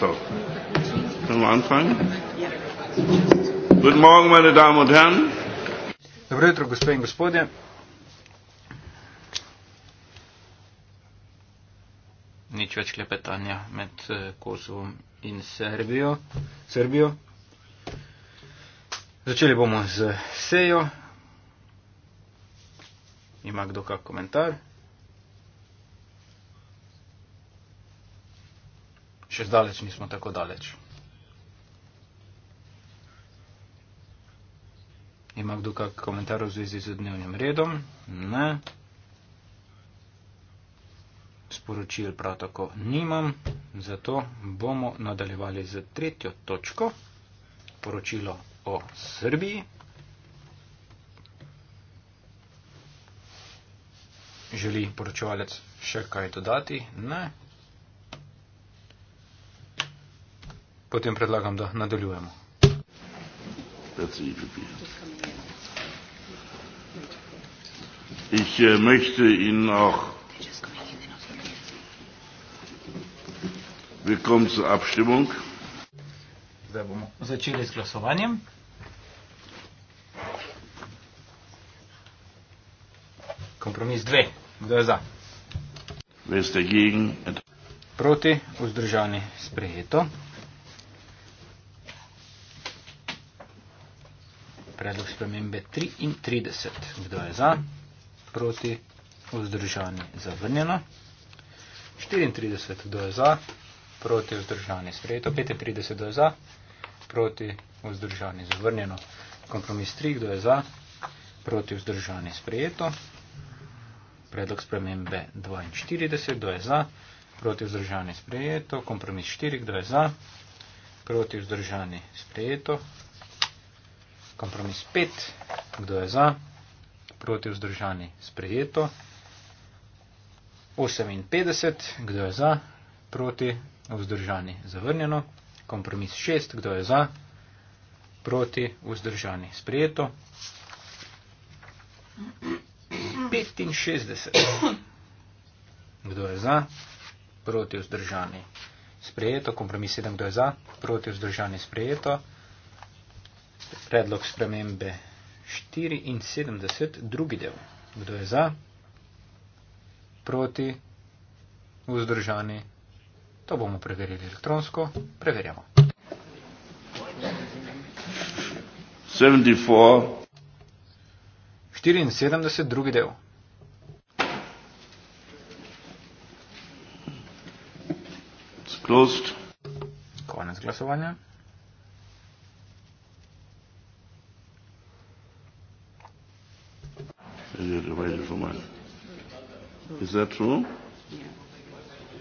Professor. Können wir anfangen? Ja. Guten Morgen, meine Damen und Herren. Dobro jutro, gospod in gospodje. Nič več klepetanja med eh, Kosovom in Serbijo. Serbijo. Začeli bomo z sejo. Ima kdo kak komentar? še zdaleč nismo tako daleč. Ima kdo kak komentar v zvezi z dnevnim redom? Ne. Sporočil prav tako nimam, zato bomo nadaljevali z tretjo točko. Poročilo o Srbiji. Želi poročevalec še kaj dodati? Ne. potem predlagam, da nadaljujemo. Ich äh, möchte Ihnen auch willkommen zur Abstimmung. Zdaj bomo začeli s glasovanjem. Kompromis 2. Kdo je za? Veste, gegen. Proti, vzdržani, sprejeto. predlog spremembe 33. Kdo je za, proti, vzdržani, zavrnjeno. 34. Kdo je za, proti, vzdržani, sprejeto. 35. Kdo je za, proti, vzdržani, zavrnjeno. Kompromis 3. Kdo je za, proti, vzdržani, sprejeto. Predlog spremembe 42. Kdo je za, proti, vzdržani, sprejeto. Kompromis 4. Kdo je za, proti, vzdržani, sprejeto. Kompromis 5. Kdo je za? Proti vzdržani sprejeto. 58. Kdo je za? Proti vzdržani zavrnjeno. Kompromis 6. Kdo je za? Proti vzdržani sprejeto. 65. Kdo je za? Proti vzdržani sprejeto. Kompromis 7. Kdo je za? Proti vzdržani sprejeto predlog spremembe 74, drugi del. Kdo je za, proti, vzdržani, to bomo preverili elektronsko, preverjamo. 74, drugi del. Konec glasovanja. is it waiting for mine? Is that true?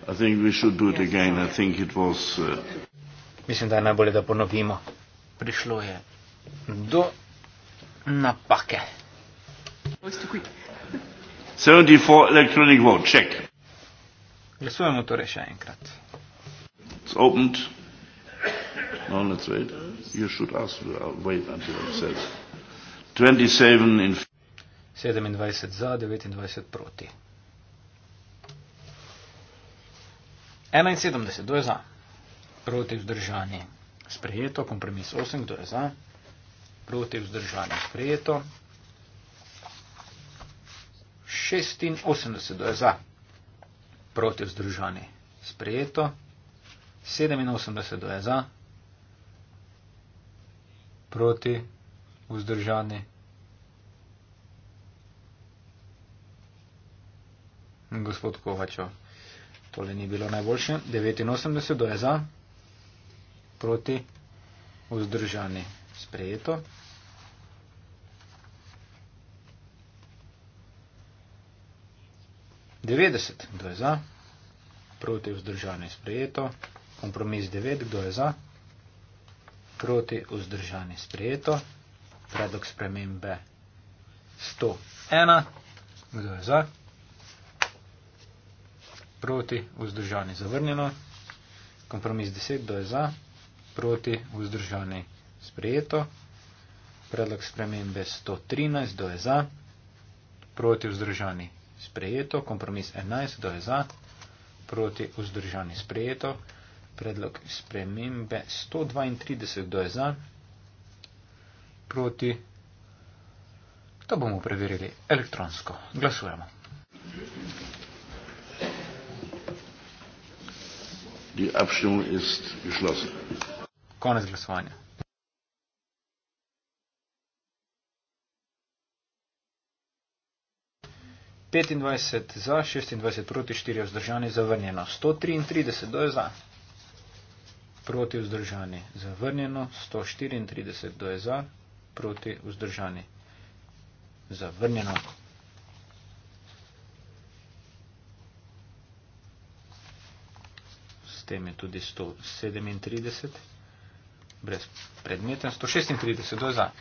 I think we should do it again. I think it was. Uh, Mislim, da je najbolje, da ponovimo. Prišlo je do napake. 74 electronic vote, check. Glasujemo torej še enkrat. It's opened. Now let's wait. You should ask, uh, wait until it says 27 in. 27 za, 29 proti. 71, kdo je za? Proti vzdržani. Sprejeto, kompromis 8, kdo je za? Proti vzdržani. Sprejeto. 86, kdo je za? Proti vzdržani. Sprejeto. 87, kdo je za? Proti vzdržani. Sprejeto. gospod Kovačo. Tole ni bilo najboljše. 89 do je za, proti, vzdržani, sprejeto. Devetdeset, kdo je za, proti vzdržani sprejeto, kompromis devet, kdo je za, proti vzdržani sprejeto, predlog spremembe sto ena, kdo je za proti, vzdržani zavrnjeno, kompromis 10, kdo je za, proti, vzdržani sprejeto, predlog spremembe 113, kdo je za, proti, vzdržani sprejeto, kompromis 11, kdo je za, proti, vzdržani sprejeto, predlog spremembe 132, kdo je za, proti, to bomo preverili elektronsko, glasujemo. Die Abstimmung ist geschlossen. Konec glasovanja. Petindvajset za, šestindvajset proti, štiri vzdržani, zavrnjeno. Sto triintrideset, kdo je za? Proti vzdržani, zavrnjeno. Sto štiriintrideset, kdo je za? Proti vzdržani, zavrnjeno. potem je tudi 137, brez predmeta, 136, dojza,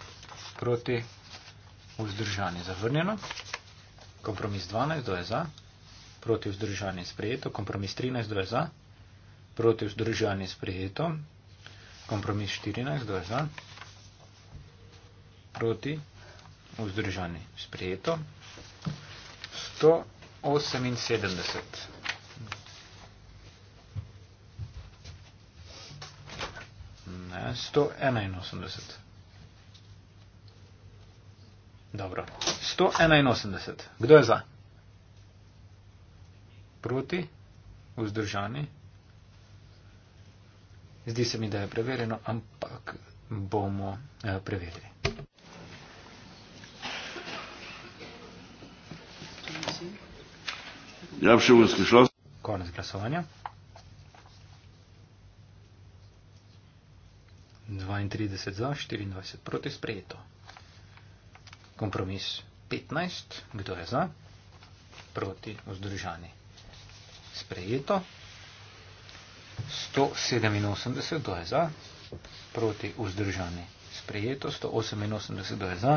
proti, vzdržanje zavrnjeno, kompromis 12, dojza, proti, vzdržanje sprejeto, kompromis 13, dojza, proti, vzdržanje sprejeto, kompromis 14, dojza, proti, vzdržanje sprejeto, 178. 181. Dobro. 181. Kdo je za? Proti? Vzdržani? Zdi se mi, da je preverjeno, ampak bomo eh, preverili. Ja, še v skrišlost. Konec glasovanja. 32 za, 24 proti sprejeto. Kompromis 15, kdo je za, proti vzdržani. Sprejeto. 187, kdo je za, proti vzdržani. Sprejeto. 188, kdo je za,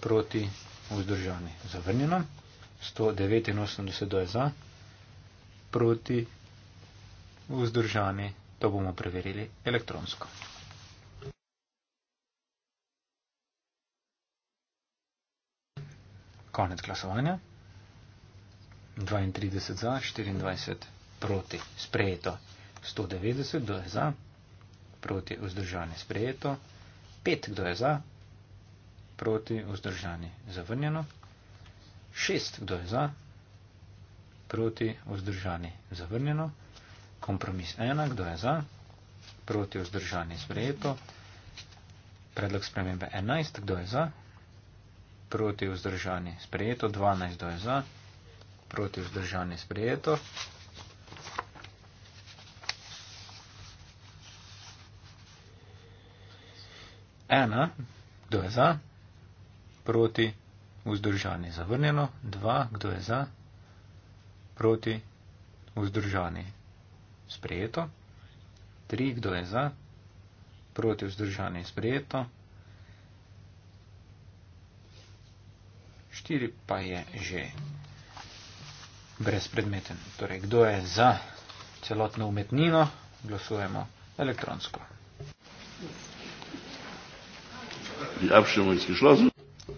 proti vzdržani. Zavrnjeno. 189, kdo je za, proti vzdržani. To bomo preverili elektronsko. Konec glasovanja. 32 za, 24 proti, sprejeto. 190, kdo je za, proti, vzdržani, sprejeto. 5, kdo je za, proti, vzdržani, zavrnjeno. 6, kdo je za, proti, vzdržani, zavrnjeno. Kompromis 1, kdo je za, proti, vzdržani, sprejeto. Predlog spremembe 11, kdo je za, proti vzdržani sprejeto, 12 do je za, proti vzdržani sprejeto. Ena, kdo je za, proti vzdržani zavrnjeno, dva, kdo je za, proti vzdržani sprejeto, tri, kdo je za, proti vzdržani sprejeto. 4 pa je že brezpredmeten. Torej, kdo je za celotno umetnino, glasujemo elektronsko.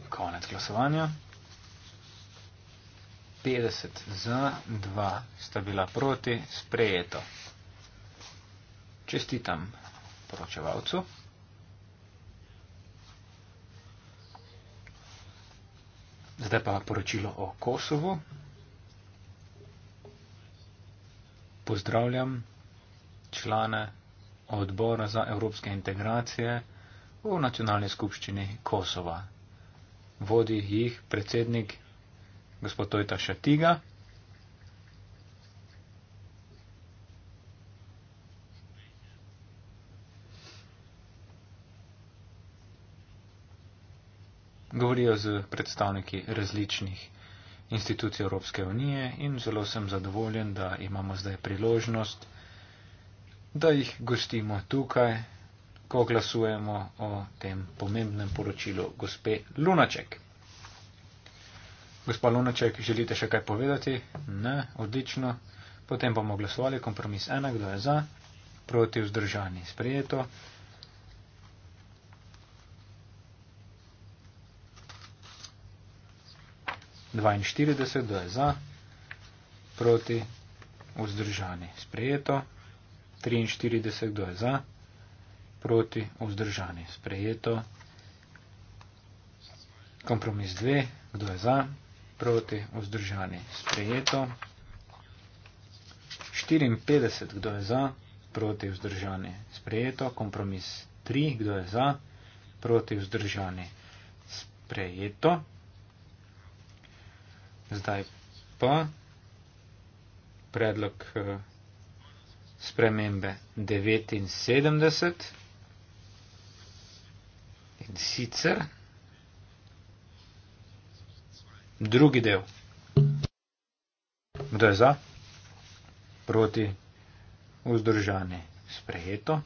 Konec glasovanja. 50 za, 2 sta bila proti, sprejeto. Čestitam poročevalcu. Zdaj pa poročilo o Kosovo. Pozdravljam člane odbora za evropske integracije v nacionalni skupščini Kosova. Vodi jih predsednik gospod Tojta Šatiga. govorijo z predstavniki različnih institucij Evropske unije in zelo sem zadovoljen, da imamo zdaj priložnost, da jih gostimo tukaj, ko glasujemo o tem pomembnem poročilu gospe Lunaček. Gospa Lunaček, želite še kaj povedati? Ne, odlično. Potem bomo glasovali kompromis ena, kdo je za, proti vzdržani. Sprijeto. 42, kdo je za, proti, vzdržani, sprejeto. 43, kdo je za, proti, vzdržani, sprejeto. Kompromis 2, kdo je za, proti, vzdržani, sprejeto. 54, kdo je za, proti, vzdržani, sprejeto. Kompromis 3, kdo je za, proti, vzdržani, sprejeto. Sprejeto. Zdaj pa predlog eh, spremembe 79 in sicer drugi del. Kdo je za? Proti vzdržani sprejeto.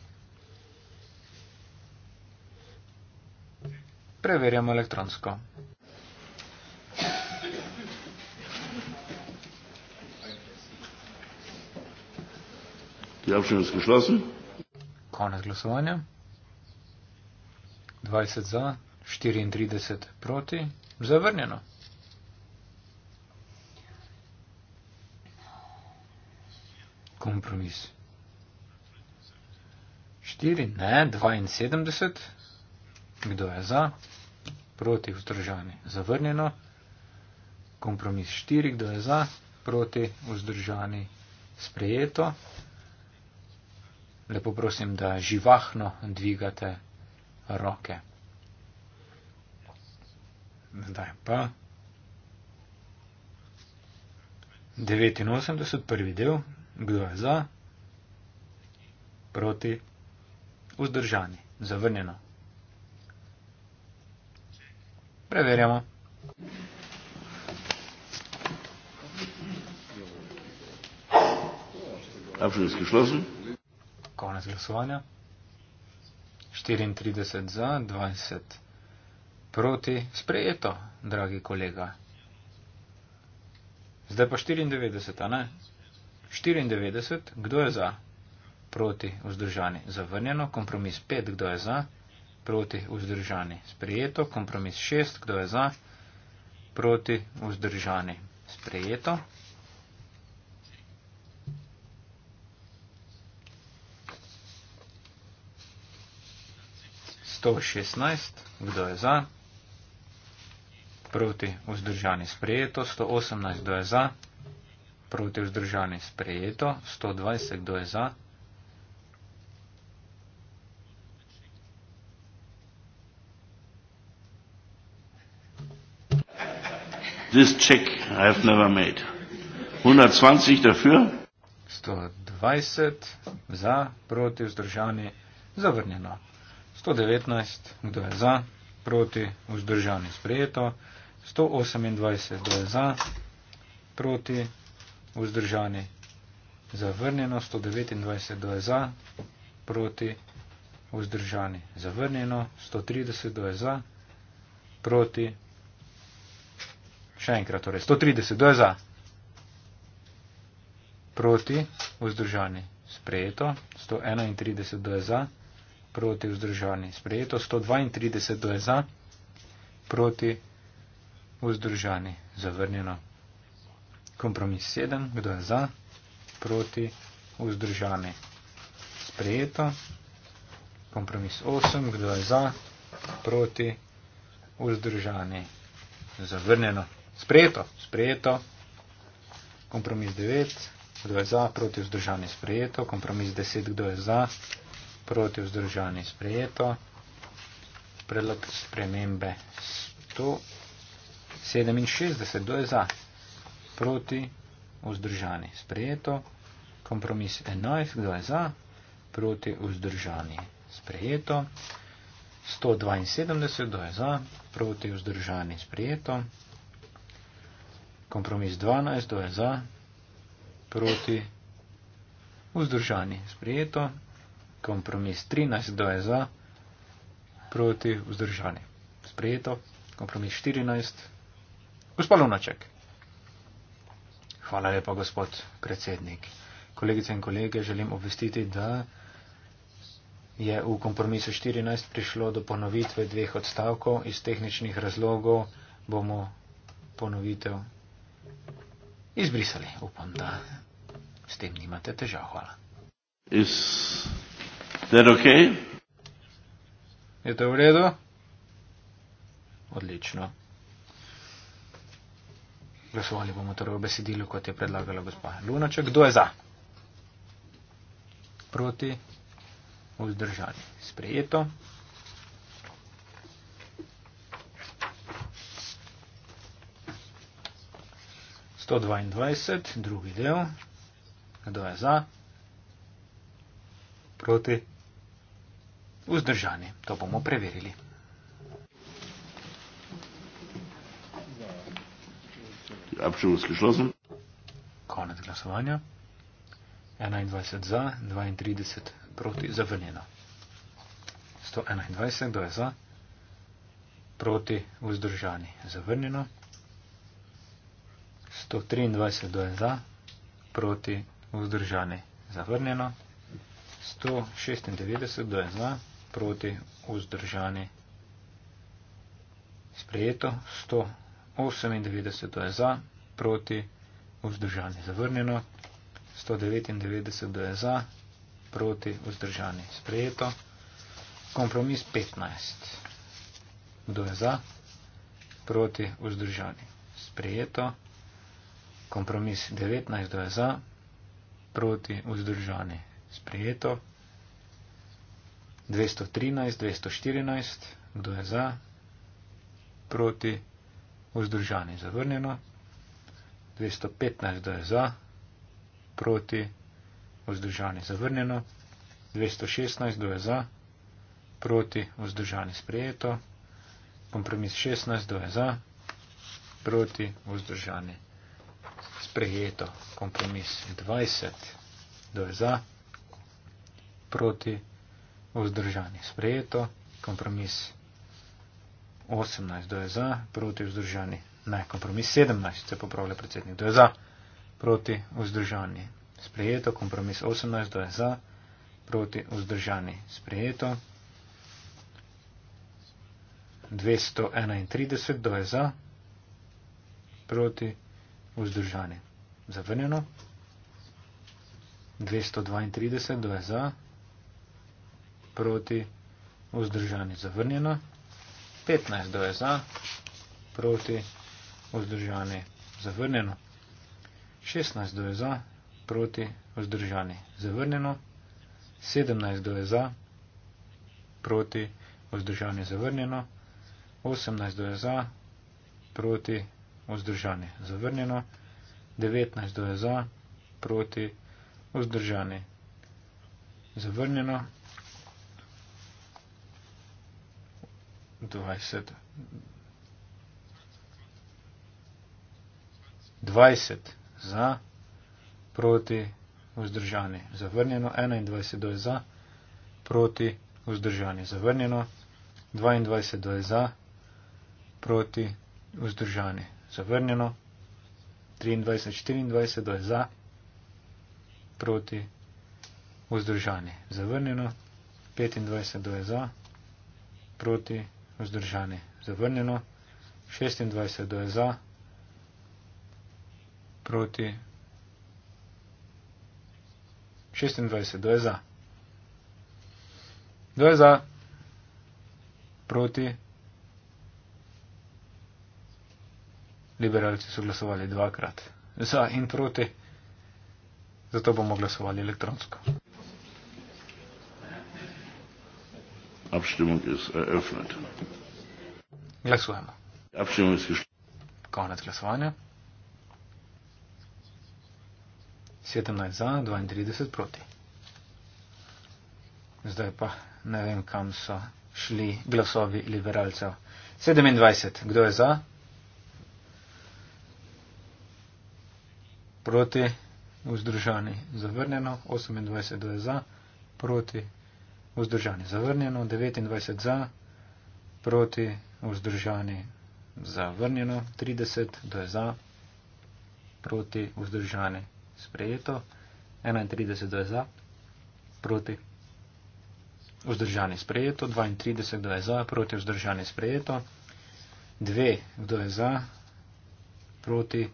Preverjamo elektronsko. Jabšen Skošlasen. Konec glasovanja. 20 za, 34 proti. Zavrnjeno. Kompromis. 4, ne, 72. Kdo je za? Proti vzdržani. Zavrnjeno. Kompromis 4, kdo je za? Proti vzdržani. Sprejeto lepo prosim, da živahno dvigate roke. Zdaj pa. 89. prvi del, kdo je za, proti, vzdržani, zavrnjeno. Preverjamo. Abschließend geschlossen konec glasovanja. 34 za, 20 proti, sprejeto, dragi kolega. Zdaj pa 94, a ne? 94, kdo je za, proti, vzdržani, zavrnjeno, kompromis 5, kdo je za, proti, vzdržani, sprejeto, kompromis 6, kdo je za, proti, vzdržani, sprejeto. 116, kdo je za? Proti vzdržani sprejeto, 118, kdo je za? Proti vzdržani sprejeto, 120, kdo je za? This check I have never made. 120 dafür. 120 za, proti, vzdržani, zavrnjeno. 119, kdo je za, proti, vzdržani, sprejeto. 128, kdo je za, proti, vzdržani, zavrnjeno. 129, kdo je za, proti, vzdržani, zavrnjeno. 130, kdo je za, proti. Še enkrat, torej 130, kdo je za, proti, vzdržani, sprejeto. 131, kdo je za proti vzdržani. Sprejeto 132 do je za, proti vzdržani. Zavrnjeno. Kompromis 7, kdo je za, proti vzdržani. Sprejeto. Kompromis 8, kdo je za, proti vzdržani. Zavrnjeno. Sprejeto, sprejeto. Kompromis 9, kdo je za, proti vzdržani. Sprejeto. Kompromis 10, kdo je za, proti vzdržani sprejeto. Predlog spremembe 167. Kdo je za? Proti vzdržani sprejeto. Kompromis 11. Kdo je za? Proti vzdržani sprejeto. 172. Kdo je za? Proti vzdržani sprejeto. Kompromis 12. Kdo je za? Proti vzdržani sprejeto kompromis 13 do SA proti vzdržani. Sprejeto, kompromis 14. Gospod Lunaček. Hvala lepa, gospod predsednik. Kolegice in kolege, želim obvestiti, da je v kompromisu 14 prišlo do ponovitve dveh odstavkov. Iz tehničnih razlogov bomo ponovitev izbrisali. Upam, da s tem nimate težav. Hvala. Is... Is that okay? Je to v redu? Odlično. Glasovali bomo torej v besedilu, kot je predlagala gospa Lunoček. Kdo je za? Proti? Vzdržani. Sprejeto. To 22, drugi del. Kdo je za? Proti vzdržani. To bomo preverili. Konec glasovanja. 21 za, 32 proti, zavrnjeno. 121, kdo je za? Proti, vzdržani, zavrnjeno. 123, kdo je za? Proti, vzdržani, zavrnjeno. 196, kdo je za? Proti, vzdržani, zavrnjeno proti vzdržani. Sprejeto 198 je za, proti vzdržani. Zavrnjeno 199 je za, proti vzdržani. Sprejeto. Kompromis 15. Kdo je za? Proti vzdržani. Sprejeto. Kompromis 19. Kdo je za? Proti vzdržani. Sprejeto. 213, 214, kdo je za, proti, vzdržani, zavrnjeno, 215, kdo je za, proti, vzdržani, zavrnjeno, 216, kdo je za, proti, vzdržani, sprejeto, kompromis 16, kdo je za, proti, vzdržani, sprejeto, kompromis 20, kdo je za, proti, vzdržani, sprejeto vzdržani. Sprejeto, kompromis 18, do je za, proti vzdržani. Ne, kompromis 17, se popravlja predsednik, do je za, proti vzdržani. Sprejeto, kompromis 18, do je za, proti vzdržani. Sprejeto, 231, do je za, proti vzdržani. Zavrnjeno. 232 do je za, proti, vzdržani zavrnjeno, 15 do je za, proti, vzdržani zavrnjeno, 16 do je za, proti, vzdržani zavrnjeno, 17 do je za, proti, vzdržani zavrnjeno, 18 do je za, proti, vzdržani zavrnjeno, 19 do je za, proti, vzdržani zavrnjeno. Zavrnjeno. 20. 20 za, proti, vzdržani, zavrnjeno, 21 je za, proti, vzdržani, zavrnjeno, 22 je za, proti, vzdržani, zavrnjeno, 23, 24 je za, proti, vzdržani, zavrnjeno, 25 je za, proti, vzdržani vzdržani. Zavrnjeno. 26 do je za. Proti. 26 do je za. Do je za. Proti. Liberalci so glasovali dvakrat. Za in proti. Zato bomo glasovali elektronsko. Abstimmung ist eröffnet. Die Abstimmung ist geschlossen. 17 za, 32 proti. Zdaj pa ne vem, kam so šli glasovi liberalcev. 27, kdo je za? Proti, vzdržani, zavrnjeno. 28, kdo je za? Proti, vzdržani zavrnjeno, 29 za, proti vzdržani zavrnjeno, 30 do je za, proti vzdržani sprejeto, 31 do je za, proti vzdržani sprejeto, 32 do je za, proti vzdržani sprejeto, 2 do je za, proti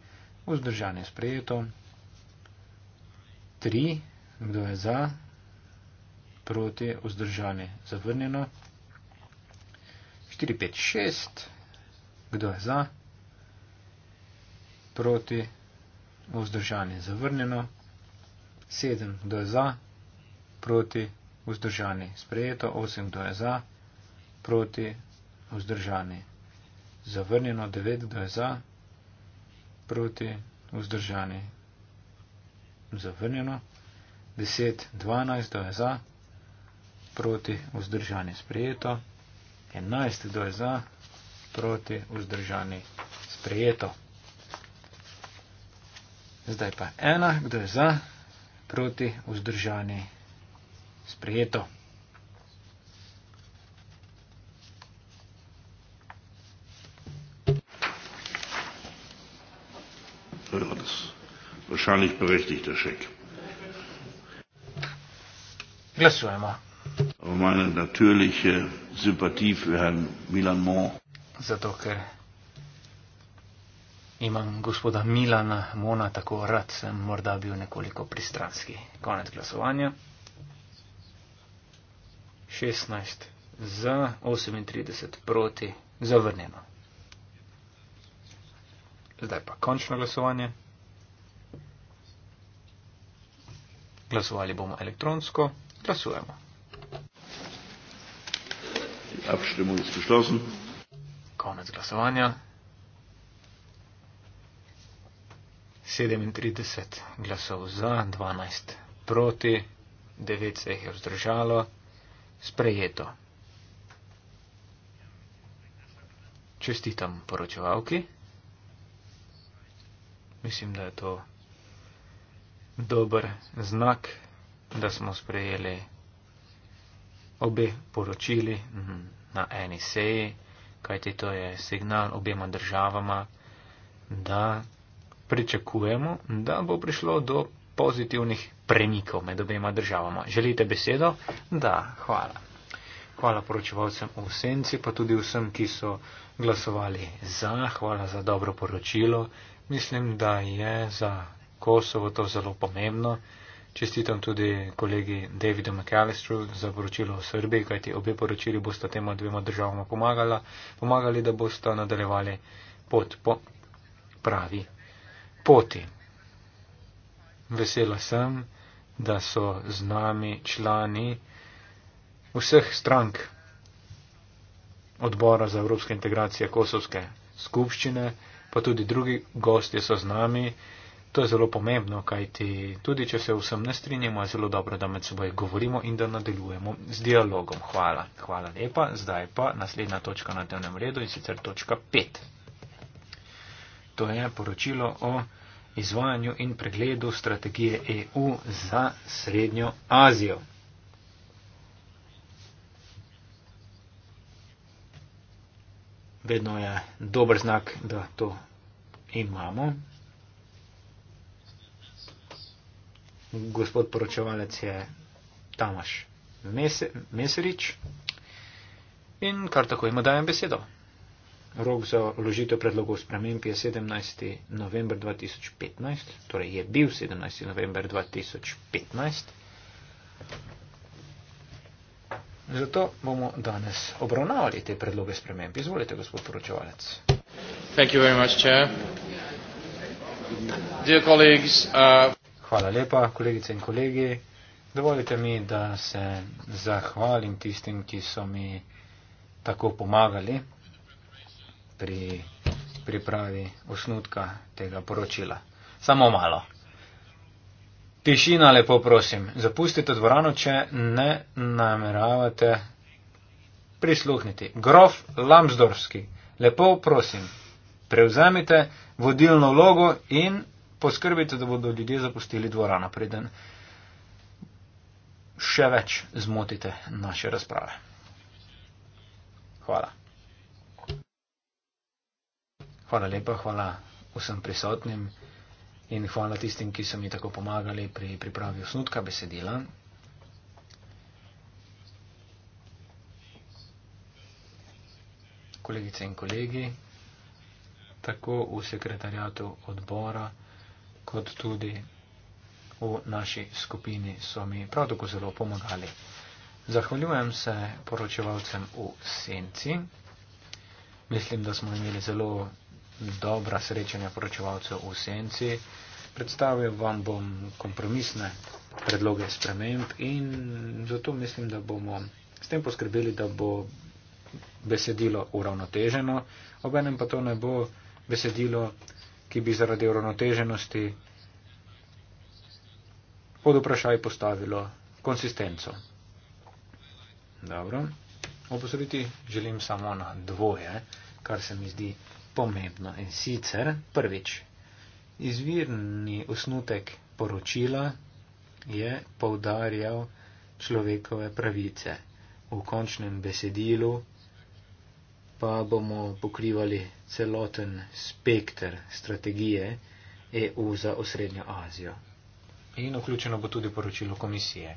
vzdržani sprejeto, 3 do je za, proti vzdržani sprejeto, proti vzdržani zavrnjeno. 4, 5, 6. Kdo je za? Proti vzdržani zavrnjeno. 7. Kdo je za? Proti vzdržani sprejeto. 8. Kdo je za? Proti vzdržani zavrnjeno. 9. Kdo je za? Proti vzdržani zavrnjeno. 10, 12, kdo je za, proti vzdržani sprejeto. 11, kdo je za, proti vzdržani sprejeto. Zdaj pa ena, kdo je za, proti vzdržani sprejeto. Vprašanjih prejšnjih težek. Glasujemo meine natürliche Sympathie für Herrn Milan Mon. Zato, ker imam gospoda Milana Mona tako rad, sem morda bil nekoliko pristranski. Konec glasovanja. 16 za, 38 proti, zavrnjeno. Zdaj pa končno glasovanje. Glasovali bomo elektronsko. Glasujemo. Die Abstimmung ist geschlossen. Konec glasovanja. 37 glasov za, 12 proti, 9 se jih je vzdržalo, sprejeto. Čestitam poročevalki. Mislim, da je to dober znak, da smo sprejeli obe poročili mhm, na eni seji, kajti to je signal obema državama, da pričakujemo, da bo prišlo do pozitivnih premikov med obema državama. Želite besedo? Da, hvala. Hvala poročevalcem v senci, pa tudi vsem, ki so glasovali za. Hvala za dobro poročilo. Mislim, da je za Kosovo to zelo pomembno. Čestitam tudi kolegi Davidu McAllistru za poročilo v Srbiji, kajti obe poročili bosta tema dvema državama pomagala, pomagali, da bosta nadaljevali pot po pravi poti. Vesela sem, da so z nami člani vseh strank odbora za evropske integracije Kosovske skupščine, pa tudi drugi gostje so z nami. To je zelo pomembno, kajti tudi če se vsem ne strinjamo, je zelo dobro, da med seboj govorimo in da nadaljujemo z dialogom. Hvala. Hvala lepa. Zdaj pa naslednja točka na dnevnem redu in sicer točka 5. To je poročilo o izvajanju in pregledu strategije EU za Srednjo Azijo. Vedno je dober znak, da to imamo. gospod poročevalec je Tamaš Meserič. In kar tako ima, dajem besedo. Rok za vložitev predlogov sprememb je 17. november 2015, torej je bil 17. november 2015. Zato bomo danes obravnavali te predloge sprememb. Izvolite, gospod poročevalec. Hvala lepa, predsednik. Dear colleagues, uh, Hvala lepa, kolegice in kolegi. Dovolite mi, da se zahvalim tistim, ki so mi tako pomagali pri pripravi osnutka tega poročila. Samo malo. Tišina, lepo prosim. Zapustite dvorano, če ne nameravate prisluhniti. Grof Lamsdorski, lepo prosim, prevzemite vodilno vlogo in poskrbite, da bodo ljudje zapustili dvorano, preden še več zmotite naše razprave. Hvala. Hvala lepa, hvala vsem prisotnim in hvala tistim, ki so mi tako pomagali pri pripravi osnutka besedila. Kolegice in kolegi, tako v sekretarjatu odbora, kot tudi v naši skupini so mi prav tako zelo pomagali. Zahvaljujem se poročevalcem v senci. Mislim, da smo imeli zelo dobra srečanja poročevalcev v senci. Predstavil vam bom kompromisne predloge sprememb in zato mislim, da bomo s tem poskrbeli, da bo besedilo uravnoteženo, obenem pa to ne bo besedilo ki bi zaradi uravnoteženosti pod vprašaj postavilo konsistenco. Dobro. Opozoriti želim samo na dvoje, kar se mi zdi pomembno. In sicer, prvič, izvirni osnutek poročila je poudarjal človekove pravice. V končnem besedilu pa bomo pokrivali celoten spekter strategije EU za osrednjo Azijo. In vključeno bo tudi poročilo komisije.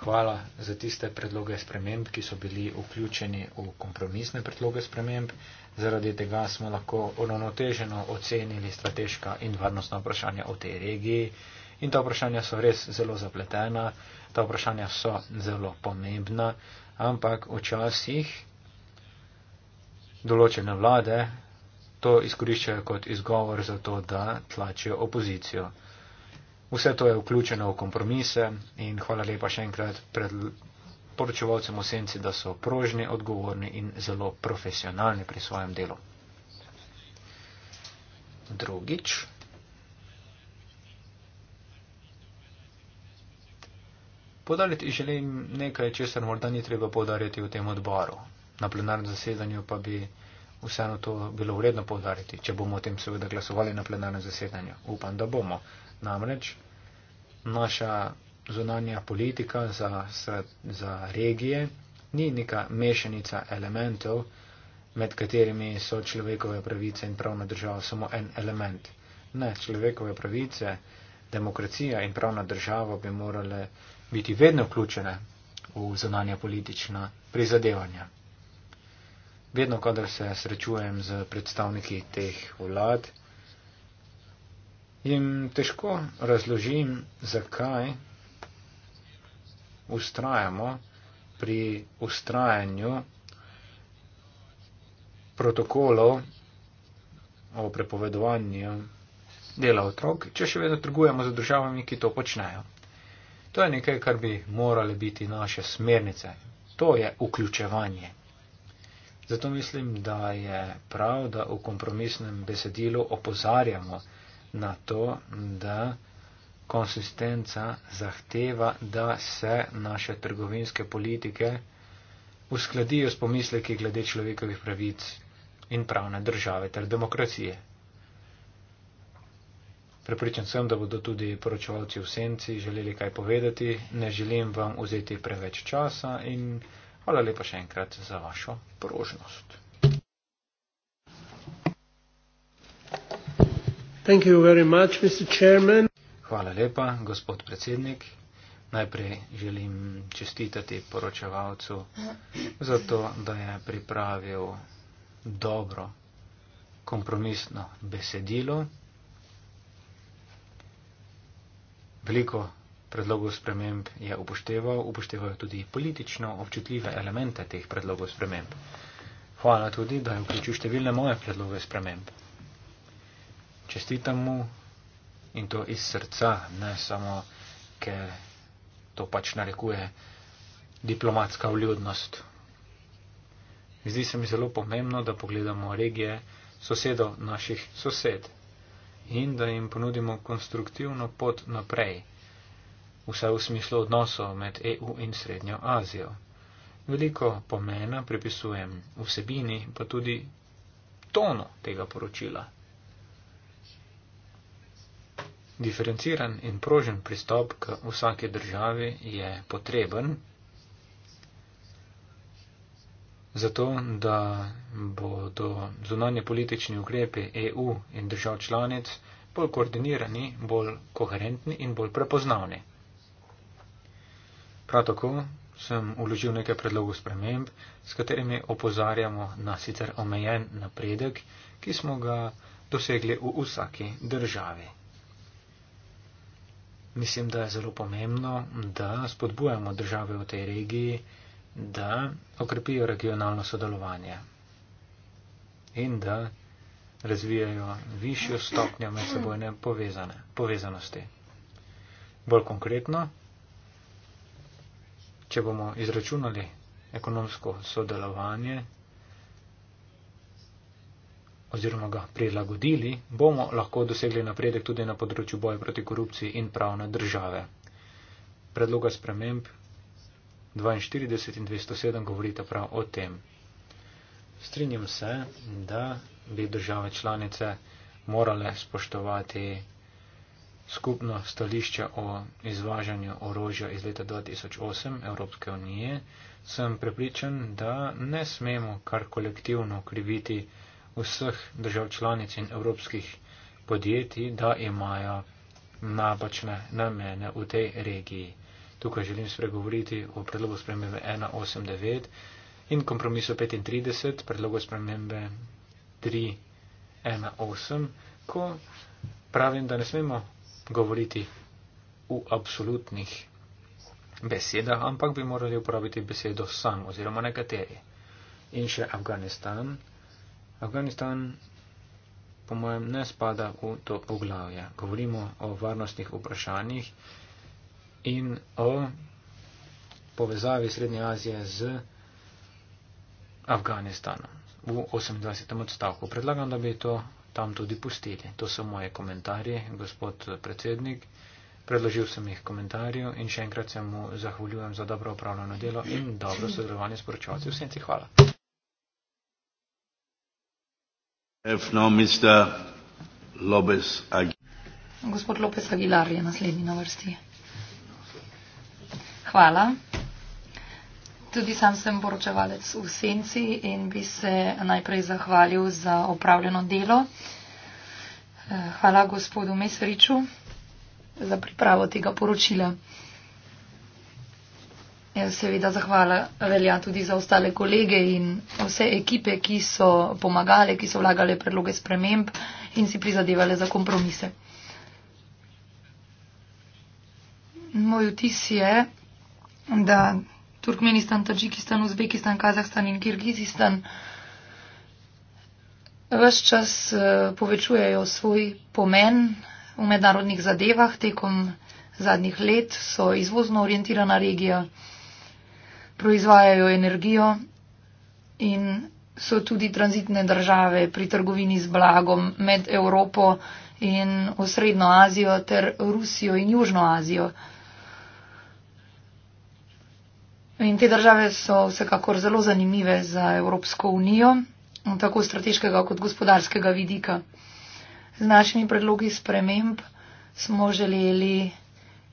Hvala za tiste predloge sprememb, ki so bili vključeni v kompromisne predloge sprememb. Zaradi tega smo lahko uravnoteženo ocenili strateška in varnostna vprašanja v tej regiji. In ta vprašanja so res zelo zapletena, ta vprašanja so zelo pomembna, ampak včasih določene vlade to izkoriščajo kot izgovor za to, da tlačijo opozicijo. Vse to je vključeno v kompromise in hvala lepa še enkrat pred poročevalcem v senci, da so prožni, odgovorni in zelo profesionalni pri svojem delu. Drugič. Podariti želim nekaj, česar morda ni treba podariti v tem odboru na plenarnem zasedanju pa bi vseeno to bilo vredno povdariti, če bomo o tem seveda glasovali na plenarnem zasedanju. Upam, da bomo. Namreč naša zunanja politika za, za regije ni neka mešanica elementov, med katerimi so človekove pravice in pravna država samo en element. Ne, človekove pravice, demokracija in pravna država bi morale biti vedno vključene v zunanja politična prizadevanja. Vedno, kadar se srečujem z predstavniki teh vlad, jim težko razložim, zakaj ustrajamo pri ustrajanju protokolov o prepovedovanju dela otrok, če še vedno trgujemo z državami, ki to počnejo. To je nekaj, kar bi morale biti naše smernice. To je vključevanje. Zato mislim, da je prav, da v kompromisnem besedilu opozarjamo na to, da konsistenca zahteva, da se naše trgovinske politike uskladijo s pomisleki glede človekovih pravic in pravne države ter demokracije. Prepričan sem, da bodo tudi poročevalci v senci želeli kaj povedati. Ne želim vam vzeti preveč časa in. Hvala lepa še enkrat za vašo prožnost. Thank you very much, Mr. Chairman. Hvala lepa, gospod predsednik. Najprej želim čestitati poročevalcu za to, da je pripravil dobro kompromisno besedilo. Veliko predlogov sprememb je upošteval, upošteval je tudi politično občutljive elemente teh predlogov sprememb. Hvala tudi, da je vključil številne moje predloge sprememb. Čestitam mu in to iz srca, ne samo, ker to pač narekuje diplomatska vljudnost. Zdi se mi zelo pomembno, da pogledamo regije sosedov naših sosed in da jim ponudimo konstruktivno pot naprej vsaj v smislu odnosov med EU in Srednjo Azijo. Veliko pomena pripisujem vsebini, pa tudi tono tega poročila. Diferenciran in prožen pristop k vsake državi je potreben, zato da bodo zunanje politični ukrepi EU in držav članic bolj koordinirani, bolj koherentni in bolj prepoznavni. Prav tako sem uložil nekaj predlogov sprememb, s katerimi opozarjamo na sicer omejen napredek, ki smo ga dosegli v vsaki državi. Mislim, da je zelo pomembno, da spodbujamo države v tej regiji, da okrepijo regionalno sodelovanje in da razvijajo višjo stopnjo medsebojne povezanosti. Bolj konkretno, če bomo izračunali ekonomsko sodelovanje oziroma ga prilagodili, bomo lahko dosegli napredek tudi na področju boja proti korupciji in pravne države. Predloga sprememb 42 in 207 govorita prav o tem. Strinjam se, da bi države članice morale spoštovati skupno stališče o izvažanju orožja iz leta 2008 Evropske unije, sem prepričan, da ne smemo kar kolektivno kriviti vseh držav članic in evropskih podjetij, da imajo napačne namene v tej regiji. Tukaj želim spregovoriti o predlogu spremembe 189 in kompromisu 35, predlogu spremembe 318, ko pravim, da ne smemo govoriti v absolutnih besedah, ampak bi morali uporabiti besedo sam oziroma nekateri. In še Afganistan. Afganistan, po mojem, ne spada v to poglavje. Govorimo o varnostnih vprašanjih in o povezavi Srednje Azije z Afganistanom v 28. odstavku. Predlagam, da bi to tam tudi pustili. To so moje komentarje, gospod predsednik. Predložil sem jih komentarjev in še enkrat se mu zahvaljujem za dobro upravljeno delo in dobro sodelovanje s poročevalci v senci. Hvala. No, gospod Lopes Aguilar je naslednji na vrsti. Hvala. Tudi sam sem poročevalec v Senci in bi se najprej zahvalil za opravljeno delo. Hvala gospodu Mesriču za pripravo tega poročila. Ja, seveda zahvala velja tudi za ostale kolege in vse ekipe, ki so pomagale, ki so vlagale predloge sprememb in si prizadevale za kompromise. Moj vtis je, da Turkmenistan, Tadžikistan, Uzbekistan, Kazahstan in Kirgizistan vse čas eh, povečujejo svoj pomen v mednarodnih zadevah. Tekom zadnjih let so izvozno orientirana regija, proizvajajo energijo in so tudi tranzitne države pri trgovini z blagom med Evropo in osrednjo Azijo ter Rusijo in Južno Azijo. In te države so vsekakor zelo zanimive za Evropsko unijo, tako strateškega kot gospodarskega vidika. Z našimi predlogi sprememb smo želeli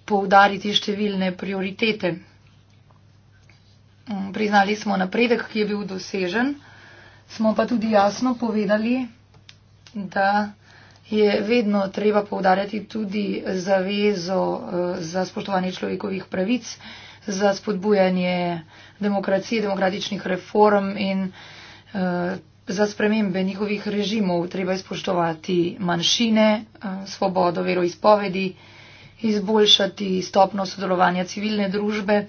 poudariti številne prioritete. Mm, priznali smo napredek, ki je bil dosežen, smo pa tudi jasno povedali, da je vedno treba poudarjati tudi zavezo eh, za spoštovanje človekovih pravic za spodbujanje demokracije, demokratičnih reform in uh, za spremembe njihovih režimov. Treba je spoštovati manjšine, uh, svobodo veroizpovedi, izboljšati stopno sodelovanja civilne družbe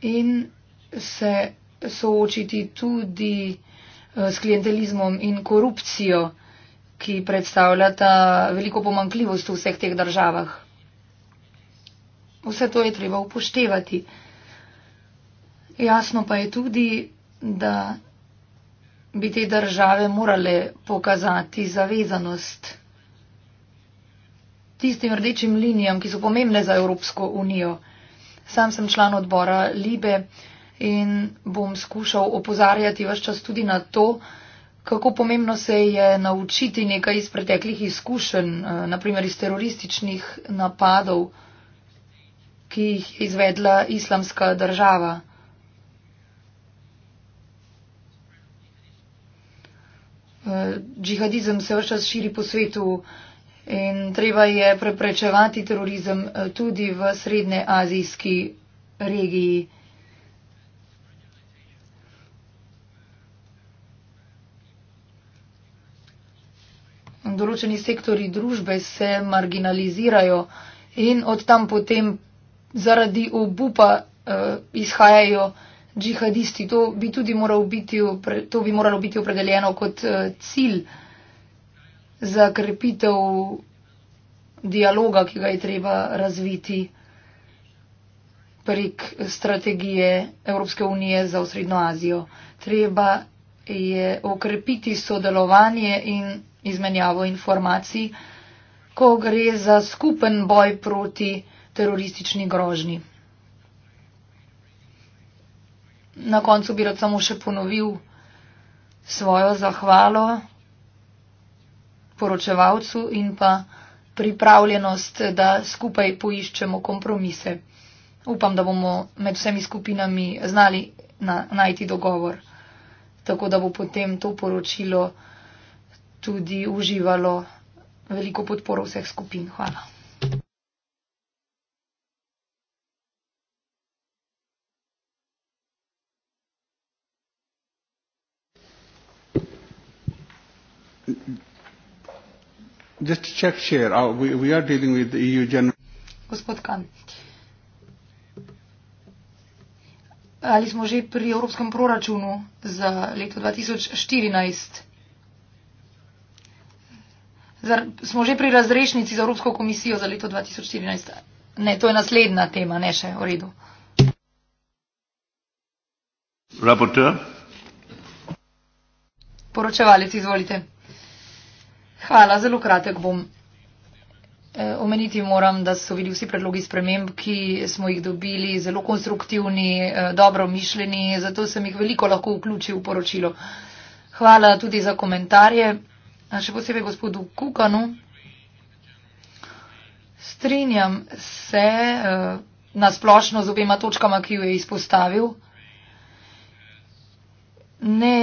in se soočiti tudi uh, s klientelizmom in korupcijo ki predstavljata veliko pomankljivost v vseh teh državah. Vse to je treba upoštevati. Jasno pa je tudi, da bi te države morale pokazati zavezanost tistim rdečim linijam, ki so pomembne za Evropsko unijo. Sam sem član odbora Libe in bom skušal opozarjati vaš čas tudi na to, kako pomembno se je naučiti nekaj iz preteklih izkušenj, eh, naprimer iz terorističnih napadov ki jih je izvedla islamska država. Eh, džihadizem se vse čas širi po svetu in treba je preprečevati terorizem eh, tudi v srednje azijski regiji. Določeni sektori družbe se marginalizirajo in od tam potem zaradi obupa uh, izhajajo džihadisti. To bi tudi moral biti, to bi moralo biti opredeljeno kot uh, cilj za krepitev dialoga, ki ga je treba razviti prek strategije Evropske unije za osrednjo Azijo. Treba je okrepiti sodelovanje in izmenjavo informacij, ko gre za skupen boj proti teroristični grožni. Na koncu bi rad samo še ponovil svojo zahvalo poročevalcu in pa pripravljenost, da skupaj poiščemo kompromise. Upam, da bomo med vsemi skupinami znali na, najti dogovor, tako da bo potem to poročilo tudi uživalo veliko podporo vseh skupin. Hvala. Just to check, Chair, uh, we, we are dealing with the EU General. Gospod Kan. Ali smo že pri evropskem proračunu za leto 2014? Zar, smo že pri razrešnici za Evropsko komisijo za leto 2014? Ne, to je naslednja tema, ne še v redu. Raporter. Poročevalec, izvolite. Hvala, zelo kratek bom. E, omeniti moram, da so bili vsi predlogi sprememb, ki smo jih dobili, zelo konstruktivni, e, dobro mišljeni, zato sem jih veliko lahko vključil v poročilo. Hvala tudi za komentarje, še posebej gospodu Kukanu. Strinjam se e, na splošno z obema točkama, ki jo je izpostavil. Ne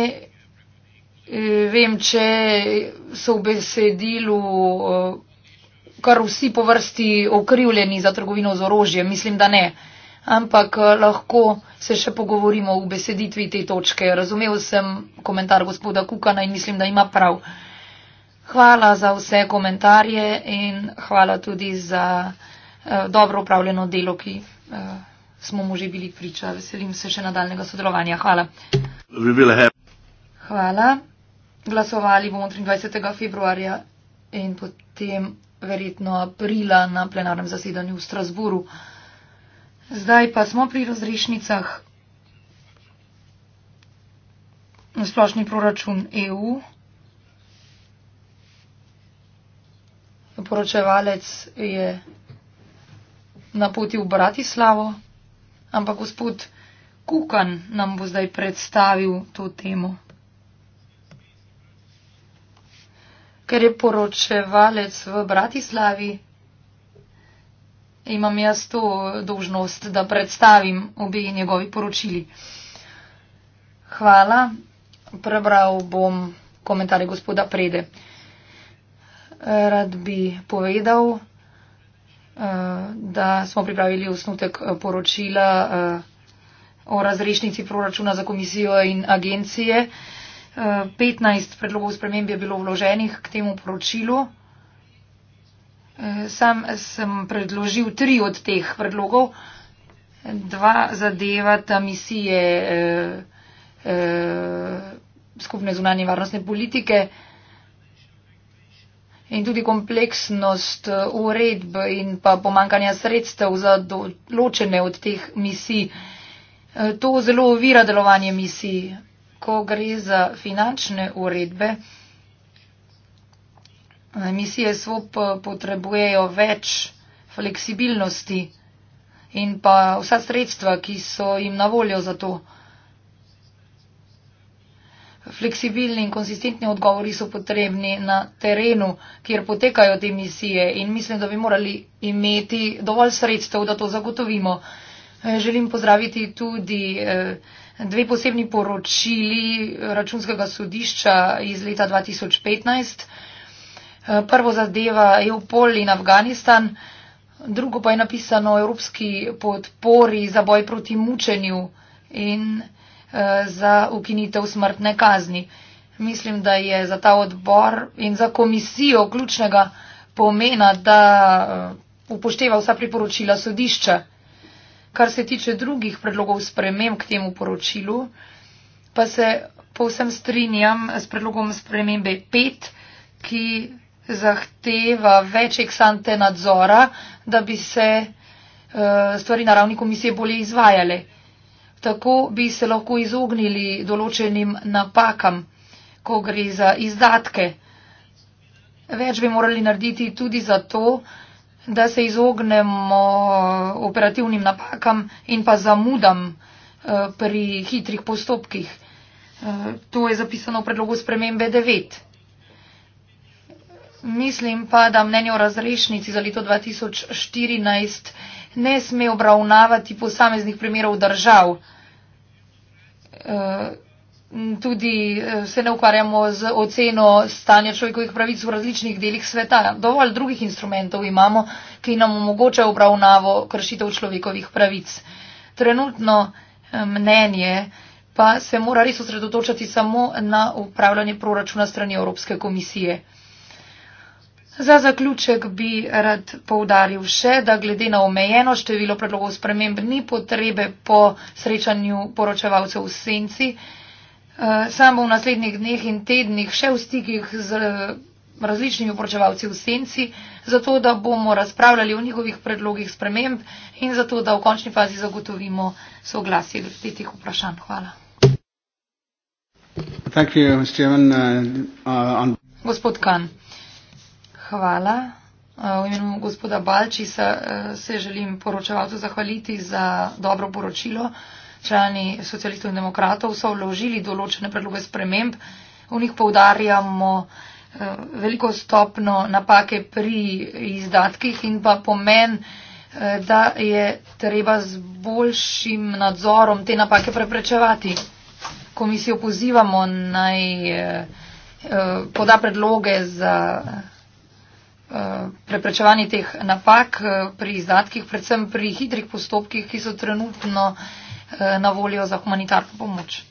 vem, če so v besedilu eh, kar vsi po vrsti okrivljeni za trgovino z orožjem. Mislim, da ne. Ampak eh, lahko se še pogovorimo v beseditvi te točke. Razumel sem komentar gospoda Kukana in mislim, da ima prav. Hvala za vse komentarje in hvala tudi za eh, dobro upravljeno delo, ki eh, smo mu že bili priča. Veselim se še nadaljnega sodelovanja. Hvala. Hvala glasovali bomo 23. februarja in potem verjetno aprila na plenarnem zasedanju v Strasburu. Zdaj pa smo pri razrešnicah. Splošni proračun EU. Poročevalec je na poti v Bratislavo, ampak gospod Kukan nam bo zdaj predstavil to temo. ker je poročevalec v Bratislavi, imam jaz to dožnost, da predstavim obe njegovi poročili. Hvala, prebral bom komentarje gospoda Prede. Rad bi povedal, eh, da smo pripravili osnutek eh, poročila eh, o razrešnici proračuna za komisijo in agencije. 15 predlogov sprememb je bilo vloženih k temu poročilu. Sam sem predložil tri od teh predlogov. Dva zadevata misije eh, eh, skupne zunanje varnostne politike in tudi kompleksnost eh, uredb in pa pomankanja sredstev za določene od teh misij. Eh, to zelo ovira delovanje misij ko gre za finančne uredbe, misije SWOP potrebujejo več fleksibilnosti in pa vsa sredstva, ki so jim na voljo za to. Fleksibilni in konsistentni odgovori so potrebni na terenu, kjer potekajo te misije in mislim, da bi morali imeti dovolj sredstev, da to zagotovimo. Želim pozdraviti tudi eh, dve posebni poročili računskega sodišča iz leta 2015. Eh, prvo zadeva EUPOL in Afganistan, drugo pa je napisano o evropski podpori za boj proti mučenju in eh, za ukinitev smrtne kazni. Mislim, da je za ta odbor in za komisijo ključnega pomena, da eh, upošteva vsa priporočila sodišča. Kar se tiče drugih predlogov sprememb k temu poročilu, pa se povsem strinjam s predlogom spremembe 5, ki zahteva več eksante nadzora, da bi se eh, stvari na ravni komisije bolje izvajale. Tako bi se lahko izognili določenim napakam, ko gre za izdatke. Več bi morali narediti tudi zato, da da se izognemo operativnim napakam in pa zamudam eh, pri hitrih postopkih. Eh, to je zapisano v predlogu spremembe 9. Mislim pa, da mnenje o razrešnici za leto 2014 ne sme obravnavati posameznih primerov držav. Eh, Mm, tudi eh, se ne ukvarjamo z oceno stanja človekovih pravic v različnih delih sveta. Dovolj drugih instrumentov imamo, ki nam omogočajo obravnavo kršitev človekovih pravic. Trenutno eh, mnenje pa se mora res osredotočati samo na upravljanje proračuna strani Evropske komisije. Za zaključek bi rad poudaril še, da glede na omejeno število predlogov sprememb ni potrebe po srečanju poročevalcev v senci. Eh, sam bom v naslednjih dneh in tednih še v stikih z eh, različnimi upročevalci v senci, zato da bomo razpravljali o njihovih predlogih sprememb in zato da v končni fazi zagotovimo soglasje do tih vprašanj. Hvala. Uh, uh, Gospod Kan, hvala. Eh, v imenu gospoda Balčisa se želim poročevalcu zahvaliti za dobro poročilo člani socialistov in demokratov so vložili določene predloge sprememb. V njih povdarjamo eh, veliko stopno napake pri izdatkih in pa pomen, eh, da je treba z boljšim nadzorom te napake preprečevati. Komisijo pozivamo naj eh, poda predloge za preprečevanje teh napak pri izdatkih, predvsem pri hitrih postopkih, ki so trenutno Eh, na voljo za humanitarno pomoč.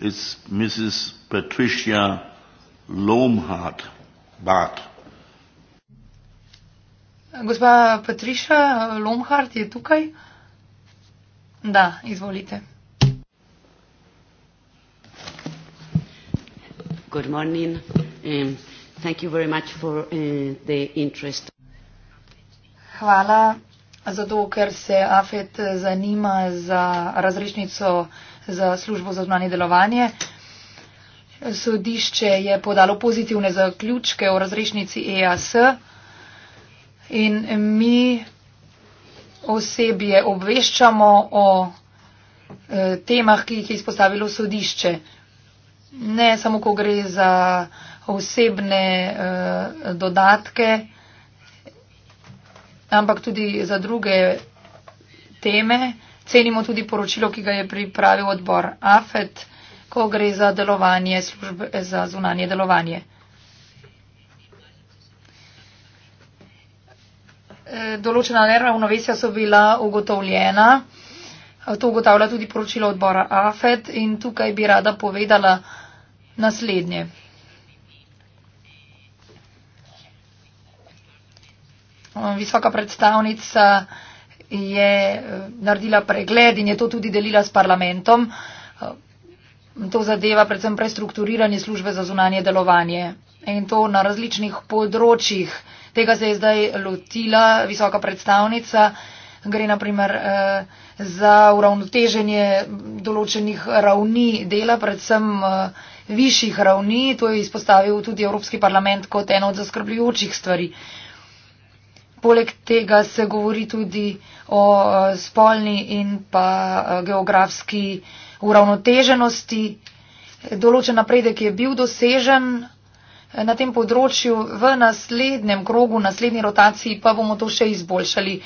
It's Mrs. Patricia Lomhart Bart. Gospa Patricia Lomhart je tukaj. Da, izvolite. Good morning. Um, thank you very much for uh, the interest. Hvala. Zato, ker se AFET zanima za razrešnico za službo za zunanje delovanje. Sodišče je podalo pozitivne zaključke o razrešnici EAS in mi osebje obveščamo o eh, temah, ki jih je izpostavilo sodišče ne samo, ko gre za osebne uh, dodatke, ampak tudi za druge teme. Cenimo tudi poročilo, ki ga je pripravil odbor AFET, ko gre za delovanje službe za zunanje delovanje. Eh, določena neravnovesja so bila ugotovljena. To ugotavlja tudi poročilo odbora AFED in tukaj bi rada povedala, naslednje. Visoka predstavnica je eh, naredila pregled in je to tudi delila s parlamentom. Eh, to zadeva predvsem prestrukturiranje službe za zunanje delovanje in to na različnih področjih. Tega se je zdaj lotila visoka predstavnica. Gre naprimer eh, za uravnoteženje določenih ravni dela, predvsem višjih ravni. To je izpostavil tudi Evropski parlament kot eno od zaskrbljujočih stvari. Poleg tega se govori tudi o eh, spolni in pa eh, geografski uravnoteženosti. Določen napredek je bil dosežen eh, na tem področju, v naslednjem krogu, naslednji rotaciji pa bomo to še izboljšali.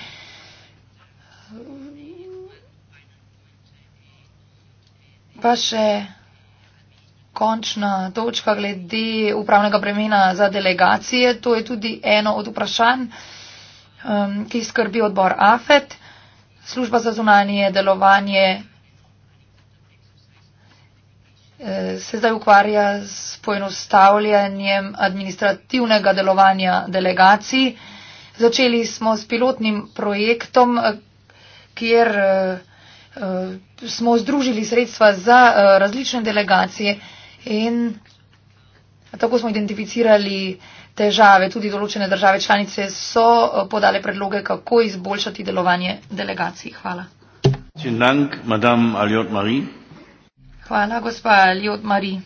Pa še končna točka glede upravnega bremena za delegacije. To je tudi eno od vprašanj, um, ki skrbi odbor AFET. Služba za zunanje delovanje eh, se zdaj ukvarja s poenostavljanjem administrativnega delovanja delegacij. Začeli smo s pilotnim projektom, eh, kjer eh, smo združili sredstva za različne delegacije. In tako smo identificirali težave. Tudi določene države članice so eh, podale predloge, kako izboljšati delovanje delegacij. Hvala. Hvala, gospa Aljot Mari.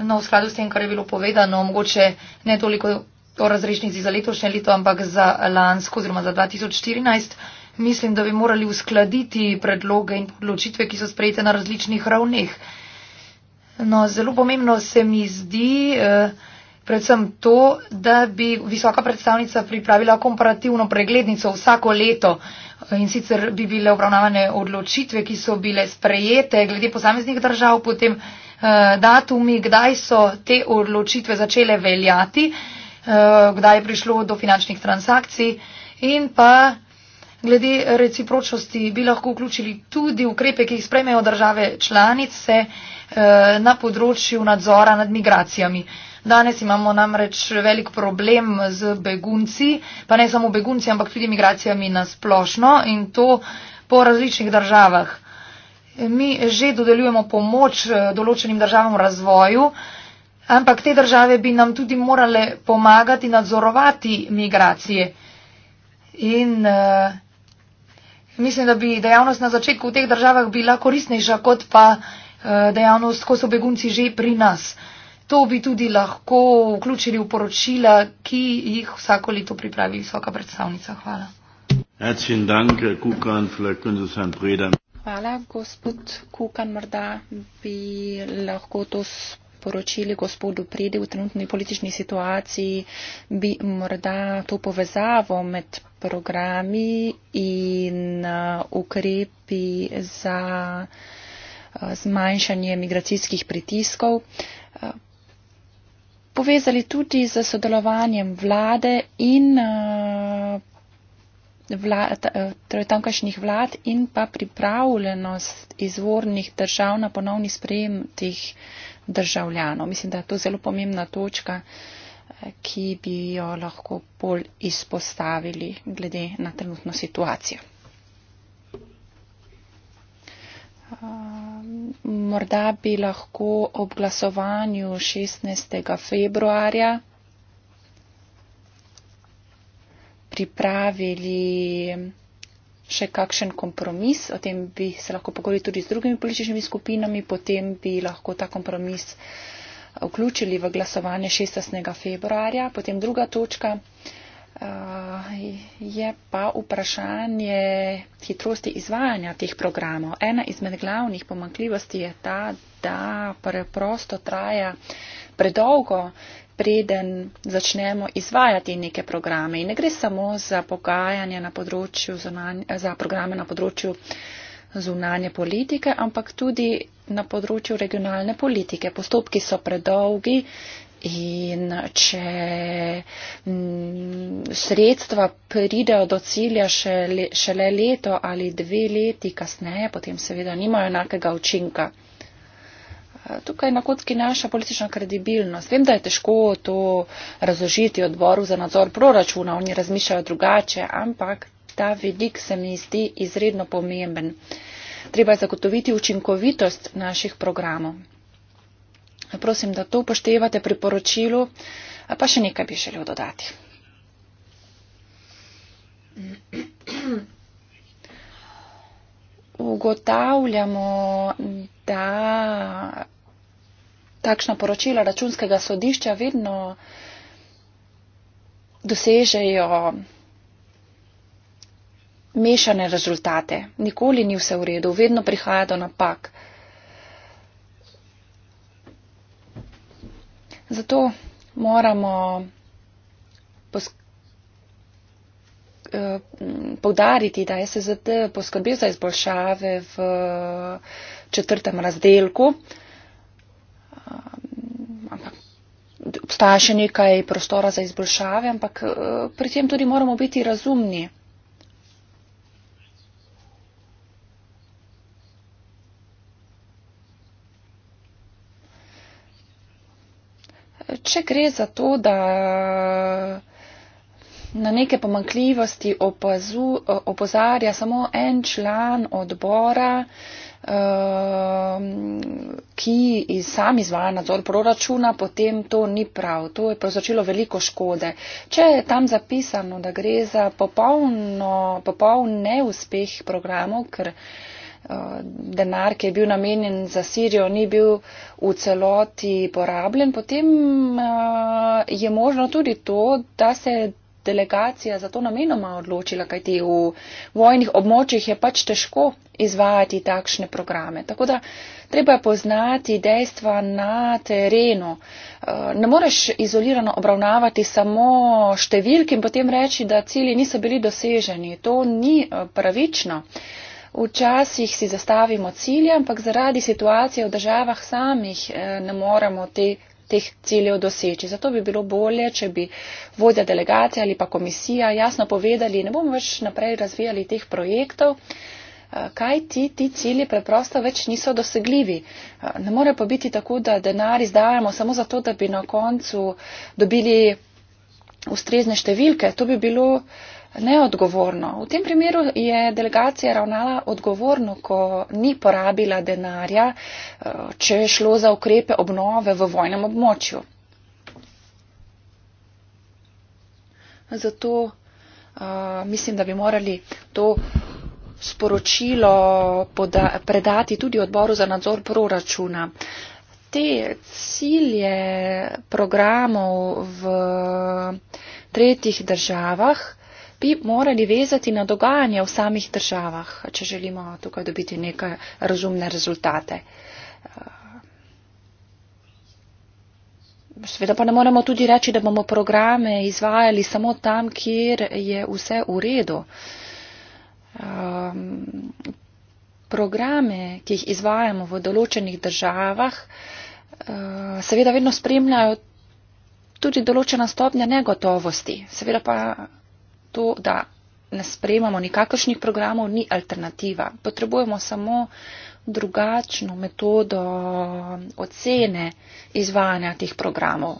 No, v skladu s tem, kar je bilo povedano, mogoče ne toliko o razrešnici za letošnje leto, ampak za lansko oziroma za 2014. Mislim, da bi morali uskladiti predloge in odločitve, ki so sprejete na različnih ravneh. No, zelo pomembno se mi zdi eh, predvsem to, da bi visoka predstavnica pripravila komparativno preglednico vsako leto in sicer bi bile obravnavane odločitve, ki so bile sprejete glede posameznih držav, potem eh, datumi, kdaj so te odločitve začele veljati, eh, kdaj je prišlo do finančnih transakcij in pa. Glede recipročnosti bi lahko vključili tudi ukrepe, ki jih spremejo države članice eh, na področju nadzora nad migracijami. Danes imamo namreč velik problem z begunci, pa ne samo begunci, ampak tudi migracijami na splošno in to po različnih državah. Mi že dodeljujemo pomoč eh, določenim državam v razvoju, ampak te države bi nam tudi morale pomagati nadzorovati migracije. In, uh, mislim, da bi dejavnost na začetku v teh državah bila korisnejša, kot pa eh, dejavnost, ko so begunci že pri nas. To bi tudi lahko vključili v poročila, ki jih vsako leto pripravi visoka predstavnica. Hvala. Hvala, gospod Kukan. Morda bi lahko to sporočili gospodu Predi v trenutni politični situaciji, bi morda to povezavo med programi in uh, ukrepi za uh, zmanjšanje migracijskih pritiskov, uh, povezali tudi z sodelovanjem vlade in vla, torej tamkajšnjih vlad in pa pripravljenost izvornih držav na ponovni sprejem teh državljanov. Mislim, da je to zelo pomembna točka ki bi jo lahko bolj izpostavili glede na trenutno situacijo. Ehm, morda bi lahko ob glasovanju 16. februarja pripravili še kakšen kompromis, o tem bi se lahko pogovorili tudi z drugimi političnimi skupinami, potem bi lahko ta kompromis uh, vključili v glasovanje 16. februarja. Potem druga točka eh, je pa vprašanje hitrosti izvajanja teh programov. Ena izmed glavnih pomankljivosti je ta, da preprosto traja predolgo, preden začnemo izvajati neke programe. In ne gre samo za pogajanje na področju, zunanje, za programe na področju zunanje politike, ampak tudi na področju regionalne politike. Postopki so predolgi in če mm, sredstva pridejo do cilja šele leto ali dve leti kasneje, potem seveda nimajo enakega učinka. Tukaj je na kocki naša politična kredibilnost. Vem, da je težko to razložiti odboru za nadzor proračuna, oni razmišljajo drugače, ampak ta vidik se mi zdi izredno pomemben treba je zagotoviti učinkovitost naših programov. Prosim, da to upoštevate pri poročilu, pa še nekaj bi želel dodati. Ugotavljamo, da takšna poročila računskega sodišča vedno dosežejo mešane rezultate. Nikoli ni vse v redu, vedno prihaja do napak. Zato moramo povdariti, eh, da je SZD poskrbel za izboljšave v četrtem razdelku. Eh, obstaja še nekaj prostora za izboljšave, ampak eh, pri tem tudi moramo biti razumni. mogoče gre za to, da na neke pomankljivosti opazu, opozarja samo en član odbora, eh, ki sam izvaja nadzor proračuna, potem to ni prav. To je povzročilo veliko škode. Če je tam zapisano, da gre za popolno, popoln neuspeh programov, ker. Eh, denar, ki je bil namenjen za Sirijo, ni bil v celoti porabljen, potem eh, je možno tudi to, da se delegacija za to namenoma odločila, kajti v vojnih območjih je pač težko izvajati takšne programe. Tako da treba poznati dejstva na terenu. Eh, ne moreš izolirano obravnavati samo številk in potem reči, da cilji niso bili doseženi. To ni pravično včasih si zastavimo cilje, ampak zaradi situacije v državah samih eh, ne moremo te, teh ciljev doseči. Zato bi bilo bolje, če bi vodja delegacije ali pa komisija jasno povedali, ne bomo več naprej razvijali teh projektov. Eh, Kaj ti, ti cilji preprosto več niso dosegljivi? Eh, ne more pa biti tako, da denar izdajamo samo zato, da bi na koncu dobili ustrezne številke. To bi bilo uh, neodgovorno. V tem primeru je delegacija ravnala odgovorno, ko ni porabila denarja, eh, če je šlo za ukrepe obnove v vojnem območju. Zato uh, mislim, da bi morali to sporočilo poda, predati tudi odboru za nadzor proračuna. Te cilje programov v tretjih državah bi morali vezati na dogajanje v samih državah, če želimo tukaj dobiti neke razumne rezultate. Eh, Sveda pa ne moremo tudi reči, da bomo programe izvajali samo tam, kjer je vse v redu. Um, programe, ki jih izvajamo v določenih državah, uh, seveda vedno spremljajo tudi določena stopnja negotovosti. Seveda pa to, da ne sprejemamo nikakršnih programov, ni alternativa. Potrebujemo samo drugačno metodo ocene izvajanja teh programov.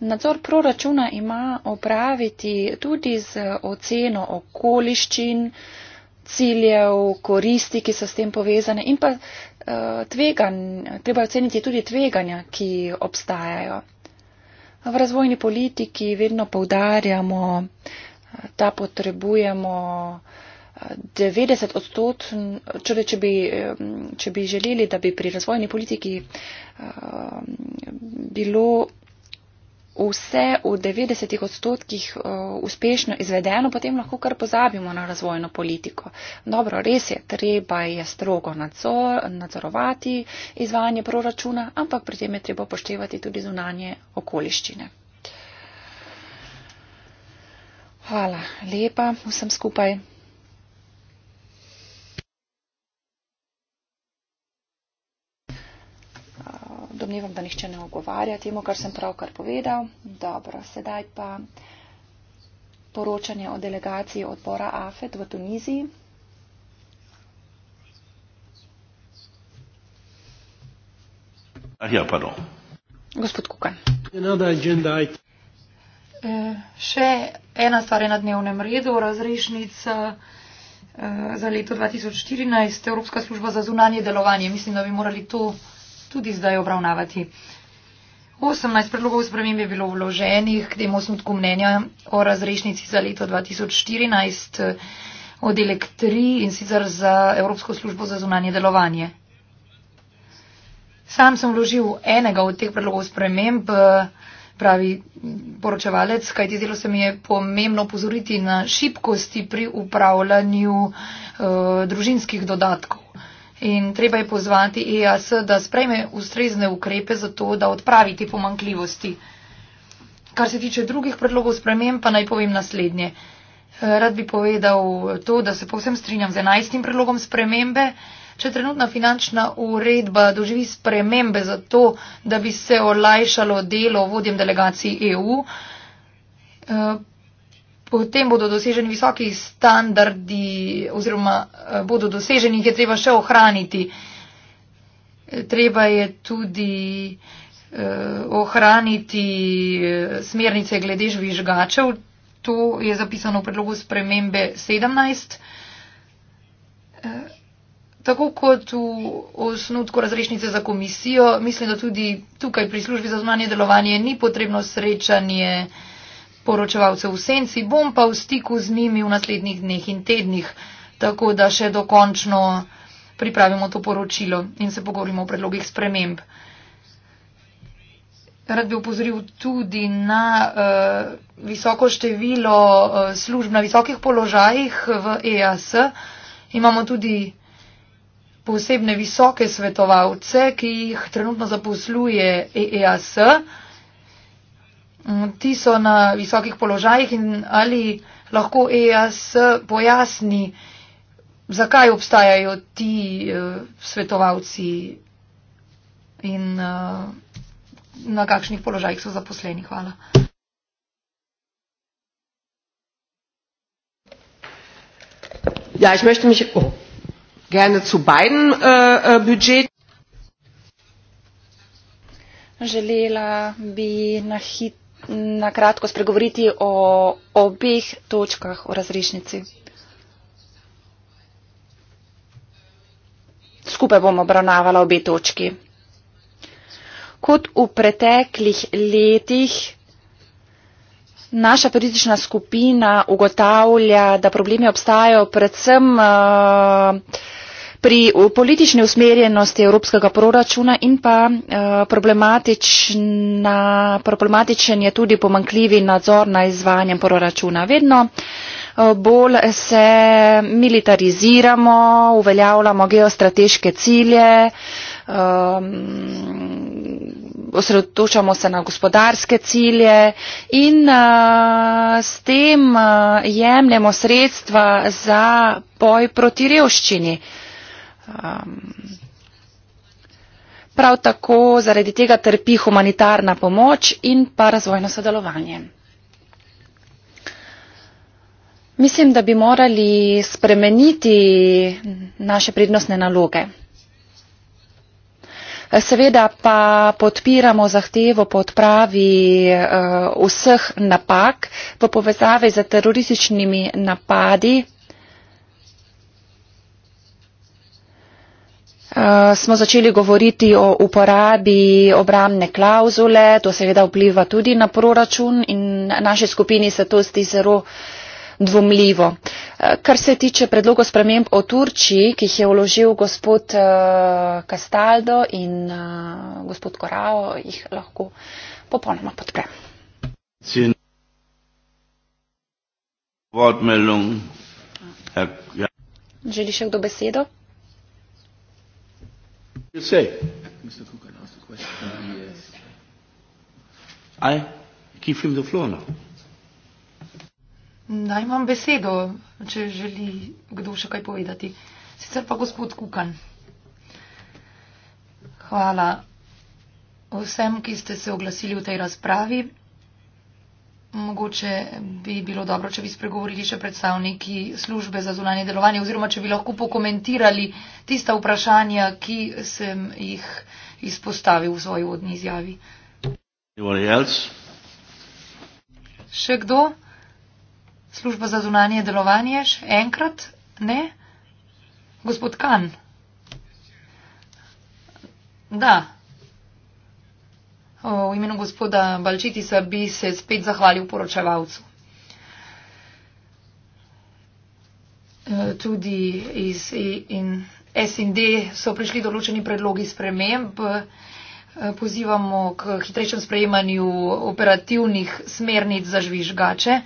Nadzor proračuna ima opraviti tudi z oceno okoliščin, ciljev, koristi, ki so s tem povezane in pa eh, tveganj, treba oceniti tudi tveganja, ki obstajajo. V razvojni politiki vedno povdarjamo, da potrebujemo 90 eh, odstotkov, torej, če, če bi želeli, da bi pri razvojni politiki eh, bilo vse v 90 odstotkih eh, uspešno izvedeno, potem lahko kar pozabimo na razvojno politiko. Dobro, res je, treba je strogo nadzor, nadzorovati izvajanje proračuna, ampak pri tem je treba poštevati tudi zunanje okoliščine. Hvala lepa vsem skupaj. domnevam, da nihče ne ogovarja temu, kar sem pravkar povedal. Dobro, sedaj pa poročanje o delegaciji odbora AFED v Tuniziji. Ja, pardon. Gospod Kukan. E, še ena stvar je na dnevnem redu, razrešnica e, za leto 2014, Evropska služba za zunanje delovanje. Mislim, da bi morali to tudi zdaj obravnavati. 18 predlogov sprememb je bilo vloženih, k temu smo tako mnenja o razrešnici za leto 2014, oddelek 3 in sicer za Evropsko službo za zunanje delovanje. Sam sem vložil enega od teh predlogov sprememb, pravi poročevalec, kajti zdelo se mi je pomembno pozoriti na šibkosti pri upravljanju uh, družinskih dodatkov in treba je pozvati EAS, da sprejme ustrezne ukrepe za to, da odpravi te pomankljivosti. Kar se tiče drugih predlogov spremem, pa naj povem naslednje. Eh, rad bi povedal to, da se povsem strinjam z enajstim predlogom spremembe. Če trenutna finančna uredba doživi spremembe za to, da bi se olajšalo delo vodjem delegacij EU, eh, potem bodo doseženi visoki standardi oziroma eh, bodo doseženi, jih je treba še ohraniti. Eh, treba je tudi eh, ohraniti smernice glede žvižgačev. To je zapisano v predlogu spremembe 17. Tako kot v osnutku razrešnice za komisijo, mislim, da tudi tukaj pri službi za zunanje delovanje ni potrebno srečanje eh, poročevalcev v senci, bom pa v stiku z njimi v naslednjih dneh in tednih, tako da še dokončno pripravimo to poročilo in se pogovorimo o predlogih sprememb. Rad bi upozoril tudi na uh, visoko število uh, služb na visokih položajih v EAS. Imamo tudi posebne visoke svetovalce, ki jih trenutno zaposluje EAS. Uh, Mm, ti so na visokih položajih in ali lahko EAS pojasni, zakaj obstajajo ti eh, svetovalci in eh, na kakšnih položajih so zaposleni. Hvala. Ja, ich möchte mich oh, gerne zu beiden äh, äh Budgeten. Želela bi na hitro na kratko spregovoriti o obih točkah v razrešnici. Skupaj bom obravnavala obe točki. Kot v preteklih letih, naša politična skupina ugotavlja, da problemi obstajajo predvsem uh, pri politični usmerjenosti evropskega proračuna in pa eh, problematičen je tudi pomankljivi nadzor nad izvajanjem proračuna. vedno eh, bolj se militariziramo uveljavljamo geostrateške cilje ehm, osredotočamo se na gospodarske cilje in eh, s tem jemljemo sredstva za boj proti revščini. Um, prav tako zaradi tega trpi humanitarna pomoč in pa razvojno sodelovanje. Mislim, da bi morali spremeniti naše prednostne naloge. Seveda pa podpiramo zahtevo po odpravi uh, vseh napak v povezavi z terorističnimi napadi Eh, smo začeli govoriti o uporabi obramne klauzule, to seveda vpliva tudi na proračun in naši skupini se to zdi zelo dvomljivo. Eh, kar se tiče predlogov sprememb o Turčiji, ki jih je uložil gospod Kastaldo eh, in gospod Korao, jih lahko popolnoma podprem. Želi še kdo besedo? you say? Mr. Cook can ask the question. Yes. I give him the floor now. Naj imam besedo, če želi kdo še kaj povedati. Sicer pa gospod Kukan. Hvala vsem, ki ste se oglasili v tej razpravi. Mogoče bi bilo dobro, če bi spregovorili še predstavniki službe za zunanje delovanje oziroma če bi lahko pokomentirali tista vprašanja, ki sem jih izpostavil v svoji vodni izjavi. Še kdo? Služba za zunanje delovanje? Še enkrat? Ne? Gospod Kan? Da v imenu gospoda Balčitisa bi se spet zahvalil poročevalcu. E, tudi iz e SND so prišli določeni predlogi sprememb. E, pozivamo k hitrejšem sprejemanju operativnih smernic za žvižgače.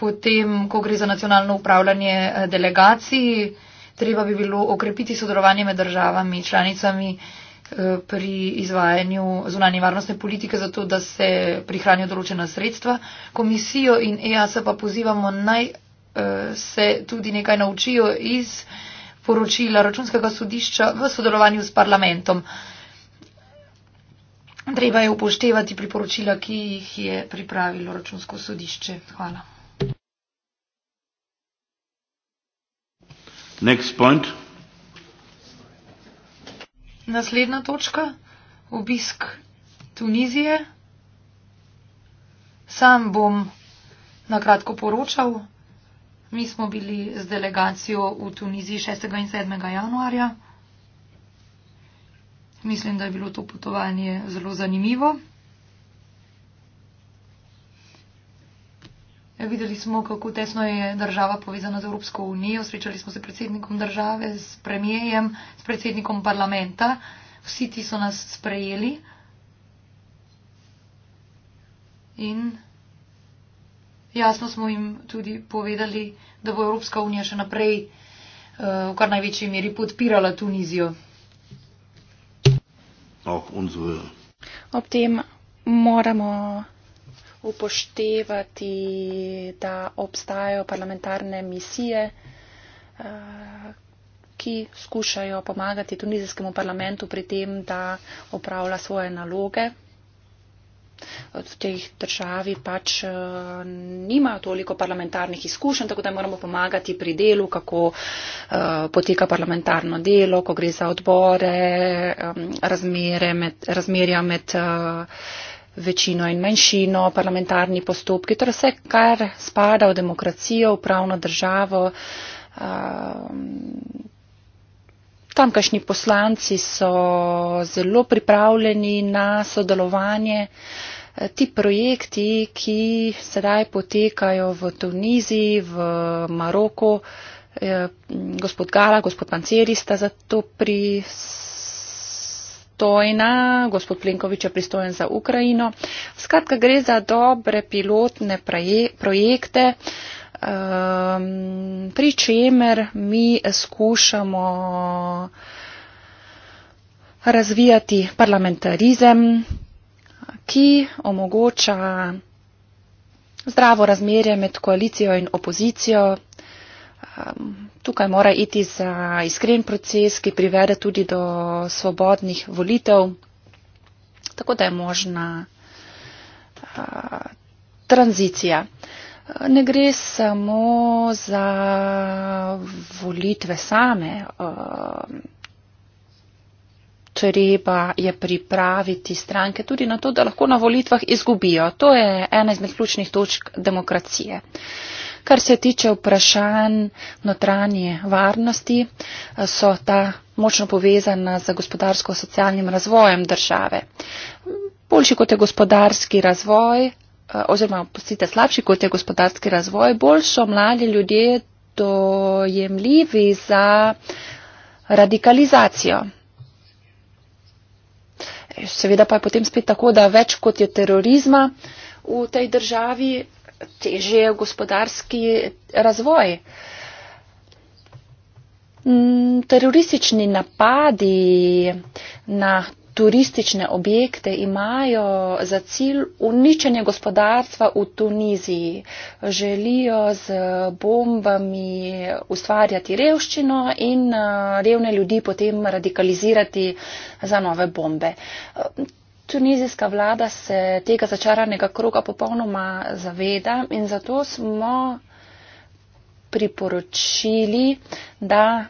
Potem, ko gre za nacionalno upravljanje delegacij, treba bi bilo okrepiti sodelovanje med državami članicami. Eh, pri izvajanju zunanje varnostne politike, zato da se prihranijo določena sredstva. Komisijo in EAS pa pozivamo naj eh, se tudi nekaj naučijo iz poročila računskega sodišča v sodelovanju s parlamentom. Treba je upoštevati priporočila, ki jih je pripravilo računsko sodišče. Hvala. Next point naslednja točka, obisk Tunizije. Sam bom nakratko poročal. Mi smo bili z delegacijo v Tuniziji 6. in 7. januarja. Mislim, da je bilo to potovanje zelo zanimivo. Videli smo, kako tesno je država povezana z Evropsko unijo, srečali smo se s predsednikom države, s premijejem, s predsednikom parlamenta. Vsi ti so nas sprejeli in jasno smo jim tudi povedali, da bo Evropska unija še naprej eh, v kar največji meri podpirala Tunizijo. Ob tem moramo upoštevati, da obstajajo parlamentarne misije, eh, ki skušajo pomagati tunizijskemu parlamentu pri tem, da opravlja svoje naloge. V tej državi pač eh, nimajo toliko parlamentarnih izkušenj, tako da moramo pomagati pri delu, kako eh, poteka parlamentarno delo, ko gre za odbore, razmerja med. Razmerje med večino in manjšino, parlamentarni postopki, torej vse, kar spada v demokracijo, v pravno državo. Um, tamkajšnji poslanci so zelo pripravljeni na sodelovanje. Ti projekti, ki sedaj potekajo v Tuniziji, v Maroku, eh, gospod Gala, gospod Panceri sta za to pris pristojna, gospod Plenkovič je pristojen za Ukrajino. Skratka, gre za dobre pilotne projekte, ehm, pri čemer mi skušamo razvijati parlamentarizem, ki omogoča zdravo razmerje med koalicijo in opozicijo, um, tukaj mora iti za iskren proces, ki privede tudi do svobodnih volitev, tako da je možna uh, tranzicija. Ne gre samo za volitve same. Ehm, treba je pripraviti stranke tudi na to, da lahko na volitvah izgubijo. To je ena izmed ključnih točk demokracije. Kar se tiče vprašanj notranje varnosti, eh, so ta močno povezana z gospodarsko-socialnim razvojem države. Boljši kot je gospodarski razvoj, eh, oziroma postite slabši kot je gospodarski razvoj, bolj so mladi ljudje dojemljivi za radikalizacijo. Eh, seveda pa je potem spet tako, da več kot je terorizma v tej državi, teže gospodarski razvoj. Mm, teroristični napadi na turistične objekte imajo za cilj uničenje gospodarstva v Tuniziji. Želijo z bombami ustvarjati revščino in uh, revne ljudi potem radikalizirati za nove bombe tunizijska vlada se tega začaranega kroga popolnoma zaveda in zato smo priporočili, da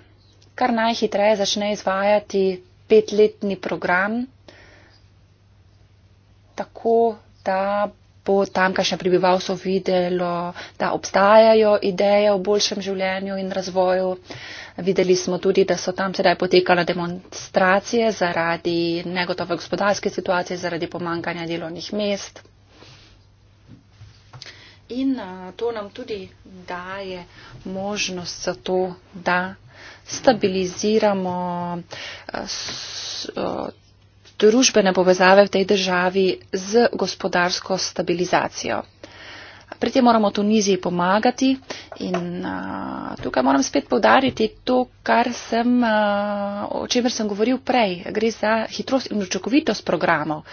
kar najhitreje začne izvajati petletni program, tako da bo tamkajšnje prebivalstvo videlo, da obstajajo ideje o boljšem življenju in razvoju. Videli smo tudi, da so tam sedaj potekale demonstracije zaradi negotove gospodarske situacije, zaradi pomankanja delovnih mest. In to nam tudi daje možnost za to, da stabiliziramo družbene povezave v tej državi z gospodarsko stabilizacijo. Pri tem moramo Tuniziji pomagati in a, tukaj moram spet povdariti to, sem, a, o čemer sem govoril prej. Gre za hitrost in učinkovitost programov.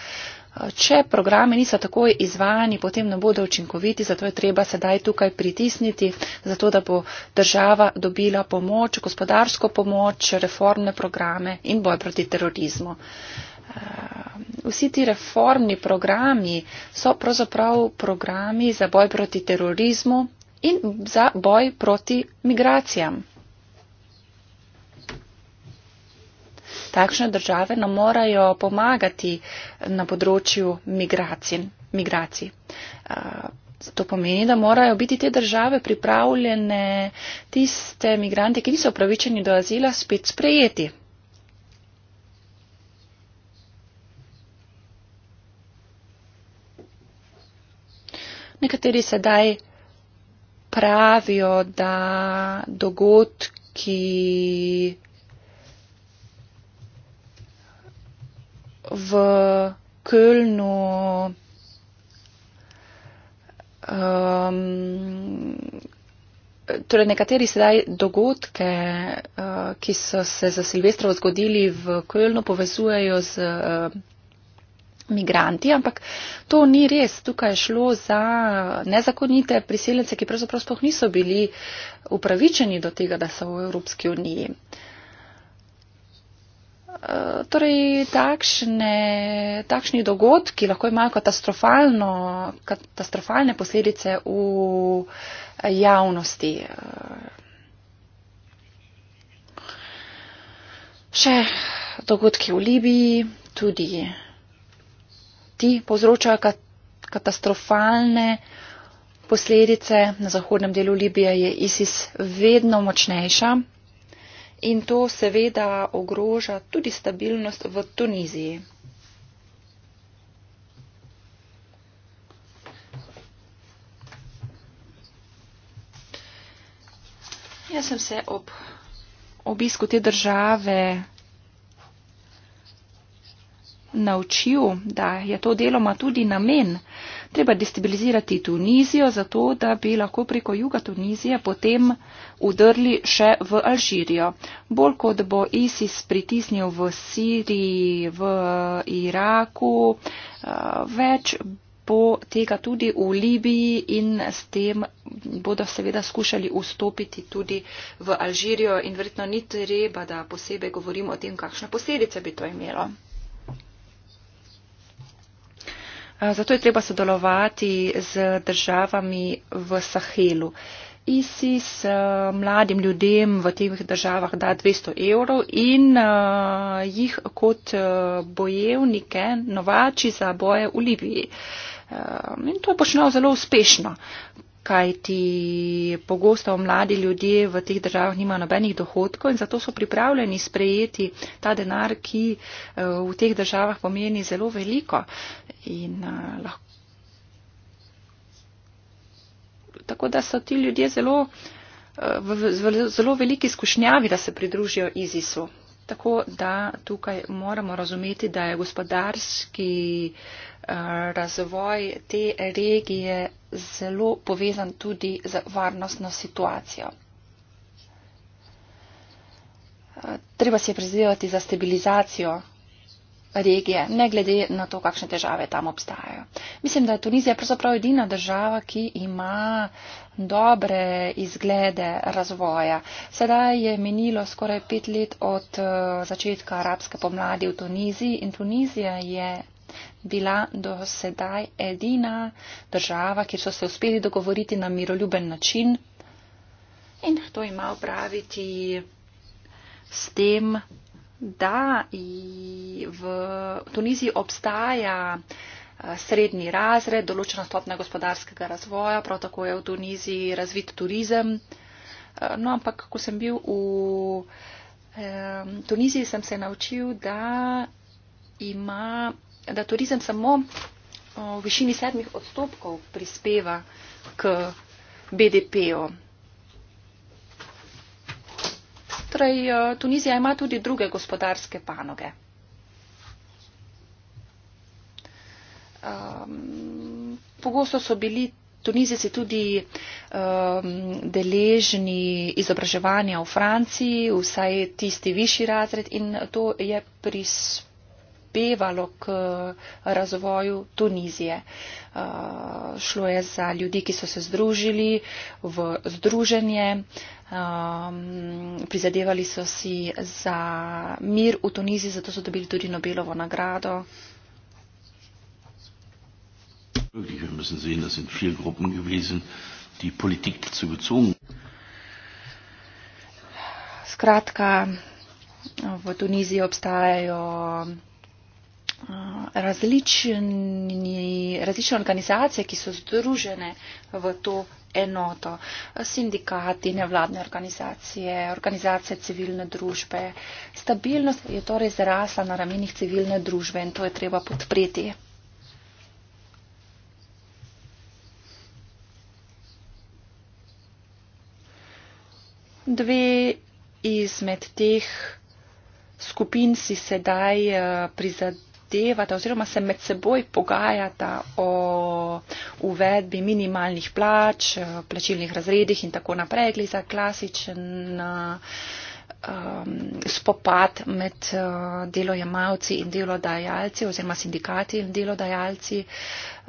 Če programe niso tako izvajani, potem ne bodo učinkoviti, zato je treba sedaj tukaj pritisniti, zato da bo država dobila pomoč, gospodarsko pomoč, reformne programe in boj proti terorizmu vsi ti reformni programi so pravzaprav programi za boj proti terorizmu in za boj proti migracijam. Takšne države nam morajo pomagati na področju migracij. migracij. To pomeni, da morajo biti te države pripravljene tiste migrante, ki niso upravičeni do azila, spet sprejeti. Nekateri sedaj pravijo, da dogodki v Kölnu um, Torej, nekateri sedaj dogodke, uh, ki so se za Silvestrovo zgodili v Kölnu, povezujejo z uh, migranti, ampak to ni res. Tukaj je šlo za nezakonite priseljence, ki pravzaprav sploh niso bili upravičeni do tega, da so v Evropski uniji. E, torej, takšne, takšni dogodki lahko imajo katastrofalne posledice v javnosti. E, še dogodki v Libiji, tudi smrti povzročajo katastrofalne posledice. Na zahodnem delu Libije je ISIS vedno močnejša in to seveda ogroža tudi stabilnost v Tuniziji. Jaz sem se ob obisku te države naučil, da je to deloma tudi namen. Treba destabilizirati Tunizijo, zato da bi lahko preko juga Tunizije potem udrli še v Alžirijo. Bolj kot bo ISIS pritisnil v Siriji, v Iraku, eh, več bo tega tudi v Libiji in s tem bodo seveda skušali vstopiti tudi v Alžirijo in verjetno ni treba, da posebej govorim o tem, kakšne posledice bi to imelo. Zato je treba sodelovati z državami v Sahelu. ISIS mladim ljudem v teh državah da 200 evrov in jih kot bojevnike novači za boje v Libiji. In to počnejo zelo uspešno kajti pogosto mladi ljudje v teh državah nimajo nobenih dohodkov in zato so pripravljeni sprejeti ta denar, ki eh, v teh državah pomeni zelo veliko. In, uh, Tako da so ti ljudje zelo, uh, v, v, zelo veliki skušnjavi, da se pridružijo ISIS-u. Tako da tukaj moramo razumeti, da je gospodarski uh, Eh, razvoj te regije zelo povezan tudi z varnostno situacijo. Eh, treba si je prizadevati za stabilizacijo regije, ne glede na to, kakšne težave tam obstajajo. Mislim, da je Tunizija pravzaprav edina država, ki ima dobre izglede razvoja. Sedaj je minilo skoraj pet let od eh, začetka arabske pomladi v Tuniziji in Tunizija je bila do sedaj edina država, kjer so se uspeli dogovoriti na miroljuben način. In to ima upraviti s tem, da v Tuniziji obstaja eh, srednji razred, določena stopna gospodarskega razvoja, prav tako je v Tuniziji razvit turizem. Eh, no, ampak ko sem bil v eh, Tuniziji, sem se naučil, da ima da turizem samo v višini sedmih odstotkov prispeva k BDP-u. Torej, Tunizija ima tudi druge gospodarske panoge. Um, pogosto so bili Tunizijci tudi um, deležni izobraževanja v Franciji, vsaj tisti višji razred in to je prispelo prispevalo k eh, razvoju Tunizije. Eh, šlo je za ljudi, ki so se združili v združenje, ehm, prizadevali so si za mir v Tuniziji, zato so dobili tudi Nobelovo nagrado. Skratka, v Tuniziji obstajajo različni, različne organizacije, ki so združene v to enoto. Sindikati, nevladne organizacije, organizacije civilne družbe. Stabilnost je torej zrasla na ramenih civilne družbe in to je treba podpreti. Dve izmed teh skupin si sedaj eh, prizadeva zahtevata oziroma se med seboj pogajata o uvedbi minimalnih plač, plačilnih razredih in tako naprej, gre za klasičen um, spopad med uh, delojemalci in delodajalci oziroma sindikati in delodajalci.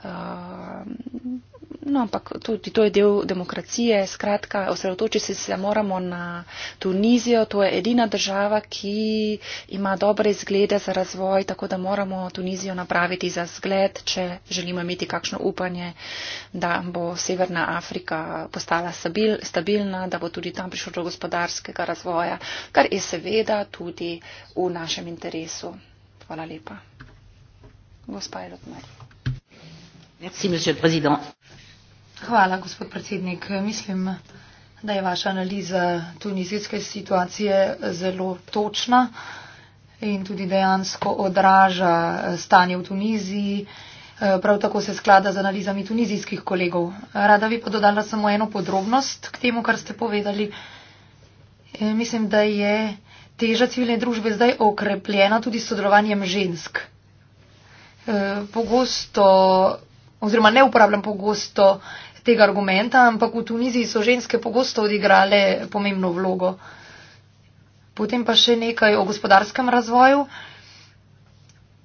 Uh, No, ampak tudi to je del demokracije. Skratka, osredotočiti se moramo na Tunizijo. To je edina država, ki ima dobre izglede za razvoj, tako da moramo Tunizijo napraviti za zgled, če želimo imeti kakšno upanje, da bo Severna Afrika postala stabil, stabilna, da bo tudi tam prišlo do gospodarskega razvoja, kar je seveda tudi v našem interesu. Hvala lepa. Gospa je odmah. Merci, monsieur le Président. Hvala, gospod predsednik. Mislim, da je vaša analiza tunizijske situacije zelo točna in tudi dejansko odraža eh, stanje v Tuniziji. Eh, prav tako se sklada z analizami tunizijskih kolegov. Rada bi pododala samo eno podrobnost k temu, kar ste povedali. Eh, mislim, da je teža civilne družbe zdaj okrepljena tudi s sodelovanjem žensk. Pogosto, oziroma ne uporabljam pogosto tega argumenta, ampak v Tuniziji so ženske pogosto odigrale pomembno vlogo. Potem pa še nekaj o gospodarskem razvoju.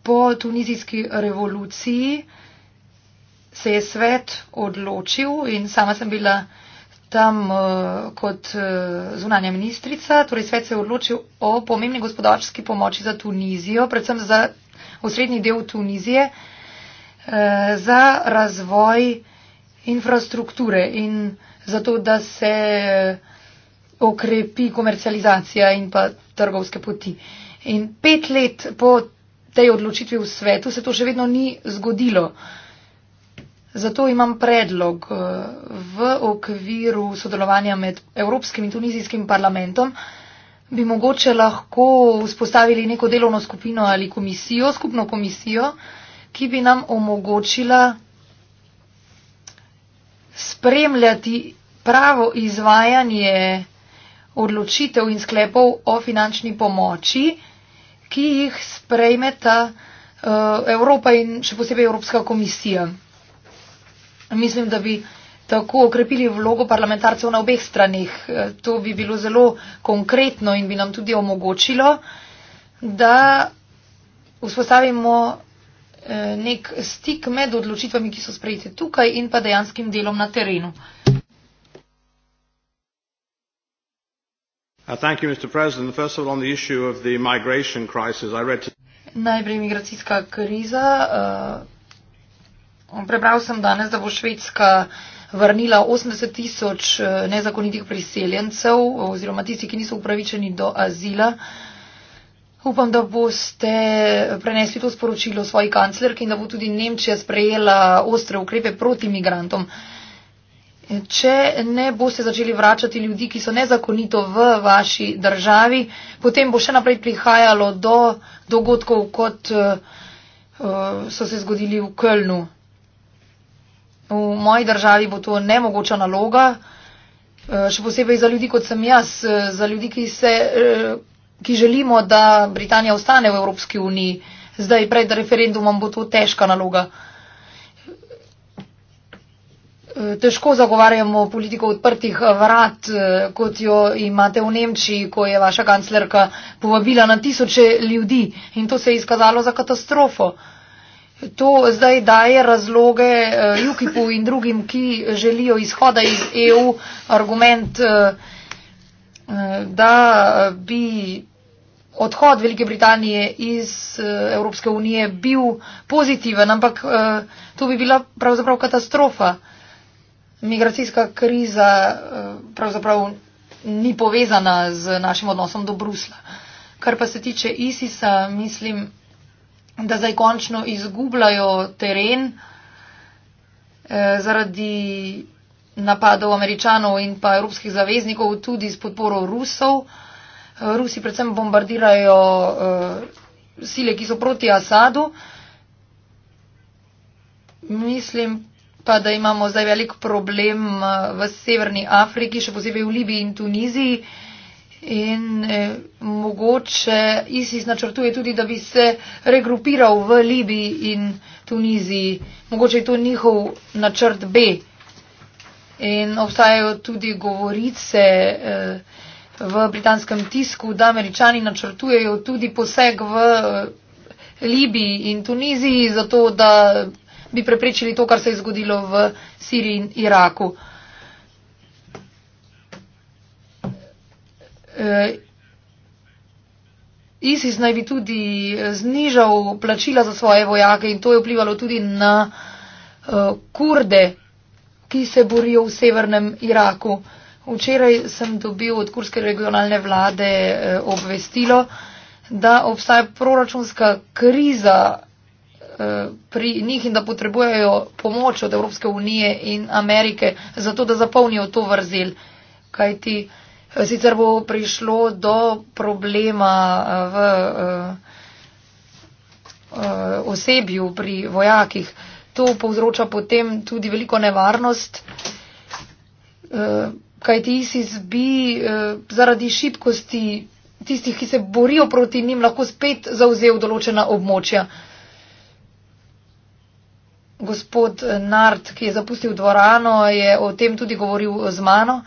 Po tunizijski revoluciji se je svet odločil in sama sem bila tam uh, kot uh, zunanja ministrica, torej svet se je odločil o pomembni gospodarski pomoči za Tunizijo, predvsem za osrednji del Tunizije, uh, za razvoj uh, infrastrukture in zato, da se okrepi komercializacija in pa trgovske poti. In pet let po tej odločitvi v svetu se to še vedno ni zgodilo. Zato imam predlog eh, v okviru sodelovanja med Evropskim in Tunizijskim parlamentom, bi mogoče lahko vzpostavili neko delovno skupino ali komisijo, skupno komisijo, ki bi nam omogočila spremljati pravo izvajanje odločitev in sklepov o finančni pomoči, ki jih sprejmeta eh, Evropa in še posebej Evropska komisija. Mislim, da bi tako okrepili vlogo parlamentarcev na obeh stranih. Eh, to bi bilo zelo konkretno in bi nam tudi omogočilo, da vzpostavimo Eh, nek stik med odločitvami, ki so sprejete tukaj in pa dejanskim delom na terenu. Uh, Najprej imigracijska kriza. Eh, prebral sem danes, da bo Švedska vrnila 80 tisoč eh, nezakonitih priseljencev oziroma tisti, ki niso upravičeni do azila. Upam, da boste prenesli to sporočilo svoji kanclerki in da bo tudi Nemčija sprejela ostre ukrepe proti migrantom. Če ne boste začeli vračati ljudi, ki so nezakonito v vaši državi, potem bo še naprej prihajalo do dogodkov, kot eh, so se zgodili v Kölnu. V moji državi bo to nemogoča naloga, eh, še posebej za ljudi, kot sem jaz, eh, za ljudi, ki se ki želimo, da Britanija ostane v Evropski uniji, zdaj pred referendumom bo to težka naloga. Težko zagovarjamo politiko odprtih vrat, kot jo imate v Nemčiji, ko je vaša kanclerka povabila na tisoče ljudi in to se je izkazalo za katastrofo. To zdaj daje razloge Jukipu eh, in drugim, ki želijo izhoda iz EU argument. Uh, da eh, bi odhod Velike Britanije iz eh, Evropske unije bil pozitiven, ampak eh, to bi bila pravzaprav katastrofa. Migracijska kriza pravzaprav ni povezana z našim odnosom do Brusla. Kar pa se tiče ISIS-a, mislim, da zdaj končno izgubljajo teren eh, zaradi napadov američanov in pa evropskih zaveznikov, tudi s podporo rusov. Rusi predvsem bombardirajo uh, sile, ki so proti Asadu. Mislim pa, da imamo zdaj velik problem eh, v Severni Afriki, še posebej v Libiji in Tuniziji. In eh, mogoče ISIS načrtuje tudi, da bi se regrupiral v Libiji in Tuniziji. Mogoče je to njihov načrt B. In obstajajo tudi govorice eh, v britanskem tisku, da američani načrtujejo tudi poseg v eh, Libiji in Tuniziji, zato da bi preprečili to, kar se je zgodilo v Siriji in Iraku. Eh, ISIS naj bi tudi znižal plačila za svoje vojake in to je vplivalo tudi na kurde, ki se borijo v severnem Iraku. Včeraj sem dobil od kurske regionalne vlade eh, obvestilo, da obstaja proračunska kriza eh, pri njih in da potrebujejo pomoč od Evropske unije in Amerike, zato da zapolnijo to vrzel. Kajti eh, sicer bo prišlo do problema v osebju pri vojakih to povzroča potem tudi veliko nevarnost, eh, kaj ti ISIS bi eh, zaradi šibkosti tistih, ki se borijo proti njim, lahko spet zauzel določena območja. Gospod Nart, ki je zapustil dvorano, je o tem tudi govoril z mano.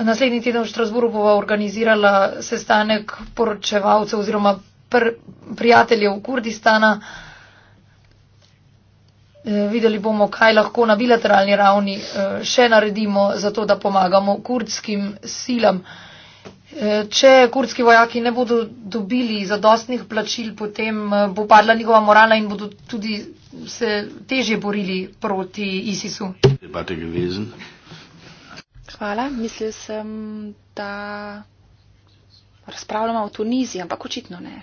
Naslednji teden v Štrasburu bova organizirala sestanek poročevalcev oziroma pr prijateljev Kurdistana. Eh, videli bomo, kaj lahko na bilateralni ravni eh, še naredimo za to, da pomagamo kurdskim silam. Eh, če kurdski vojaki ne bodo dobili zadostnih plačil, potem bo padla njihova morala in bodo tudi se teže borili proti ISIS-u. Hvala. Mislil sem, da razpravljamo o Tuniziji, ampak očitno ne.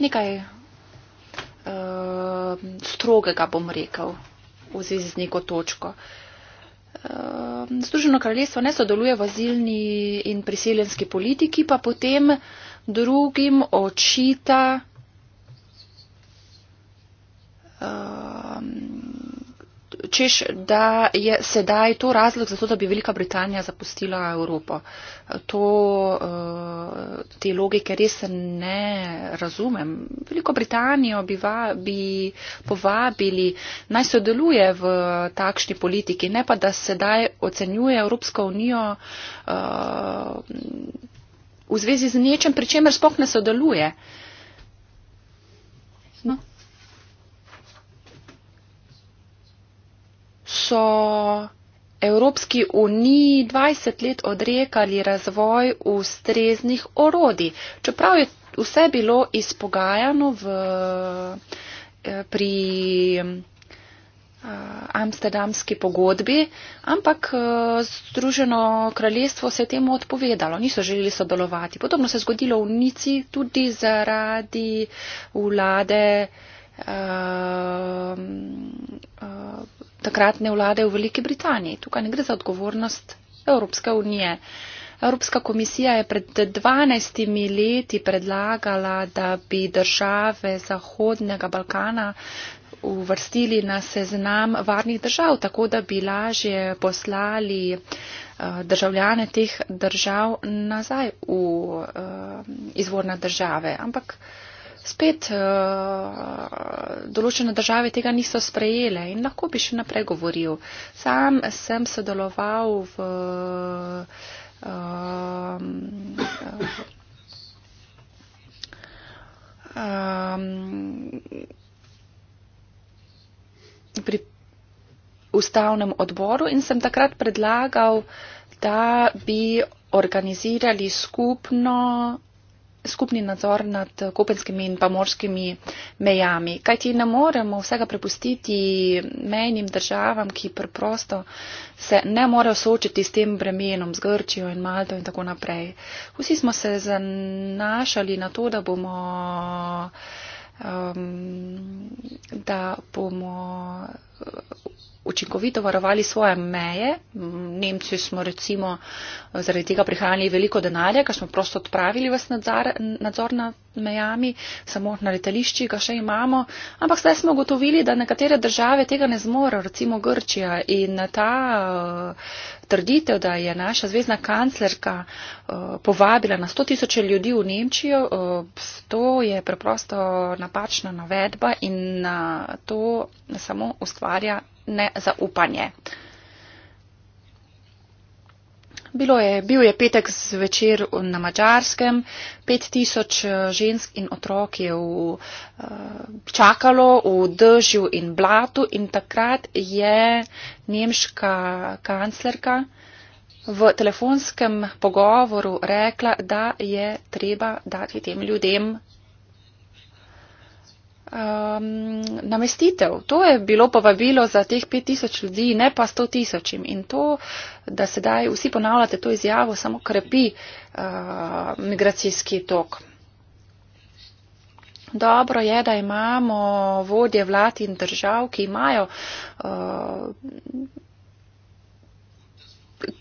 Nekaj uh, strogega, bom rekel, v zvezi z neko točko. Eh, Združeno kraljestvo ne sodeluje v azilni in priseljenski politiki, pa potem drugim očita eh, češ, da je sedaj to razlog za to, da bi Velika Britanija zapustila Evropo. To, eh, te logike res ne razumem. Veliko Britanijo bi, va, bi povabili naj sodeluje v takšni politiki, ne pa da sedaj ocenjuje Evropsko unijo eh, v zvezi z nečem, pri čemer spoh ne sodeluje. so Evropski uniji 20 let odrekali razvoj ustreznih orodij. Čeprav je vse bilo izpogajano v, eh, pri eh, Amsterdamski pogodbi, ampak eh, Združeno kraljestvo se je temu odpovedalo, niso želeli sodelovati. Podobno se je zgodilo v Nici tudi zaradi vlade. Uh, uh, takratne vlade v Veliki Britaniji. Tukaj ne gre za odgovornost Evropske unije. Evropska komisija je pred 12 leti predlagala, da bi države Zahodnega Balkana uvrstili na seznam varnih držav, tako da bi lažje poslali eh, državljane teh držav nazaj v eh, izvorne države. Ampak spet uh, določene države tega niso sprejele in lahko bi še naprej govoril. Sam sem sodeloval v. Um, um, pri ustavnem odboru in sem takrat predlagal, da bi organizirali skupno skupni nadzor nad kopenskimi in pomorskimi mejami. Kaj ti ne moremo vsega prepustiti menjim državam, ki preprosto se ne morejo soočiti s tem bremenom, z Grčijo in Malto in tako naprej. Vsi smo se zanašali na to, da bomo. Um, da bomo učinkovito varovali svoje meje. Nemci smo recimo eh, zaradi tega prihranili veliko denarja, ker smo prosto odpravili vas nadzor, nadzor nad mejami, samo na letališči ga še imamo. Ampak zdaj smo ugotovili, da nekatere države tega ne zmorejo, recimo Grčija. In ta uh, trditev, da je naša zvezdna kanclerka uh, povabila na 100 tisoče ljudi v Nemčijo, uh, to je preprosto napačna navedba in uh, to samo ustvarja nezaupanje. Bilo je, bil je petek zvečer na Mačarskem, pet tisoč eh, žensk in otrok je v, eh, čakalo v držju in blatu in takrat je nemška kanclerka v telefonskem pogovoru rekla, da je treba dati tem ljudem um, namestitev. To je bilo povabilo za teh 5000 ljudi, ne pa 100 tisočim. In to, da sedaj vsi ponavljate to izjavo, samo krepi uh, migracijski tok. Dobro je, da imamo vodje vlad in držav, ki imajo. Uh,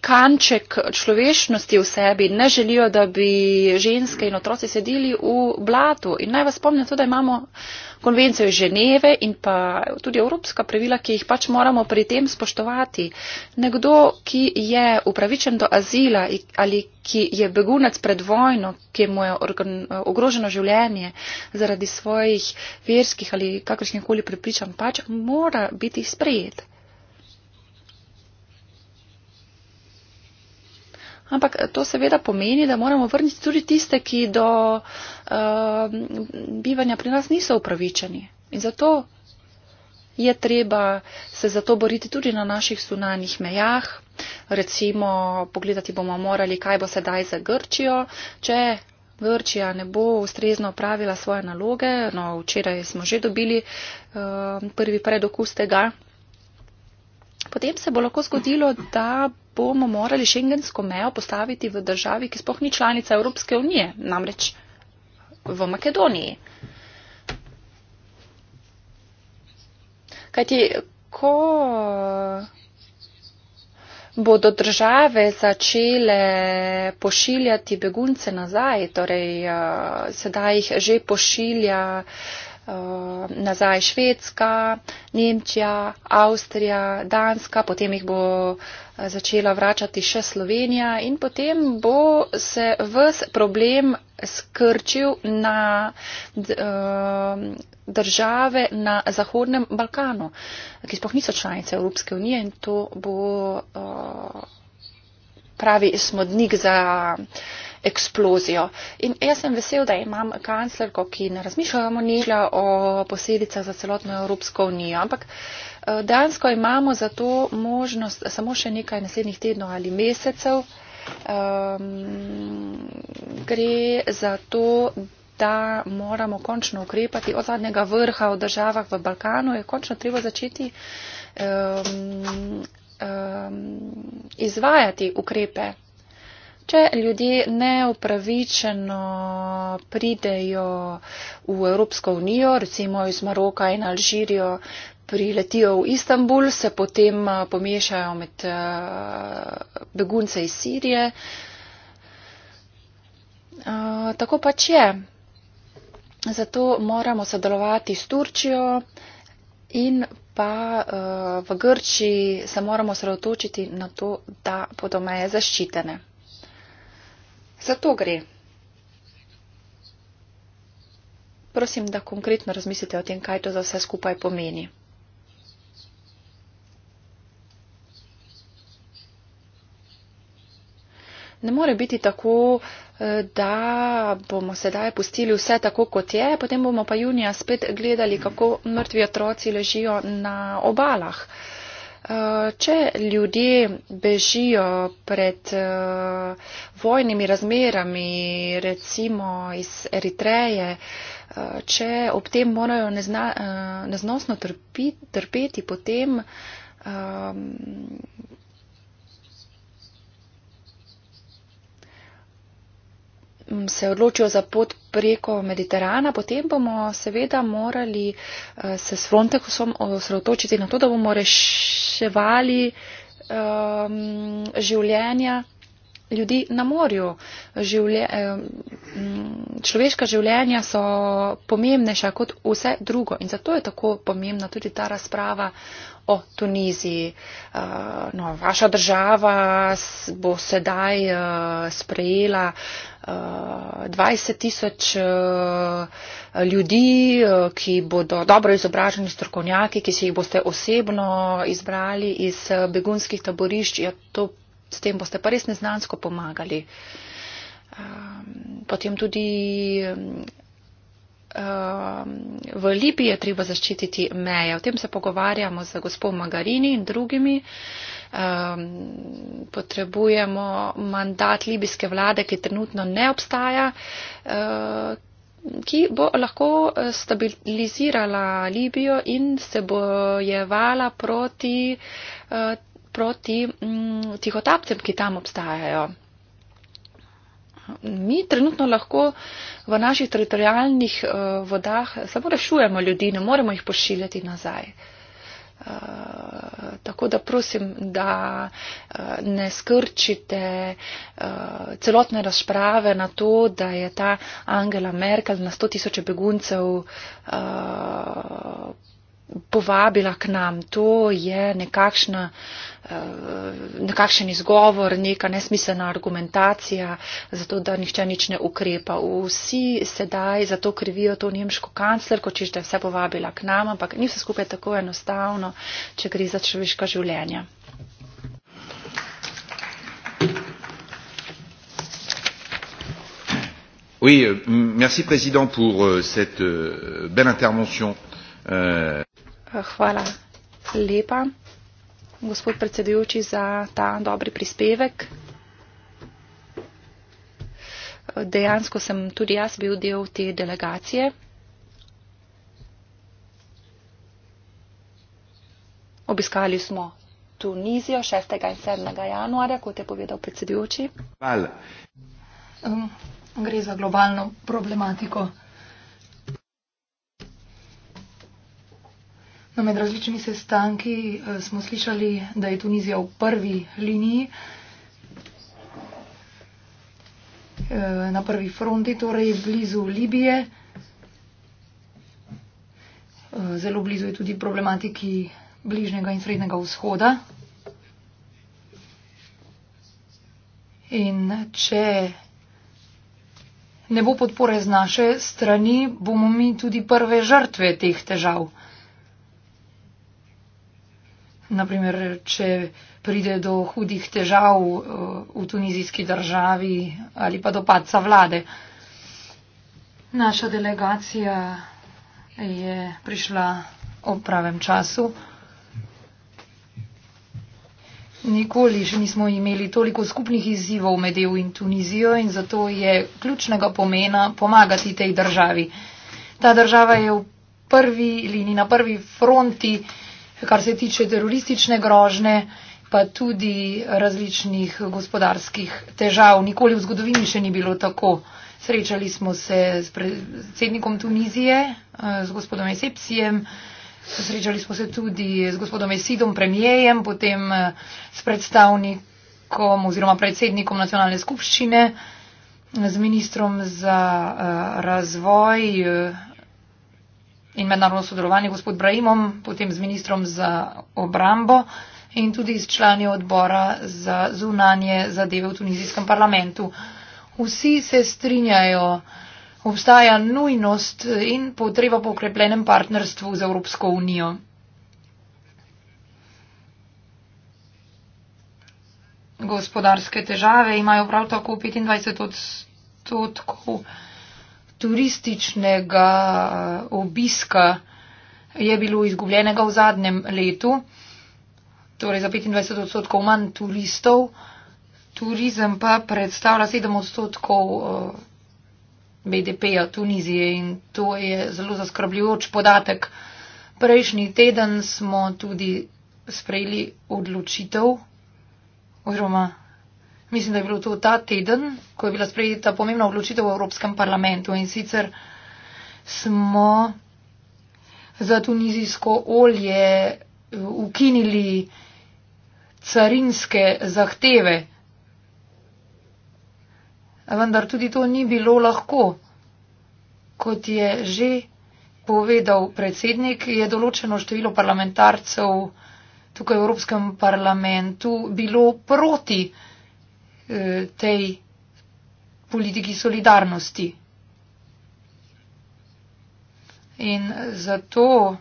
kanček človešnosti v sebi, ne želijo, da bi ženske in otroci sedeli v blatu. In naj vas spomnim tudi, da imamo konvencijo iz Ženeve in pa tudi evropska pravila, ki jih pač moramo pri tem spoštovati. Nekdo, ki je upravičen do azila ali ki je begunec pred vojno, ki mu je ogroženo življenje zaradi svojih verskih ali kakršnih koli pripričam, pač mora biti sprejet. ampak to seveda pomeni, da moramo vrniti tudi tiste, ki do uh, bivanja pri nas niso upravičeni. In zato je treba se za to boriti tudi na naših sunanjih mejah. Recimo, pogledati bomo morali, kaj bo sedaj za Grčijo. Če Grčija ne bo ustrezno opravila svoje naloge, no včeraj smo že dobili uh, prvi predokus tega, potem se bo lahko zgodilo, da bomo morali šengensko mejo postaviti v državi, ki spohni članica Evropske unije, namreč v Makedoniji. Kajti, ko bodo države začele pošiljati begunce nazaj, torej eh, sedaj jih že pošilja eh, nazaj Švedska, Nemčija, Avstrija, Danska, potem jih bo uh, začela vračati še Slovenija in potem bo se vs problem skrčil na eh, države na Zahodnem Balkanu, ki spoh niso članice Evropske unije in to bo eh, pravi smodnik za eksplozijo. In jaz sem vesel, da imam kanclerko, ki ne razmišljamo nič o posledicah za celotno Evropsko unijo, ampak uh, Dansko imamo za to možnost samo še nekaj naslednjih tednov ali mesecev. Um, gre za to, da moramo končno ukrepati od zadnjega vrha v državah v Balkanu. Je končno treba začeti um, um, izvajati ukrepe. Če ljudje neupravičeno pridejo v Evropsko unijo, recimo iz Maroka in Alžirijo, priletijo v Istanbul, se potem eh, pomešajo med eh, begunce iz Sirije. Eh, tako pač je. Zato moramo sodelovati s Turčijo in pa v Grčiji se moramo sredotočiti na to, da bodo meje zaščitene. Zato gre. Prosim, da konkretno razmislite o tem, kaj to za vse skupaj pomeni. ne more biti tako, eh, da bomo sedaj pustili vse tako, kot je, potem bomo pa junija spet gledali, kako mrtvi otroci ležijo na obalah. Eh, če ljudje bežijo pred eh, vojnimi razmerami, recimo iz Eritreje, če ob tem morajo neznosno trpeti, potem ehm, se odločijo za pot preko Mediterana, potem bomo seveda morali eh, se s Frontexom osredotočiti na to, da bomo reševali um, življenja ljudi na morju. Življe, um, človeška življenja so pomembnejša kot vse drugo in zato je tako pomembna tudi ta razprava o Tuniziji. Uh, no, vaša država bo sedaj uh, sprejela uh, 20 tisoč eh, ljudi, eh, ki bodo dobro izobraženi strokovnjaki, ki si jih boste osebno izbrali iz eh, begunskih taborišč, ja, to, s tem boste pa res neznansko pomagali. Ehm, potem tudi ehm, v Libiji je treba zaščititi meje. O tem se pogovarjamo z gospod Magarini in drugimi um, potrebujemo mandat libijske vlade, ki trenutno ne obstaja, uh, ki bo lahko e, stabilizirala Libijo in se bojevala proti, uh, proti um, tihotapcem, ki tam obstajajo. Mi trenutno lahko v naših teritorijalnih uh, vodah samo rešujemo ljudi, ne moremo jih pošiljati nazaj. Uh, Eh, tako da prosim, da uh, ne skrčite uh, celotne razprave na to, da je ta Angela Merkel na 100 tisoče beguncev. Uh, povabila k nam. To je nekakšna, eh, nekakšen izgovor, neka nesmiselna argumentacija, zato da nihče nič ne ukrepa. Vsi sedaj za to krivijo to nemško kancler, ko češ, da je vse povabila k nam, ampak ni vse skupaj tako enostavno, če gre za človeška življenja. Oui, euh, merci Président pour euh, cette euh, belle intervention. Euh Hvala lepa, gospod predsedujoči, za ta dobri prispevek. Dejansko sem tudi jaz bil del te delegacije. Obiskali smo Tunizijo 6. in 7. januarja, kot je povedal predsedujoči. Hvala. Um, gre za globalno problematiko. No, med različnimi sestanki eh, smo slišali, da je Tunizija v prvi liniji, eh, na prvi fronti, torej blizu Libije. Eh, zelo blizu je tudi problematiki bližnjega in srednjega vzhoda. In če ne bo podpore z naše strani, bomo mi tudi prve žrtve teh težav naprimer, če pride do hudih težav eh, v tunizijski državi ali pa do padca vlade. Naša delegacija je prišla ob pravem času. Nikoli še nismo imeli toliko skupnih izzivov med EU in Tunizijo in zato je ključnega pomena pomagati tej državi. Ta država je v prvi liniji, na prvi fronti, kar se tiče teroristične grožne, pa tudi različnih gospodarskih težav. Nikoli v zgodovini še ni bilo tako. Srečali smo se s predsednikom Tunizije, eh, z gospodom Esepsijem, srečali smo se tudi z gospodom Esidom, premijejem, potem eh, s predstavnikom oziroma predsednikom nacionalne skupščine, z ministrom za eh, razvoj in mednarodno sodelovanje gospod Brahimom, potem z ministrom za obrambo in tudi s člani odbora za zunanje zadeve v tunizijskem parlamentu. Vsi se strinjajo, obstaja nujnost in potreba po ukrepljenem partnerstvu z Evropsko unijo. Gospodarske težave imajo prav tako 25 odstotkov turističnega eh, obiska je bilo izgubljenega v zadnjem letu, torej za 25 odstotkov manj turistov, turizem pa predstavlja 7 odstotkov eh, BDP-ja Tunizije in to je zelo zaskrbljujoč podatek. Prejšnji teden smo tudi sprejeli odločitev oziroma mislim, da je bilo to ta teden, ko je bila sprejeta pomembna odločitev v Evropskem parlamentu in sicer smo za tunizijsko olje eh, ukinili carinske zahteve. Vendar tudi to ni bilo lahko. Kot je že povedal predsednik, je določeno število parlamentarcev tukaj v Evropskem parlamentu bilo proti uh, Eh, tej politiki solidarnosti. In zato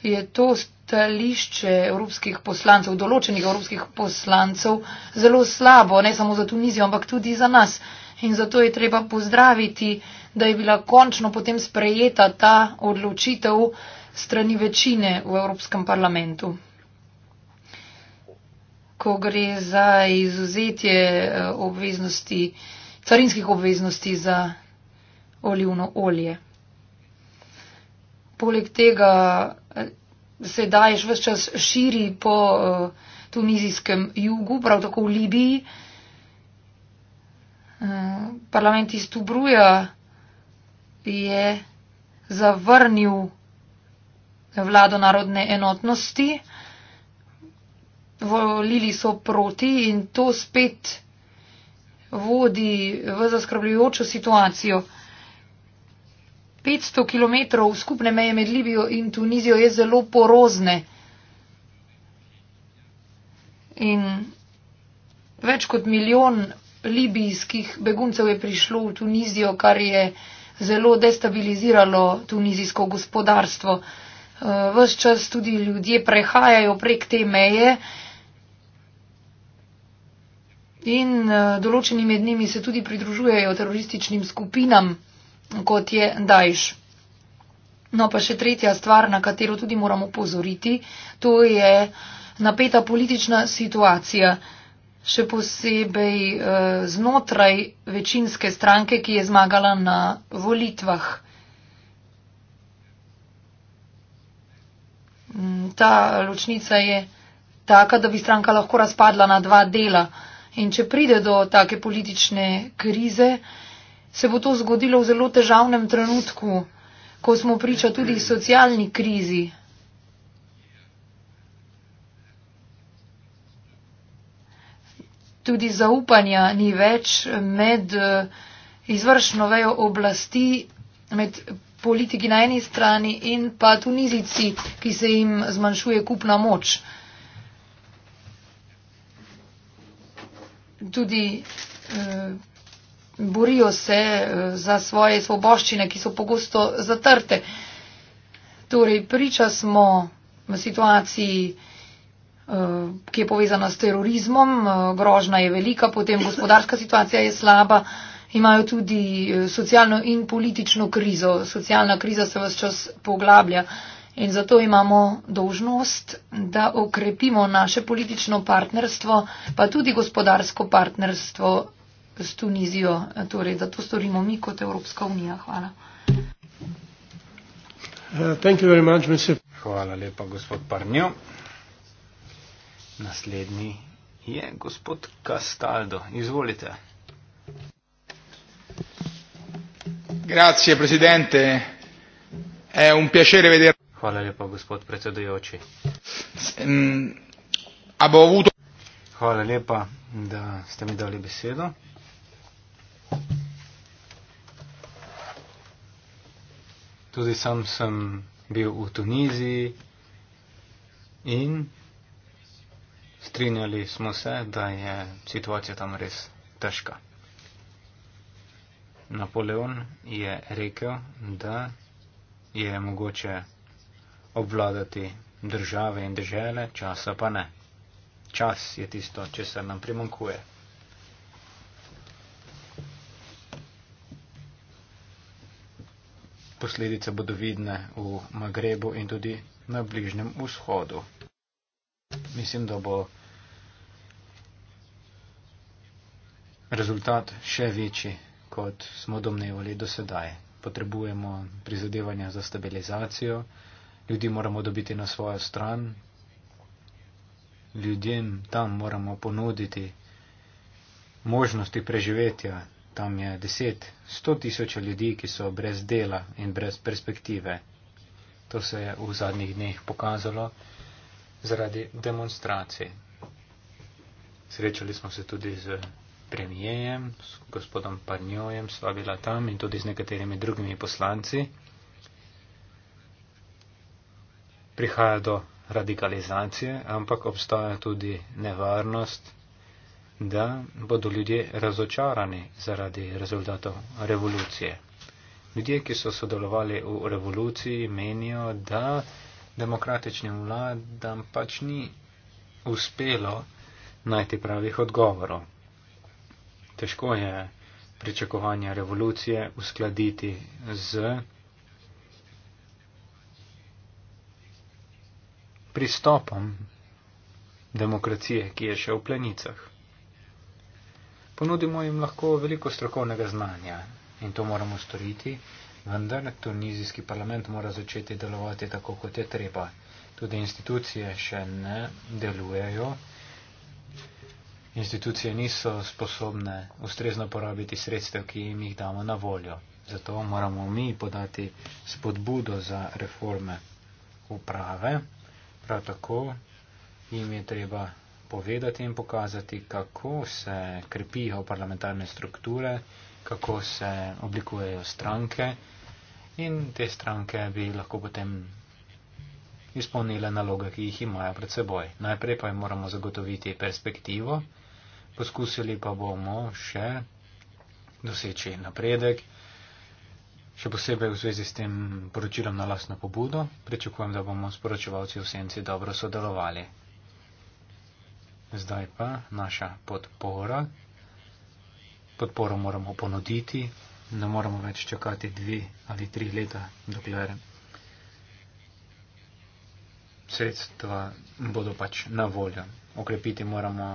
je to stališče evropskih poslancev, določenih evropskih poslancev, zelo slabo, ne samo za Tunizijo, ampak tudi za nas. In zato je treba pozdraviti, da je bila končno potem sprejeta ta odločitev strani večine v Evropskem parlamentu ko gre za izuzetje eh, obveznosti, carinskih obveznosti za olivno olje. Poleg tega eh, se daješ vse čas širi po eh, tunizijskem jugu, prav tako v Libiji. Parlament iz Tubruja je zavrnil vlado narodne enotnosti volili so proti in to spet vodi v zaskrbljujočo situacijo. 500 km skupne meje med Libijo in Tunizijo je zelo porozne. In več kot milijon libijskih beguncev je prišlo v Tunizijo, kar je zelo destabiliziralo tunizijsko gospodarstvo. Eh, ves čas tudi ljudje prehajajo prek te meje in eh, določeni med njimi se tudi pridružujejo terorističnim skupinam, kot je Daesh. No pa še tretja stvar, na katero tudi moramo pozoriti, to je napeta politična situacija, še posebej eh, znotraj večinske stranke, ki je zmagala na volitvah. Mm, ta ločnica je taka, da bi stranka lahko razpadla na dva dela. In če pride do take politične krize, se bo to zgodilo v zelo težavnem trenutku, ko smo priča tudi socialni krizi. Tudi zaupanja ni več med eh, izvršno vejo oblasti, med politiki na eni strani in pa tunizici, ki se jim zmanjšuje kupna moč. tudi eh, borijo se eh, za svoje svoboščine, ki so pogosto zatrte. Torej, priča smo v situaciji, eh, ki je povezana s terorizmom, eh, grožna je velika, potem gospodarska situacija je slaba, imajo tudi eh, socialno in politično krizo. Socialna kriza se vse čas poglablja. Eh, In zato imamo dožnost, da okrepimo naše politično partnerstvo, pa tudi gospodarsko partnerstvo s Tunizijo. Torej, da to storimo mi kot Evropska unija. Hvala. Uh, much, Hvala lepa, gospod Parnjo. Naslednji je gospod Castaldo. Izvolite. Grazie, presidente. È un piacere vederla. Hvala lepa, gospod predsedujoči. Hvala lepa, da ste mi dali besedo. Tudi sam sem bil v Tuniziji in strinjali smo se, da je situacija tam res težka. Napoleon je rekel, da je mogoče obvladati države in države, časa pa ne. Čas je tisto, česar nam primankuje. Posledice bodo vidne v Magrebu in tudi na Bližnjem vzhodu. Mislim, da bo rezultat še večji, kot smo domnevali do sedaj. Potrebujemo prizadevanja za stabilizacijo ljudi moramo dobiti na svojo stran, ljudem tam moramo ponuditi možnosti preživetja. Tam je deset, sto tisoč ljudi, ki so brez dela in brez perspektive. To se je v zadnjih dneh pokazalo zaradi demonstracij. Srečali smo se tudi z premijejem, s gospodom Parnjojem, sva bila tam in tudi z nekaterimi drugimi poslanci. prihaja do radikalizacije, ampak obstaja tudi nevarnost, da bodo ljudje razočarani zaradi rezultatov revolucije. Ljudje, ki so sodelovali v revoluciji, menijo, da demokratičnim vladam pač ni uspelo najti pravih odgovorov. Težko je pričakovanja revolucije uskladiti z pristopom demokracije, ki je še v plenicah. Ponudimo jim lahko veliko strokovnega znanja in to moramo storiti, vendar tunizijski parlament mora začeti delovati tako, kot je treba. Tudi institucije še ne delujejo, institucije niso sposobne ustrezno porabiti sredstev, ki jim jih damo na voljo. Zato moramo mi podati spodbudo za reforme uprave. Prav tako jim je treba povedati in pokazati, kako se krepijo parlamentarne strukture, kako se oblikujejo stranke in te stranke bi lahko potem izpolnile naloge, ki jih imajo pred seboj. Najprej pa jim moramo zagotoviti perspektivo, poskusili pa bomo še doseči napredek še posebej v zvezi s tem poročilom na lastno pobudo. Pričakujem, da bomo s poročevalci v senci dobro sodelovali. Zdaj pa naša podpora. Podporo moramo ponuditi, ne moramo več čakati dve ali tri leta, dokler sredstva bodo pač na voljo. Okrepiti moramo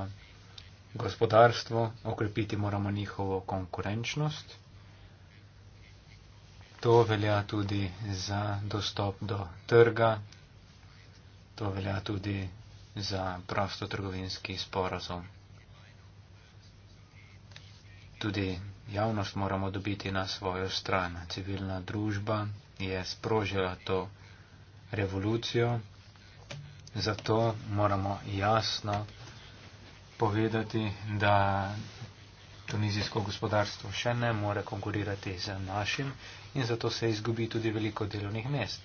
gospodarstvo, okrepiti moramo njihovo konkurenčnost. To velja tudi za dostop do trga, to velja tudi za prostotrgovinski sporazum. Tudi javnost moramo dobiti na svojo stran. Civilna družba je sprožila to revolucijo, zato moramo jasno povedati, da tunizijsko gospodarstvo še ne more konkurirati z našim in zato se izgubi tudi veliko delovnih mest.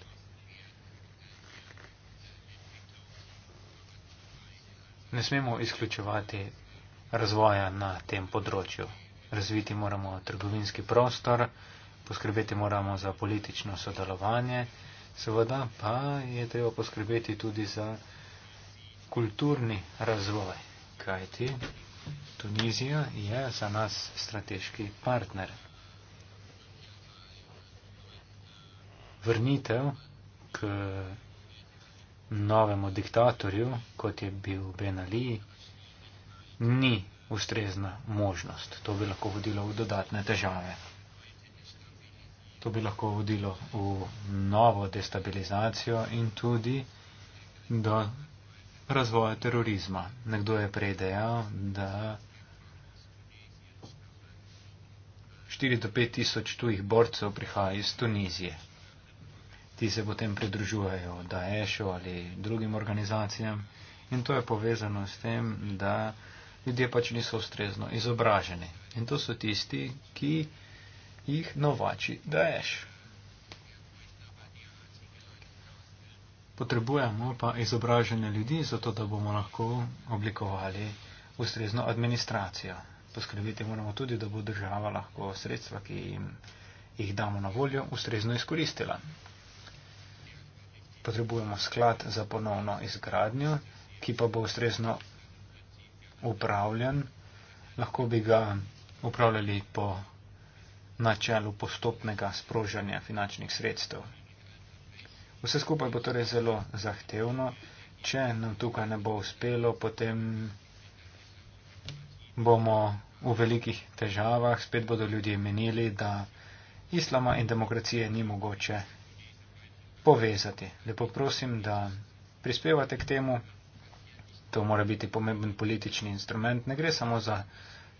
Ne smemo izključevati razvoja na tem področju. Razviti moramo trgovinski prostor, poskrbeti moramo za politično sodelovanje, seveda pa je treba poskrbeti tudi za kulturni razvoj. Kajti, Tunizija je za nas strateški partner. Vrnitev k novemu diktatorju, kot je bil Ben Ali, ni ustrezna možnost. To bi lahko vodilo v dodatne težave. To bi lahko vodilo v novo destabilizacijo in tudi do razvoja terorizma. Nekdo je prej dejal, da 4 do 5 tisoč tujih borcev prihaja iz Tunizije. Ti se potem pridružujejo Daešu ali drugim organizacijam in to je povezano s tem, da ljudje pač niso ustrezno izobraženi. In to so tisti, ki jih novači Daeš. potrebujemo pa izobražene ljudi, zato da bomo lahko oblikovali ustrezno administracijo. Poskrbeti moramo tudi, da bo država lahko sredstva, ki jim jih damo na voljo, ustrezno izkoristila. Potrebujemo sklad za ponovno izgradnjo, ki pa bo ustrezno upravljen. Lahko bi ga upravljali po načelu postopnega sprožanja finančnih sredstev. Vse skupaj bo torej zelo zahtevno. Če nam tukaj ne bo uspelo, potem bomo v velikih težavah, spet bodo ljudje menili, da islama in demokracije ni mogoče povezati. Lepo prosim, da prispevate k temu. To mora biti pomemben politični instrument. Ne gre samo za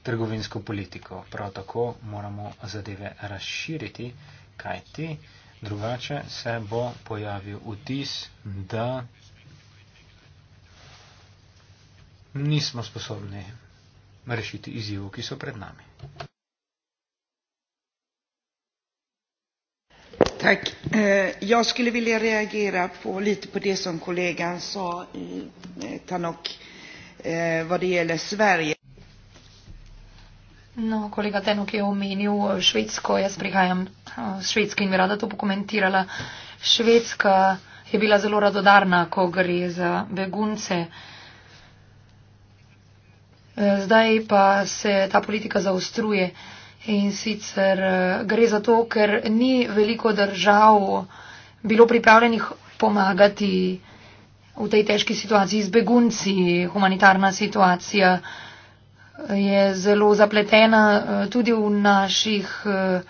trgovinsko politiko. Prav tako moramo zadeve razširiti, kajti drugače se bo pojavil vtis, da nismo sposobni rešiti izzivov, ki so pred nami. Tack. Eh, jag skulle vilja reagera på, lite på det som kollegan sa, eh, Tanok, eh, vad det gäller Sverige. No, kolega Tenok je omenil Švedsko, jaz prihajam iz eh, Švedske in bi rada to pokomentirala. Švedska je bila zelo radodarna, ko gre za begunce. Eh, zdaj pa se ta politika zaostruje in sicer eh, gre za to, ker ni veliko držav bilo pripravljenih pomagati v tej težki situaciji z begunci, humanitarna situacija je zelo zapletena eh, tudi v naših eh,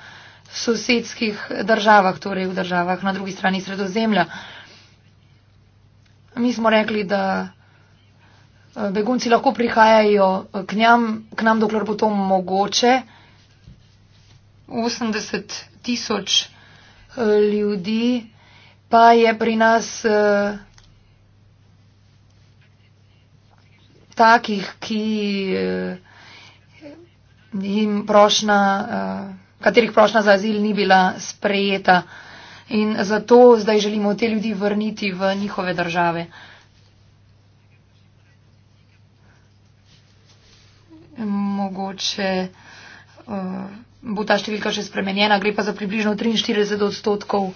sosedskih državah, torej v državah na drugi strani sredozemlja. Mi smo rekli, da eh, begunci lahko prihajajo k nam, k nam dokler bo to mogoče. 80 tisoč ljudi pa je pri nas. Uh, takih, ki eh, jim prošna, eh, katerih prošna za azil ni bila sprejeta. In zato zdaj želimo te ljudi vrniti v njihove države. Mogoče eh, bo ta številka še spremenjena. Gre pa za približno 43 odstotkov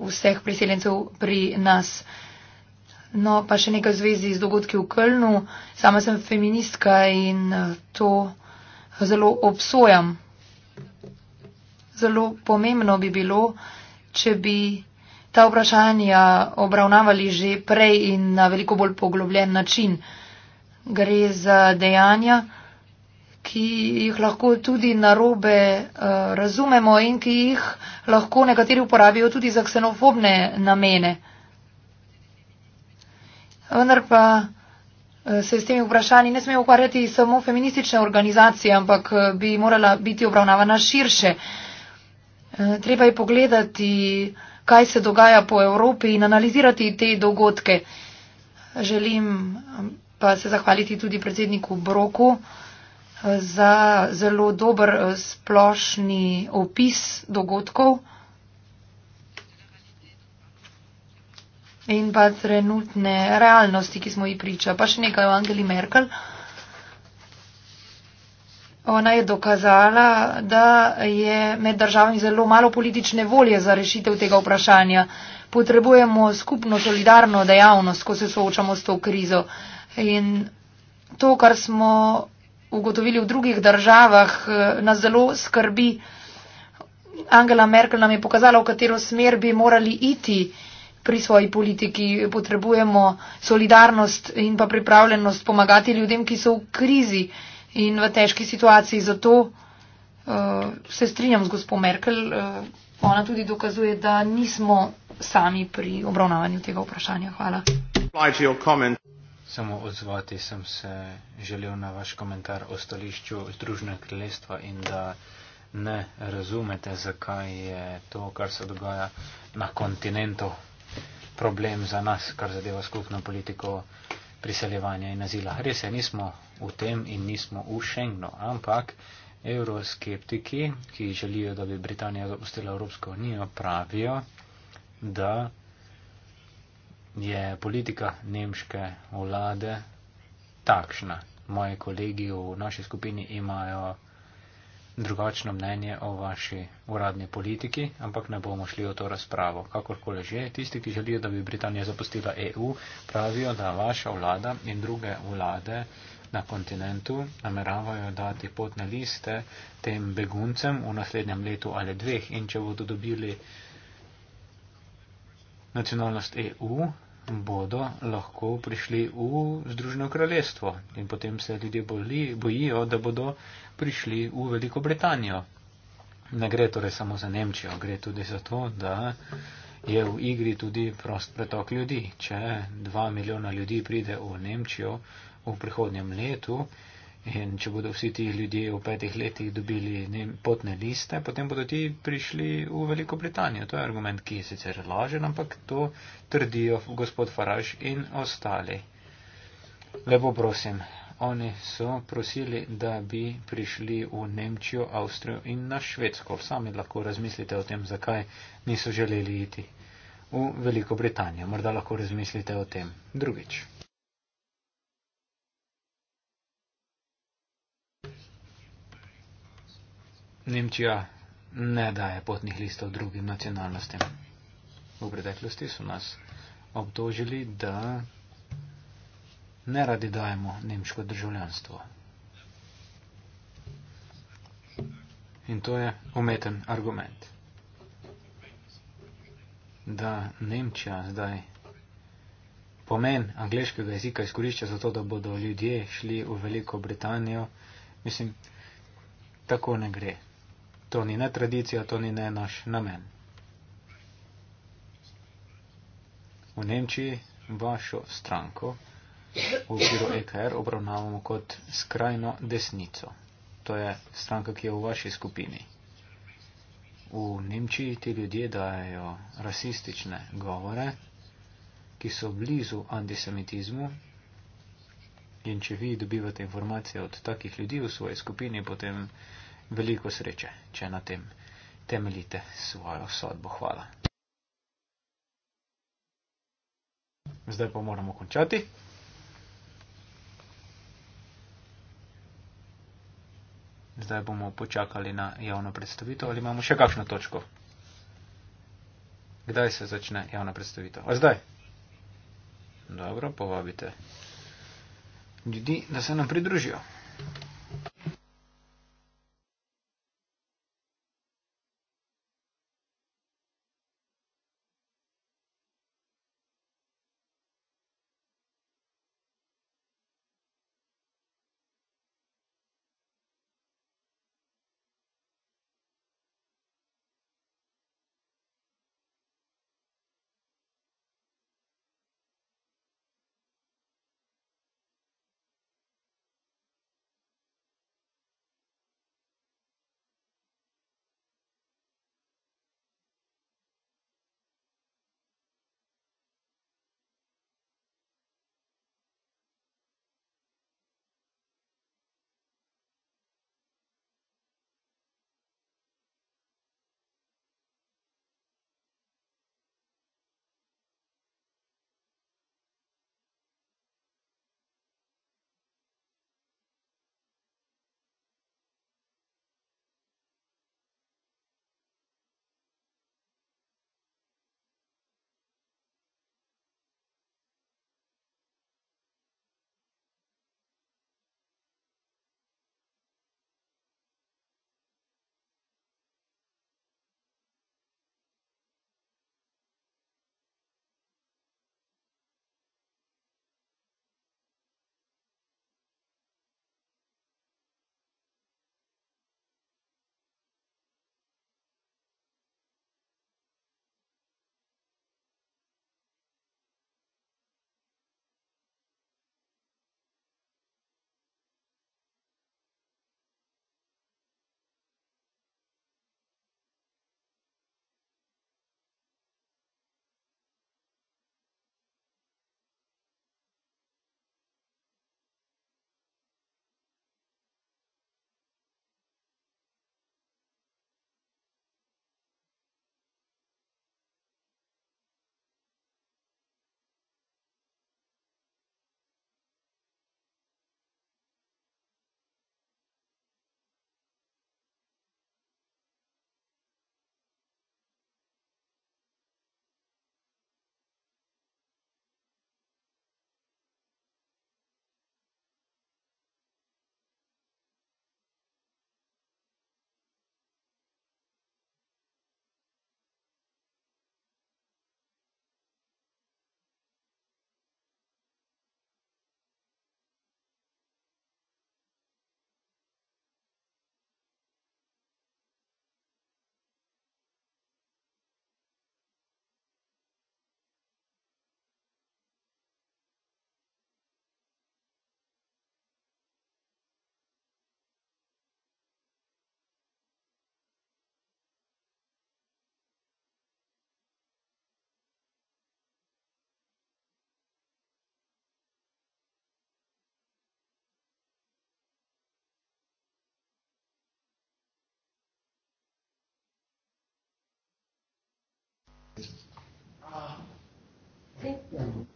vseh priseljencev pri nas. No, pa še nekaj v zvezi z dogodki v Kölnu. Sama sem feministka in eh, to zelo obsojam. Zelo pomembno bi bilo, če bi ta vprašanja obravnavali že prej in na veliko bolj poglobljen način. Gre za dejanja, ki jih lahko tudi narobe uh, razumemo in ki jih lahko nekateri uporabijo tudi za ksenofobne namene. Vendar pa eh, se s temi vprašanji ne sme ukvarjati samo feministične organizacije, ampak eh, bi morala biti obravnavana širše. Eh, treba je pogledati, kaj se dogaja po Evropi in analizirati te dogodke. Želim pa se zahvaliti tudi predsedniku Broku za zelo dober splošni opis dogodkov. in pa trenutne realnosti, ki smo ji priča. Pa še nekaj o Angeli Merkel. Ona je dokazala, da je med državami zelo malo politične volje za rešitev tega vprašanja. Potrebujemo skupno solidarno dejavnost, ko se soočamo s to krizo. In to, kar smo ugotovili v drugih državah, eh, nas zelo skrbi. Angela Merkel nam je pokazala, v katero smer bi morali iti pri svoji politiki. Potrebujemo solidarnost in pa pripravljenost pomagati ljudem, ki so v krizi in v težki situaciji. Zato uh, se strinjam z gospod Merkel. Uh, ona tudi dokazuje, da nismo sami pri obravnavanju tega vprašanja. Hvala. Samo odzvati sem se želel na vaš komentar o stališču Združenega kraljestva in da ne razumete, zakaj je to, kar se dogaja na kontinentu, problem za nas, kar zadeva skupno politiko priseljevanja in azila. Res je, nismo v tem in nismo v Schengnu, ampak euroskeptiki, ki želijo, da bi Britanija zapustila Evropsko unijo, pravijo, da je politika nemške vlade takšna. Moje kolegi v naši skupini imajo drugačno mnenje o vaši uradni politiki, ampak ne bomo šli v to razpravo. Kakorkoli že, tisti, ki želijo, da bi Britanija zapustila EU, pravijo, da vaša vlada in druge vlade na kontinentu nameravajo dati potne liste tem beguncem v naslednjem letu ali dveh in če bodo dobili nacionalnost EU, bodo lahko prišli v Združeno kraljestvo in potem se ljudje boli, bojijo, da bodo prišli v Veliko Britanijo. Ne gre torej samo za Nemčijo, gre tudi za to, da je v igri tudi prost pretok ljudi. Če dva milijona ljudi pride v Nemčijo v prihodnjem letu in če bodo vsi ti ljudje v petih letih dobili potne liste, potem bodo ti prišli v Veliko Britanijo. To je argument, ki je sicer lažen, ampak to trdijo gospod Faraž in ostali. Lepo prosim, oni so prosili, da bi prišli v Nemčijo, Avstrijo in na Švedsko. Sami lahko razmislite o tem, zakaj niso želeli iti v Veliko Britanijo. Morda lahko razmislite o tem drugič. Nemčija ne daje potnih listov drugim nacionalnostim. V preteklosti so nas obtožili, da ne radi dajemo nemško državljanstvo. In to je umeten argument, da Nemčija zdaj pomen angliškega jezika izkorišča zato, da bodo ljudje šli v Veliko Britanijo. Mislim, tako ne gre. To ni ne tradicija, to ni ne naš namen. V Nemčiji vašo stranko oziro EKR obravnavamo kot skrajno desnico. To je stranka, ki je v vaši skupini. V Nemčiji ti ljudje dajo rasistične govore, ki so blizu antisemitizmu. In če vi dobivate informacije od takih ljudi v svoji skupini, potem veliko sreče, če na tem temeljite svojo sodbo. Hvala. Zdaj pa moramo končati. zdaj bomo počakali na javno predstavitev ali imamo še kakšno točko. Kdaj se začne javna predstavitev? A zdaj? Dobro, povabite ljudi, da se nam pridružijo. sempre amor.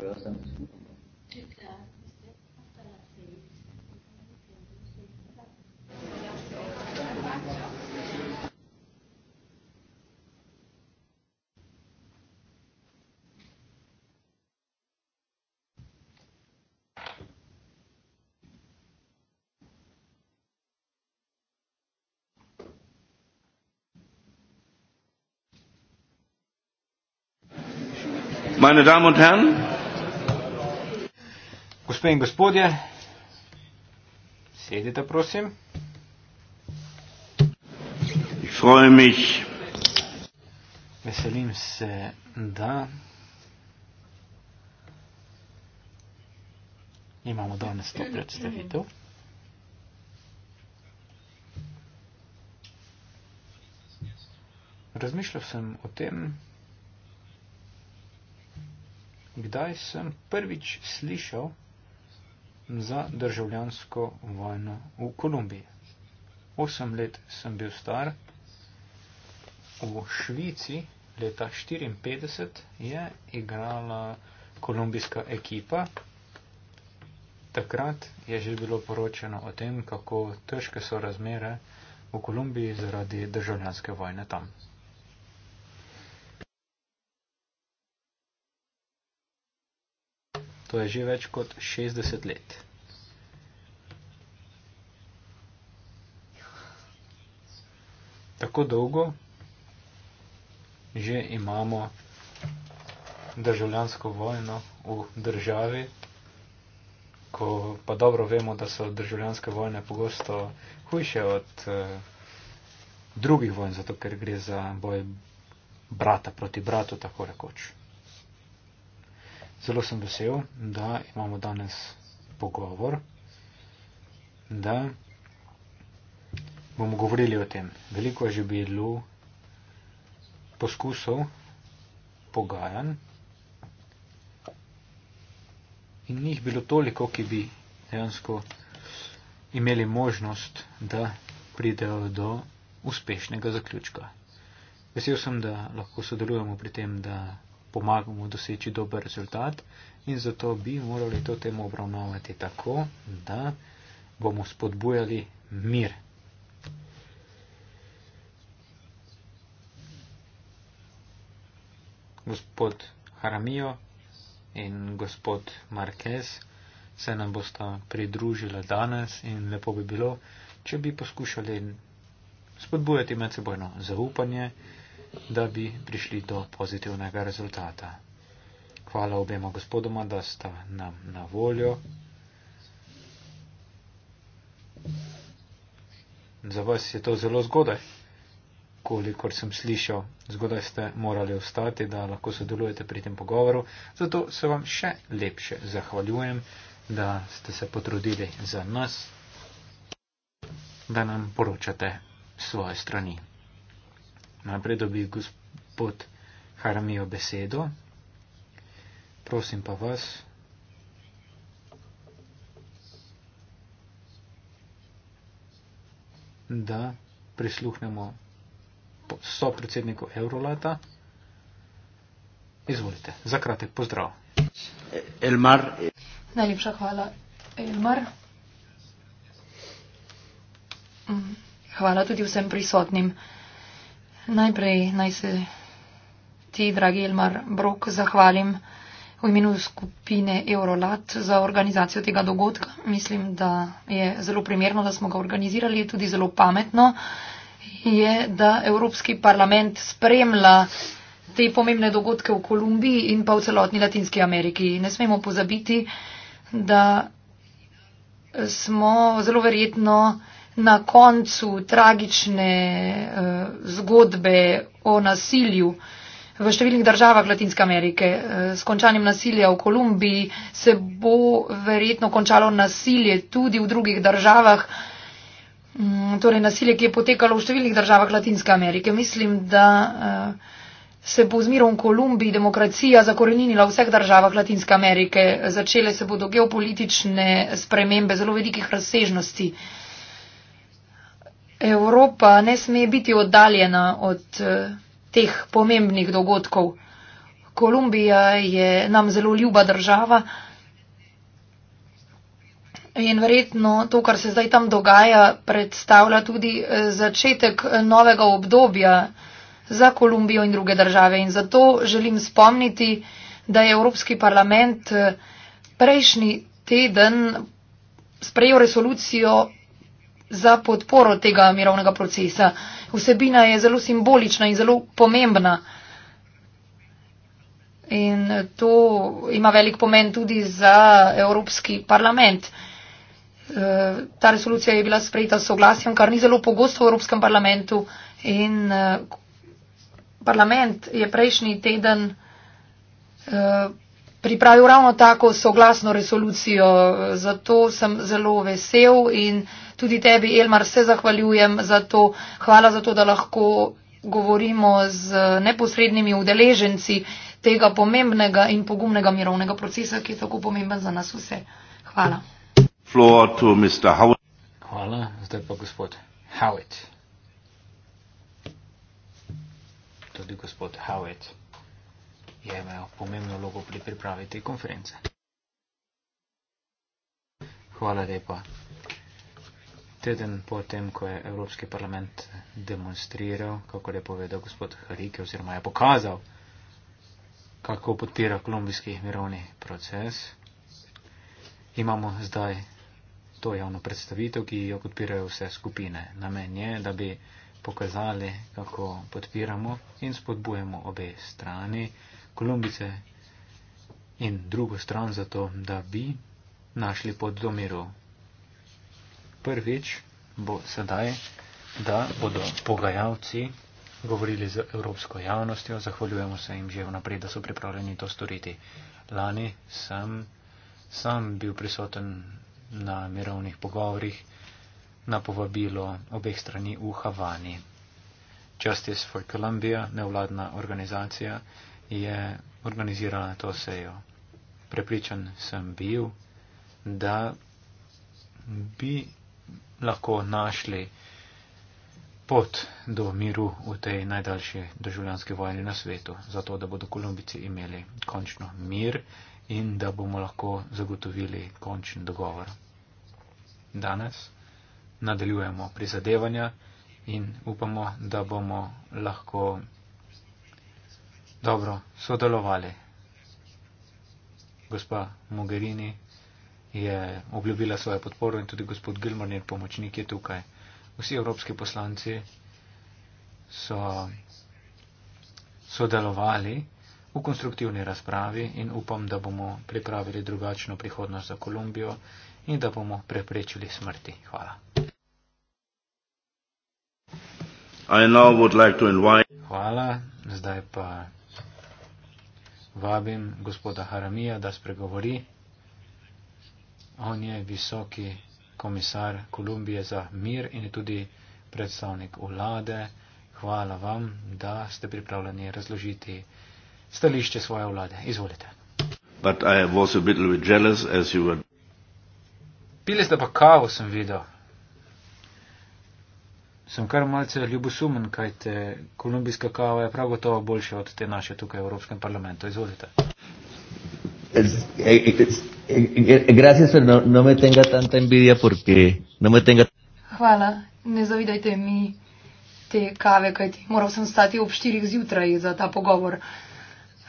Ahora están las cinco. Meine Damen und Herren, gospe in gospodje, sedite prosim. Veselim se, da imamo danes to predstavitev. Razmišljal sem o tem, kdaj sem prvič slišal, za državljansko vojno v Kolumbiji. Osem let sem bil star. V Švici leta 1954 je igrala kolumbijska ekipa. Takrat je že bilo poročeno o tem, kako težke so razmere v Kolumbiji zaradi državljanske vojne tam. To je že več kot 60 let. Tako dolgo že imamo državljansko vojno v državi, ko pa dobro vemo, da so državljanske vojne pogosto hujše od eh, drugih vojn, zato ker gre za boj brata proti bratu, tako rekoč. Zelo sem vesel, da imamo danes pogovor, da bomo govorili o tem. Veliko je že bilo poskusov, pogajanj in njih bilo toliko, ki bi dejansko imeli možnost, da pridejo do uspešnega zaključka. Vesel sem, da lahko sodelujemo pri tem, da pomagamo doseči dober rezultat in zato bi morali to temo obravnavati tako, da bomo spodbujali mir. Gospod Haramijo in gospod Marquez se nam bosta pridružila danes in lepo bi bilo, če bi poskušali spodbujati medsebojno zaupanje, da bi prišli do pozitivnega rezultata. Hvala obema gospodoma, da sta nam na voljo. Za vas je to zelo zgodaj, kolikor sem slišal, zgodaj ste morali ostati, da lahko sodelujete pri tem pogovoru. Zato se vam še lepše zahvaljujem, da ste se potrudili za nas, da nam poročate svoje strani. Najprej dobi gospod Haramijo besedo. Prosim pa vas. Da prisluhnemo sopredsedniku Eurolata. Izvolite, za kratek pozdrav. Elmar. Najlepša hvala, Elmar. Mm, hvala tudi vsem prisotnim. Najprej naj se ti, dragi Elmar Brok, zahvalim v imenu skupine Eurolat za organizacijo tega dogodka. Mislim, da je zelo primerno, da smo ga organizirali, je tudi zelo pametno, je, da Evropski parlament spremlja te pomembne dogodke v Kolumbiji in pa v celotni Latinski Ameriki. Ne smemo pozabiti, da smo zelo verjetno na koncu tragične uh, zgodbe o nasilju v številnih državah Latinske Amerike. Uh, s končanjem nasilja v Kolumbiji se bo verjetno končalo nasilje tudi v drugih državah, um, torej nasilje, ki je potekalo v številnih državah Latinske Amerike. Mislim, da uh, se bo z mirom Kolumbiji demokracija zakorenila v vseh državah Latinske Amerike. Začele se bodo geopolitične spremembe zelo velikih razsežnosti. Evropa ne sme biti oddaljena od eh, teh pomembnih dogodkov. Kolumbija je nam zelo ljuba država in verjetno to, kar se zdaj tam dogaja, predstavlja tudi eh, začetek eh, novega obdobja za Kolumbijo in druge države. In zato želim spomniti, da je Evropski parlament prejšnji teden sprejel resolucijo za podporo tega mirovnega procesa. Vsebina je zelo simbolična in zelo pomembna. In to ima velik pomen tudi za Evropski parlament. E, ta resolucija je bila sprejeta s soglasjem, kar ni zelo pogosto v Evropskem parlamentu. In e, parlament je prejšnji teden e, pripravil ravno tako soglasno resolucijo. Zato sem zelo vesel in Tudi tebi, Elmar, se zahvaljujem za to. Hvala za to, da lahko govorimo z neposrednimi udeleženci tega pomembnega in pogumnega mirovnega procesa, ki je tako pomemben za nas vse. Hvala. Hvala, zdaj pa gospod Howitt. Tudi gospod Howitt je imel pomembno logo pri pripravi te konference. Hvala lepa teden potem, ko je Evropski parlament demonstriral, kako je povedal gospod Harike oziroma je pokazal, kako podpira kolumbijski mirovni proces, imamo zdaj to javno predstavitev, ki jo podpirajo vse skupine. Namen je, da bi pokazali, kako podpiramo in spodbujemo obe strani, Kolumbice in drugo stran, zato da bi našli pot do miru prvič bo sedaj, da bodo pogajalci govorili z evropsko javnostjo, zahvaljujemo se jim že vnaprej, da so pripravljeni to storiti. Lani sem sam bil prisoten na mirovnih pogovorih na povabilo obeh strani v Havani. Justice for Columbia, nevladna organizacija, je organizirala to sejo. Prepričan sem bil, da bi lahko našli pot do miru v tej najdaljši državljanski vojni na svetu, zato da bodo Kolumbici imeli končno mir in da bomo lahko zagotovili končen dogovor. Danes nadaljujemo prizadevanja in upamo, da bomo lahko dobro sodelovali. Gospa Mogherini, je obljubila svojo podporo in tudi gospod Gilmar, njen pomočnik je tukaj. Vsi evropski poslanci so sodelovali v konstruktivni razpravi in upam, da bomo pripravili drugačno prihodnost za Kolumbijo in da bomo preprečili smrti. Hvala. Hvala. Zdaj pa vabim gospoda Haramija, da spregovori. On je visoki komisar Kolumbije za mir in je tudi predstavnik vlade. Hvala vam, da ste pripravljeni razložiti stališče svoje vlade. Izvolite. Pili ste pa kavo, sem videl. Sem kar malce ljubosumen, kajte kolumbijska kava je prav gotovo boljša od te naše tukaj v Evropskem parlamentu. Izvolite es, eh, eh, es, es, eh, gracias, pero no, no me tenga tanta envidia porque no me tenga. Hvala, ne zavidajte mi te kave, kajti moral sem stati ob štirih zjutraj za ta pogovor.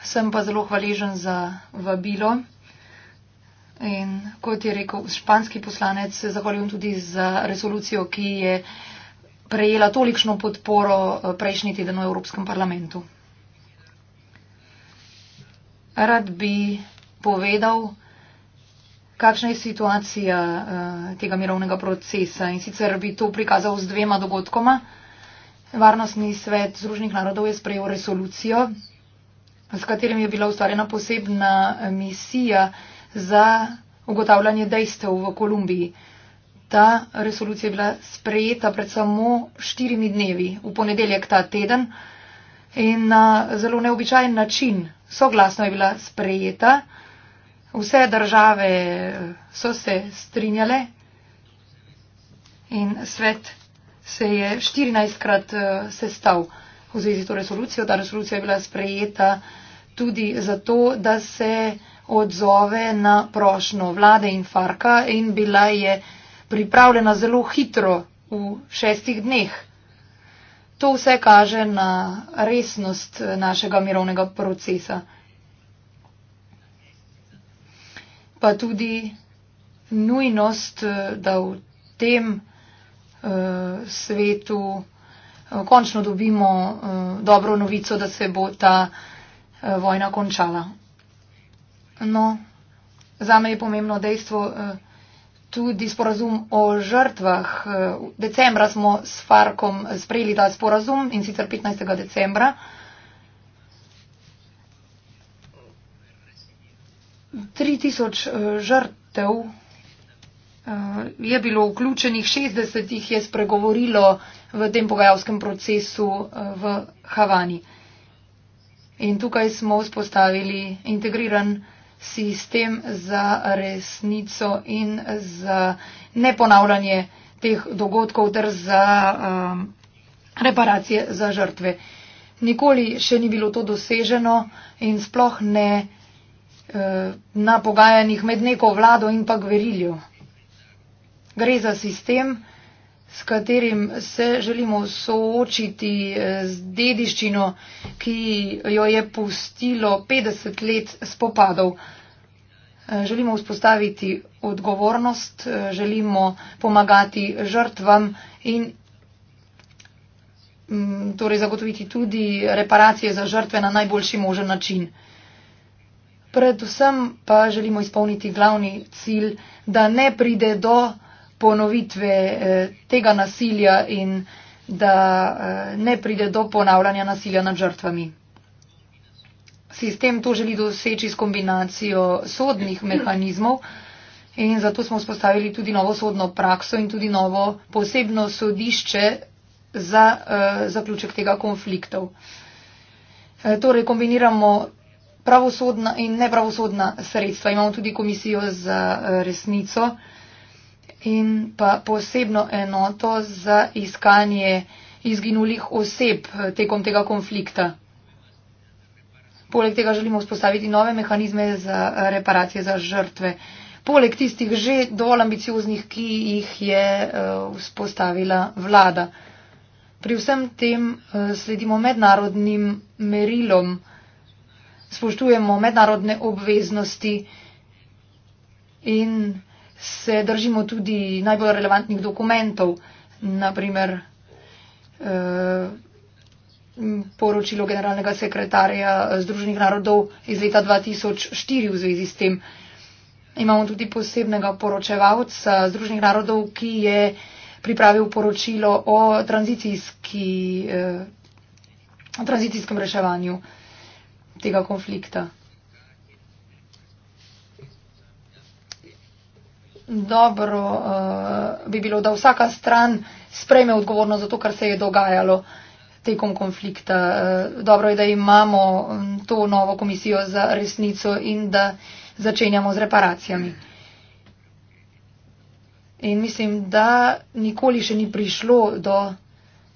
Sem pa zelo hvaležen za vabilo in kot je rekel španski poslanec, se zahvaljujem tudi za resolucijo, ki je prejela tolikšno podporo prejšnji teden v Evropskem parlamentu. Rad bi povedal, kakšna je situacija eh, tega mirovnega procesa. In sicer bi to prikazal z dvema dogodkoma. Varnostni svet Združenih narodov je sprejel resolucijo, s katerim je bila ustvarjena posebna eh, misija za ugotavljanje dejstev v Kolumbiji. Ta resolucija je bila sprejeta pred samo štirimi dnevi, v ponedeljek ta teden, in na zelo neobičajen način soglasno je bila sprejeta. Vse države so se strinjale in svet se je 14krat eh, sestav v zvezi s to resolucijo. Ta resolucija je bila sprejeta tudi zato, da se odzove na prošno vlade in Farka in bila je pripravljena zelo hitro v šestih dneh. To vse kaže na resnost našega mirovnega procesa. pa tudi nujnost, da v tem uh, svetu uh, končno dobimo uh, dobro novico, da se bo ta uh, vojna končala. No, zame je pomembno dejstvo uh, tudi sporazum o žrtvah. Uh, decembra smo s Farkom sprejeli ta sporazum in sicer 15. decembra. Uh, 3000 eh, žrtev eh, je bilo vključenih, 60 jih je spregovorilo v tem pogajalskem procesu eh, v Havani. In tukaj smo vzpostavili integriran sistem za resnico in za neponavljanje teh dogodkov ter za um, reparacije za žrtve. Nikoli še ni bilo to doseženo in sploh ne. Eh, na pogajanjih med neko vlado in pa gverilijo. Gre za sistem, s katerim se želimo soočiti eh, z dediščino, ki jo je pustilo 50 let spopadov. Eh, želimo vzpostaviti odgovornost, želimo pomagati žrtvam in mm, torej zagotoviti tudi reparacije za žrtve na najboljši možen način predvsem pa želimo izpolniti glavni cilj, da ne pride do ponovitve eh, tega nasilja in da eh, ne pride do ponavljanja nasilja nad žrtvami. Sistem to želi doseči s kombinacijo sodnih mehanizmov in zato smo spostavili tudi novo sodno prakso in tudi novo posebno sodišče za uh, zaključek tega konfliktov. E, torej kombiniramo pravosodna in nepravosodna sredstva. Imamo tudi komisijo za eh, resnico in pa posebno enoto za iskanje izginulih oseb eh, tekom tega konflikta. Poleg tega želimo vzpostaviti nove mehanizme za eh, reparacije za žrtve. Poleg tistih že dovolj ambicioznih, ki jih je vzpostavila vlada. Pri vsem tem sledimo mednarodnim merilom spoštujemo mednarodne obveznosti in se držimo tudi najbolj relevantnih dokumentov, naprimer eh, poročilo generalnega sekretarja Združenih narodov iz leta 2004 v zvezi s tem. Imamo tudi posebnega poročevalca Združenih narodov, ki je pripravil poročilo o tranzicijski, eh, tranzicijskem reševanju. Eh, tega konflikta. Dobro uh, bi bilo, da vsaka stran sprejme odgovornost za to, kar se je dogajalo tekom konflikta. Uh, dobro je, da imamo mm, to novo komisijo za resnico in da začenjamo z reparacijami. In mislim, da nikoli še ni prišlo do.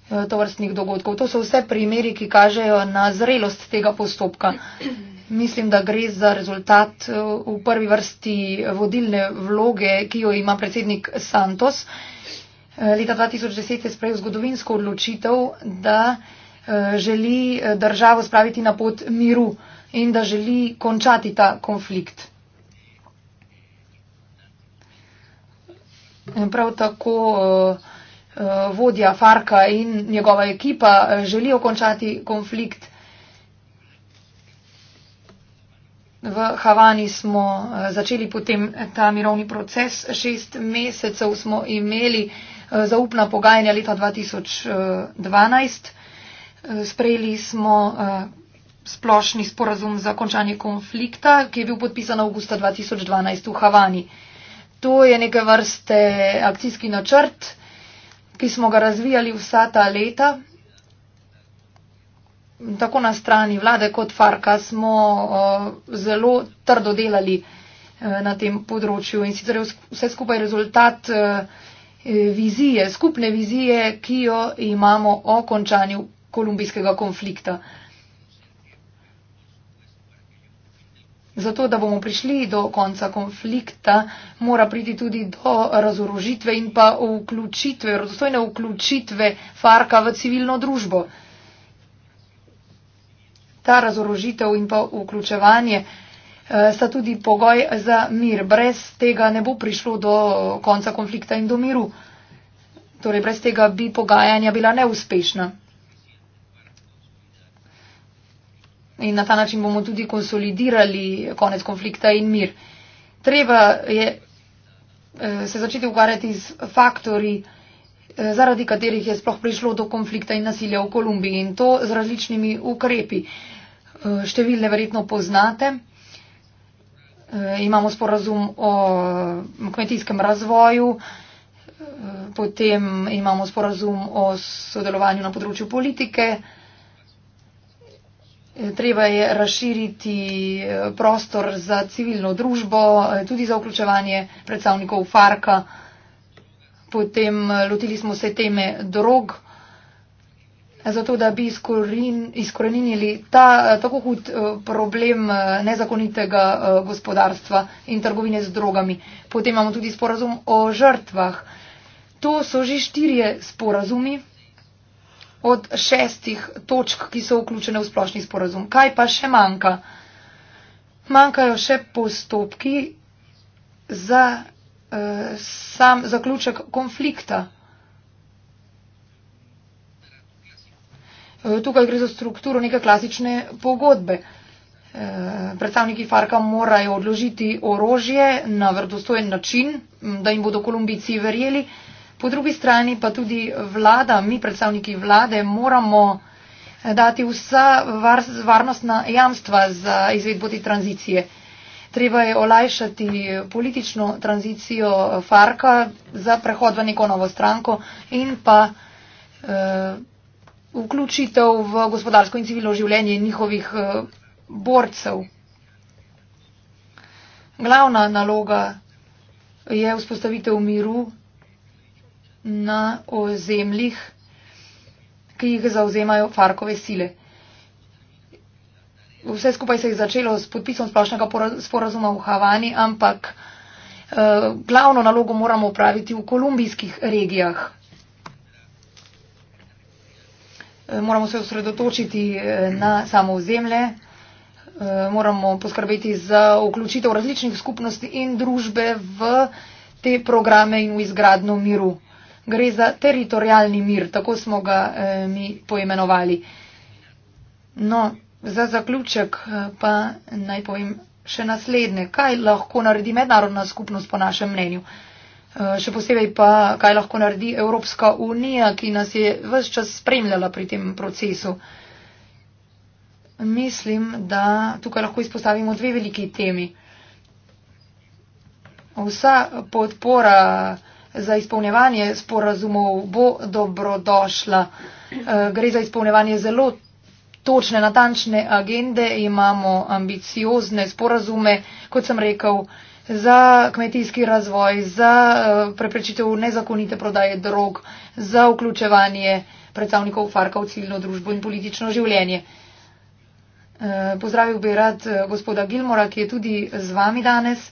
Eh, tovrstnih dogodkov. To so vse primeri, ki kažejo na zrelost tega postopka. Mislim, da gre za rezultat eh, v prvi vrsti vodilne vloge, ki jo ima predsednik Santos. Eh, leta 2010 je sprejel zgodovinsko odločitev, da želi državo spraviti na pot miru in da želi končati ta konflikt. Prav tako Eh, vodja Farka in njegova ekipa eh, želijo končati konflikt. V Havani smo eh, začeli potem ta mirovni proces. Šest mesecev smo imeli zaupna pogajanja leta 2012. Sprejeli smo splošni sporazum za končanje konflikta, ki je bil podpisan avgusta 2012 v Havani. To je neke vrste akcijski načrt ki smo ga razvijali vsa ta leta. Tako na strani vlade kot Farka smo uh, zelo trdo delali uh, na tem področju in sicer vse skupaj rezultat uh, vizije, skupne vizije, ki jo imamo o končanju kolumbijskega konflikta. Uh, Zato, da bomo prišli do konca konflikta, mora priti tudi do razorožitve in pa vključitve, rodostojne vključitve Farka v civilno družbo. Ta razorožitev in pa vključevanje eh, sta tudi pogoj za mir. Brez tega ne bo prišlo do konca konflikta in do miru. Torej, brez tega bi pogajanja bila neuspešna. in na ta način bomo tudi konsolidirali konec konflikta in mir. Treba je eh, se začeti ukvarjati z faktori, eh, zaradi katerih je sploh prišlo do konflikta in nasilja v Kolumbiji in to z različnimi ukrepi. Eh, številne verjetno poznate. Imamo sporazum o kmetijskem razvoju, potem imamo sporazum o sodelovanju na področju politike. Eh, treba je razširiti eh, prostor za civilno družbo, eh, tudi za vključevanje predstavnikov Farka. Potem lotili smo se teme drog, zato da bi izkorenili ta tako hud problem nezakonitega gospodarstva in trgovine z drogami. Potem imamo tudi sporazum o žrtvah. To so že štirje sporazumi od šestih točk, ki so vključene v splošni sporozum. Kaj pa še manjka? Manjkajo še postopki za eh, sam zaključek konflikta. Eh, tukaj gre za strukturo neke klasične pogodbe. Eh, predstavniki Farka morajo odložiti orožje na vrdostojen način, da jim bodo Kolumbici verjeli. Po drugi strani pa tudi vlada, mi predstavniki vlade moramo eh, dati vsa var, varnostna jamstva za izvedbo te tranzicije. Treba je olajšati politično tranzicijo eh, Farka za prehod v neko novo stranko in pa eh, vključitev v gospodarsko in civilno življenje njihovih eh, borcev. Glavna naloga je vzpostavitev miru na ozemljih, ki jih zauzemajo Farkove sile. Vse skupaj se je začelo s podpisom splošnega sporazuma v Havani, ampak eh, glavno nalogo moramo upraviti v kolumbijskih regijah. Eh, moramo se osredotočiti eh, na samo ozemlje, eh, moramo poskrbeti za vključitev različnih skupnosti in družbe v te programe in v izgradno miru gre za teritorijalni mir, tako smo ga eh, mi poimenovali. No, za zaključek eh, pa naj povem še naslednje. Kaj lahko naredi mednarodna skupnost po našem mnenju? Eh, še posebej pa, kaj lahko naredi Evropska unija, ki nas je vse čas spremljala pri tem procesu? Mislim, da tukaj lahko izpostavimo dve veliki temi. Vsa podpora za izpolnjevanje sporazumov bo dobrodošla. Eh, gre za izpolnjevanje zelo točne, natančne agende, imamo ambiciozne sporazume, kot sem rekel, za kmetijski razvoj, za eh, preprečitev nezakonite prodaje drog, za vključevanje predstavnikov Farka v civilno družbo in politično življenje. Eh, pozdravil bi rad gospoda Gilmora, ki je tudi z vami danes.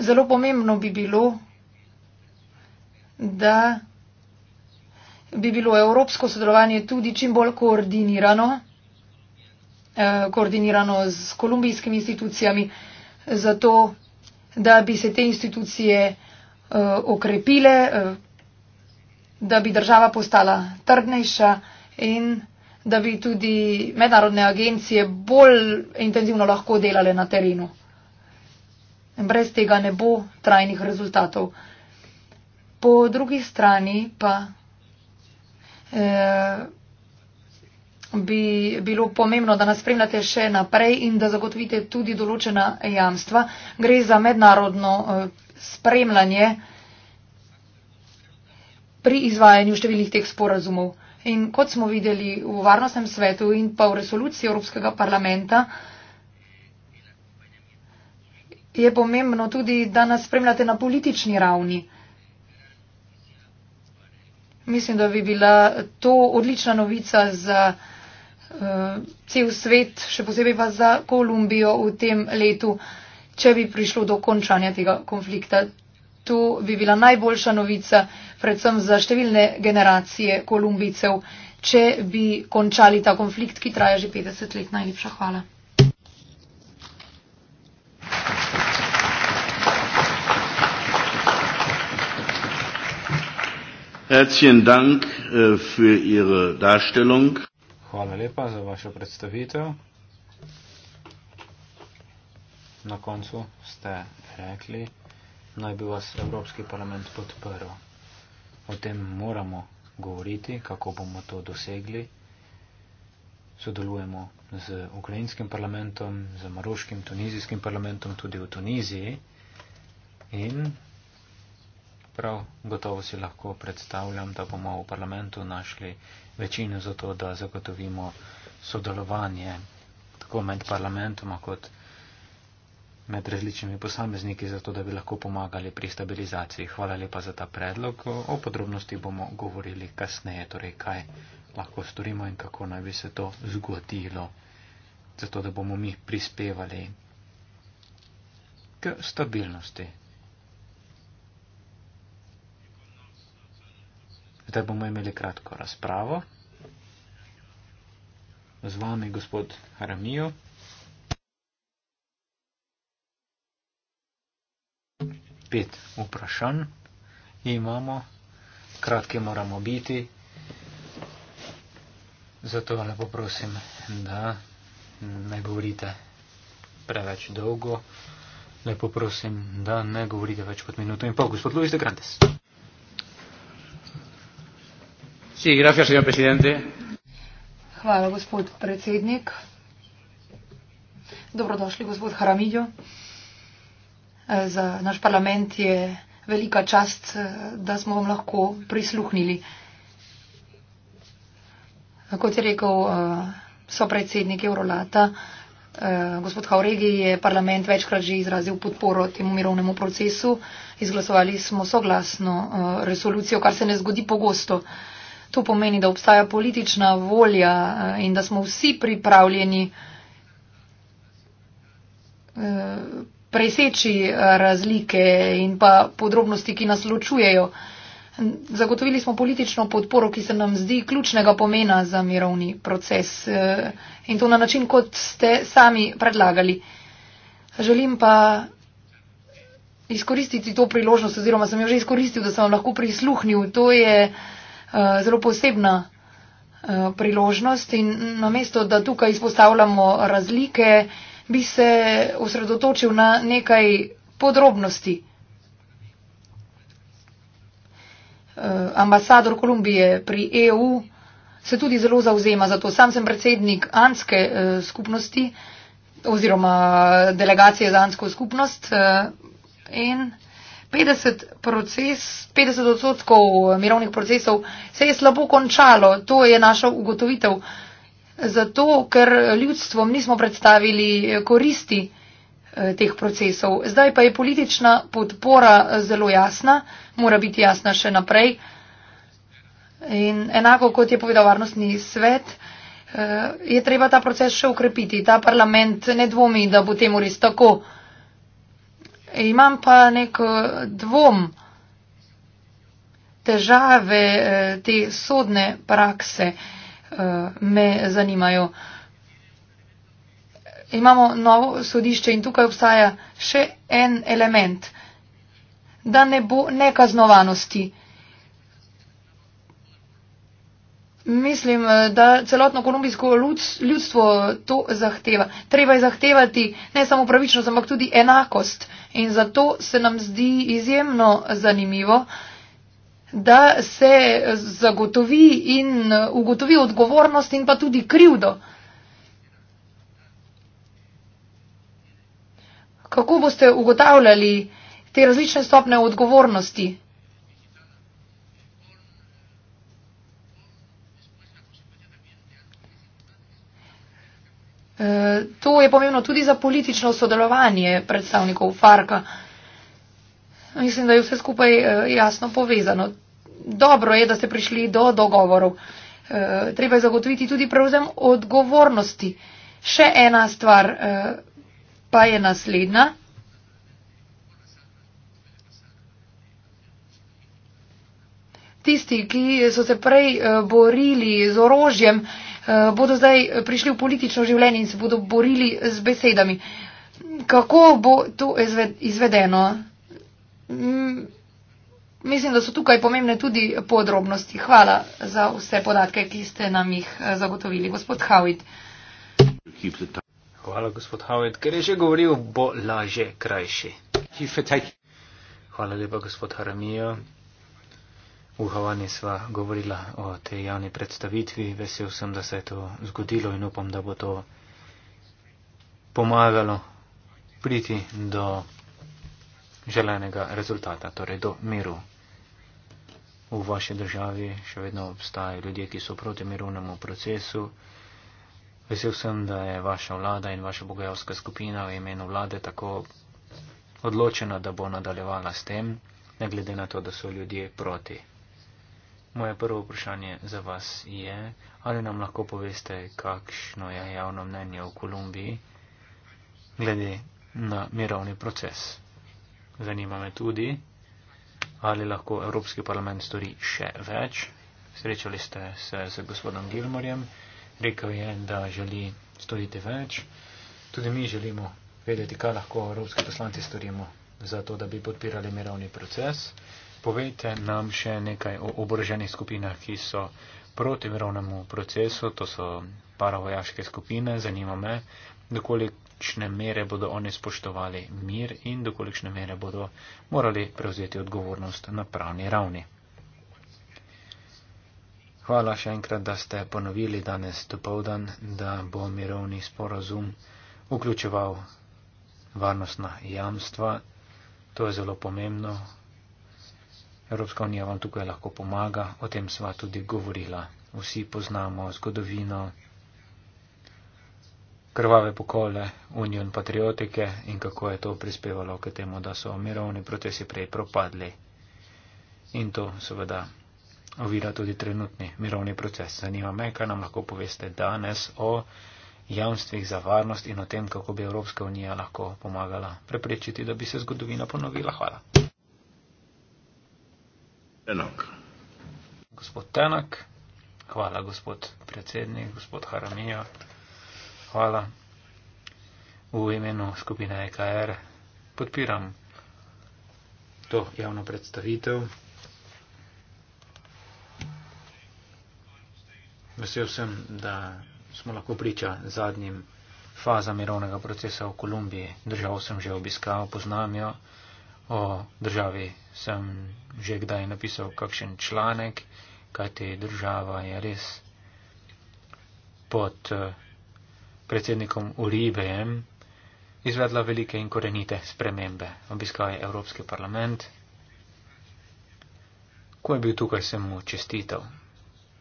Zelo pomembno bi bilo, da bi bilo evropsko sodelovanje tudi čim bolj koordinirano, eh, koordinirano z kolumbijskimi institucijami, zato da bi se te institucije eh, okrepile, eh, da bi država postala trdnejša in da bi tudi mednarodne agencije bolj intenzivno lahko delale na terenu. In brez tega ne bo trajnih rezultatov. Po drugi strani pa eh, bi bilo pomembno, da nas spremljate še naprej in da zagotovite tudi določena jamstva. Gre za mednarodno eh, spremljanje pri izvajanju številnih teh sporazumov. In kot smo videli v Varnostnem svetu in pa v resoluciji Evropskega parlamenta, eh, je pomembno tudi, da nas spremljate na politični ravni. Mislim, da bi bila to odlična novica za uh, cel svet, še posebej pa za Kolumbijo v tem letu, če bi prišlo do končanja tega konflikta. To bi bila najboljša novica, predvsem za številne generacije Kolumbijcev, če bi končali ta konflikt, ki traja že 50 let. Najlepša hvala. Thank you. Herzlichen Dank äh, für Ihre Darstellung. Hvala lepa za vašo predstavitev. Na koncu ste rekli, naj bi vas Evropski parlament podprl. O tem moramo govoriti, kako bomo to dosegli. Sodelujemo z ukrajinskim parlamentom, z maroškim, tunizijskim parlamentom, tudi v Tuniziji. In Prav gotovo si lahko predstavljam, da bomo v parlamentu našli večino za to, da zagotovimo sodelovanje tako med parlamentoma kot med različnimi posamezniki, zato da bi lahko pomagali pri stabilizaciji. Hvala lepa za ta predlog. O podrobnosti bomo govorili kasneje, torej kaj lahko storimo in kako naj bi se to zgodilo, zato da bomo mi prispevali k stabilnosti. da bomo imeli kratko razpravo z vami, gospod Haramijo. Pet vprašanj imamo, kratki moramo biti, zato lepo prosim, da ne govorite preveč dolgo. Lepo prosim, da ne govorite več kot minuto in pol. Gospod Luis de Grandes. Hvala, gospod predsednik. Dobrodošli, gospod Haramidjo. Eh, za naš parlament je velika čast, eh, da smo vam lahko prisluhnili. Kot je rekel eh, sopredsednik Eurolata, gospod Hauregi je parlament večkrat že izrazil podporo temu mirovnemu procesu. Izglasovali smo soglasno resolucijo, kar se ne zgodi pogosto. To pomeni, da obstaja politična volja eh, in da smo vsi pripravljeni eh, preseči eh, razlike in pa podrobnosti, ki nas ločujejo. Zagotovili smo politično podporo, ki se nam zdi ključnega pomena za mirovni proces in to na način, kot ste sami predlagali. Želim pa izkoristiti to priložnost, oziroma sem jo že izkoristil, da sem vam lahko prisluhnil. To je uh, Eh, zelo posebna eh, priložnost in namesto, da tukaj izpostavljamo razlike, bi se osredotočil na nekaj podrobnosti. Eh, ambasador Kolumbije pri EU se tudi zelo zauzema za to. Sam sem predsednik Anske skupnosti oziroma delegacije za Ansko skupnost in 50, proces, 50 odstotkov mirovnih procesov se je slabo končalo. To je naša ugotovitev. Zato, ker ljudstvom nismo predstavili koristi eh, teh procesov. Zdaj pa je politična podpora zelo jasna, mora biti jasna še naprej. In enako kot je povedal Varnostni svet, eh, je treba ta proces še ukrepiti. Ta parlament ne dvomi, da bo temu res tako. Eh, imam pa nek dvom težave eh, te sodne prakse eh, me zanimajo. Imamo novo sodišče in tukaj obstaja še en element, da ne bo nekaznovanosti. Mislim, da celotno kolumbijsko ljudstvo to zahteva. Treba je zahtevati ne samo pravičnost, ampak tudi enakost. In zato se nam zdi izjemno zanimivo, da se zagotovi in ugotovi odgovornost in pa tudi krivdo. Kako boste ugotavljali te različne stopne odgovornosti? Eh, to je pomembno tudi za politično sodelovanje predstavnikov Farka. Mislim, da je vse skupaj eh, jasno povezano. Dobro je, da ste prišli do dogovorov. Eh, treba je zagotoviti tudi prevzem odgovornosti. Še ena stvar pa je naslednja. Tisti, ki so se prej borili z orožjem, Eh, bodo zdaj prišli v politično življenje in se bodo borili z besedami. Kako bo to izvedeno? Mm, mislim, da so tukaj pomembne tudi podrobnosti. Hvala za vse podatke, ki ste nam jih eh, zagotovili. Gospod Howitt. Hvala, gospod Howitt. Ker je že govoril, bo laže krajši. Hvala lepa, gospod Haramijo. Uhavani sva govorila o tej javni predstavitvi. Vesel sem, da se je to zgodilo in upam, da bo to pomagalo priti do želenega rezultata, torej do miru. V vaši državi še vedno obstajajo ljudje, ki so proti mirovnemu procesu. Vesel sem, da je vaša vlada in vaša bogajovska skupina v imenu vlade tako odločena, da bo nadaljevala s tem, ne glede na to, da so ljudje proti. Moje prvo vprašanje za vas je, ali nam lahko poveste, kakšno je javno mnenje v Kolumbiji glede na mirovni proces. Zanima me tudi, ali lahko Evropski parlament stori še več. Srečali ste se z gospodom Gilmorjem, rekel je, da želi storiti več. Tudi mi želimo vedeti, kaj lahko evropski poslanci storimo za to, da bi podpirali mirovni proces. Povejte nam še nekaj o oboroženih skupinah, ki so proti mirovnemu procesu, to so paravojaške skupine, zanima me, dokolikšne mere bodo oni spoštovali mir in dokolikšne mere bodo morali prevzeti odgovornost na pravni ravni. Hvala še enkrat, da ste ponovili danes dopovdan, da bo mirovni sporazum vključeval varnostna jamstva. To je zelo pomembno, Evropska unija vam tukaj lahko pomaga, o tem sva tudi govorila. Vsi poznamo zgodovino, krvave pokole Union Patriotike in kako je to prispevalo k temu, da so mirovni procesi prej propadli. In to seveda ovira tudi trenutni mirovni proces. Zanima me, kaj nam lahko poveste danes o javnstvih za varnost in o tem, kako bi Evropska unija lahko pomagala preprečiti, da bi se zgodovina ponovila. Hvala. Tenok. Gospod Tenok, hvala gospod predsednik, gospod Haramijo, hvala. V imenu skupine EKR podpiram to javno predstavitev. Vesel sem, da smo lahko priča zadnjim fazam mirovnega procesa v Kolumbiji. Državo sem že obiskal, poznam jo o državi sem že kdaj napisal kakšen članek, kajte država je res pod eh, predsednikom Uribejem izvedla velike in korenite spremembe. Obiskal je Evropski parlament. Ko je bil tukaj, sem mu čestital.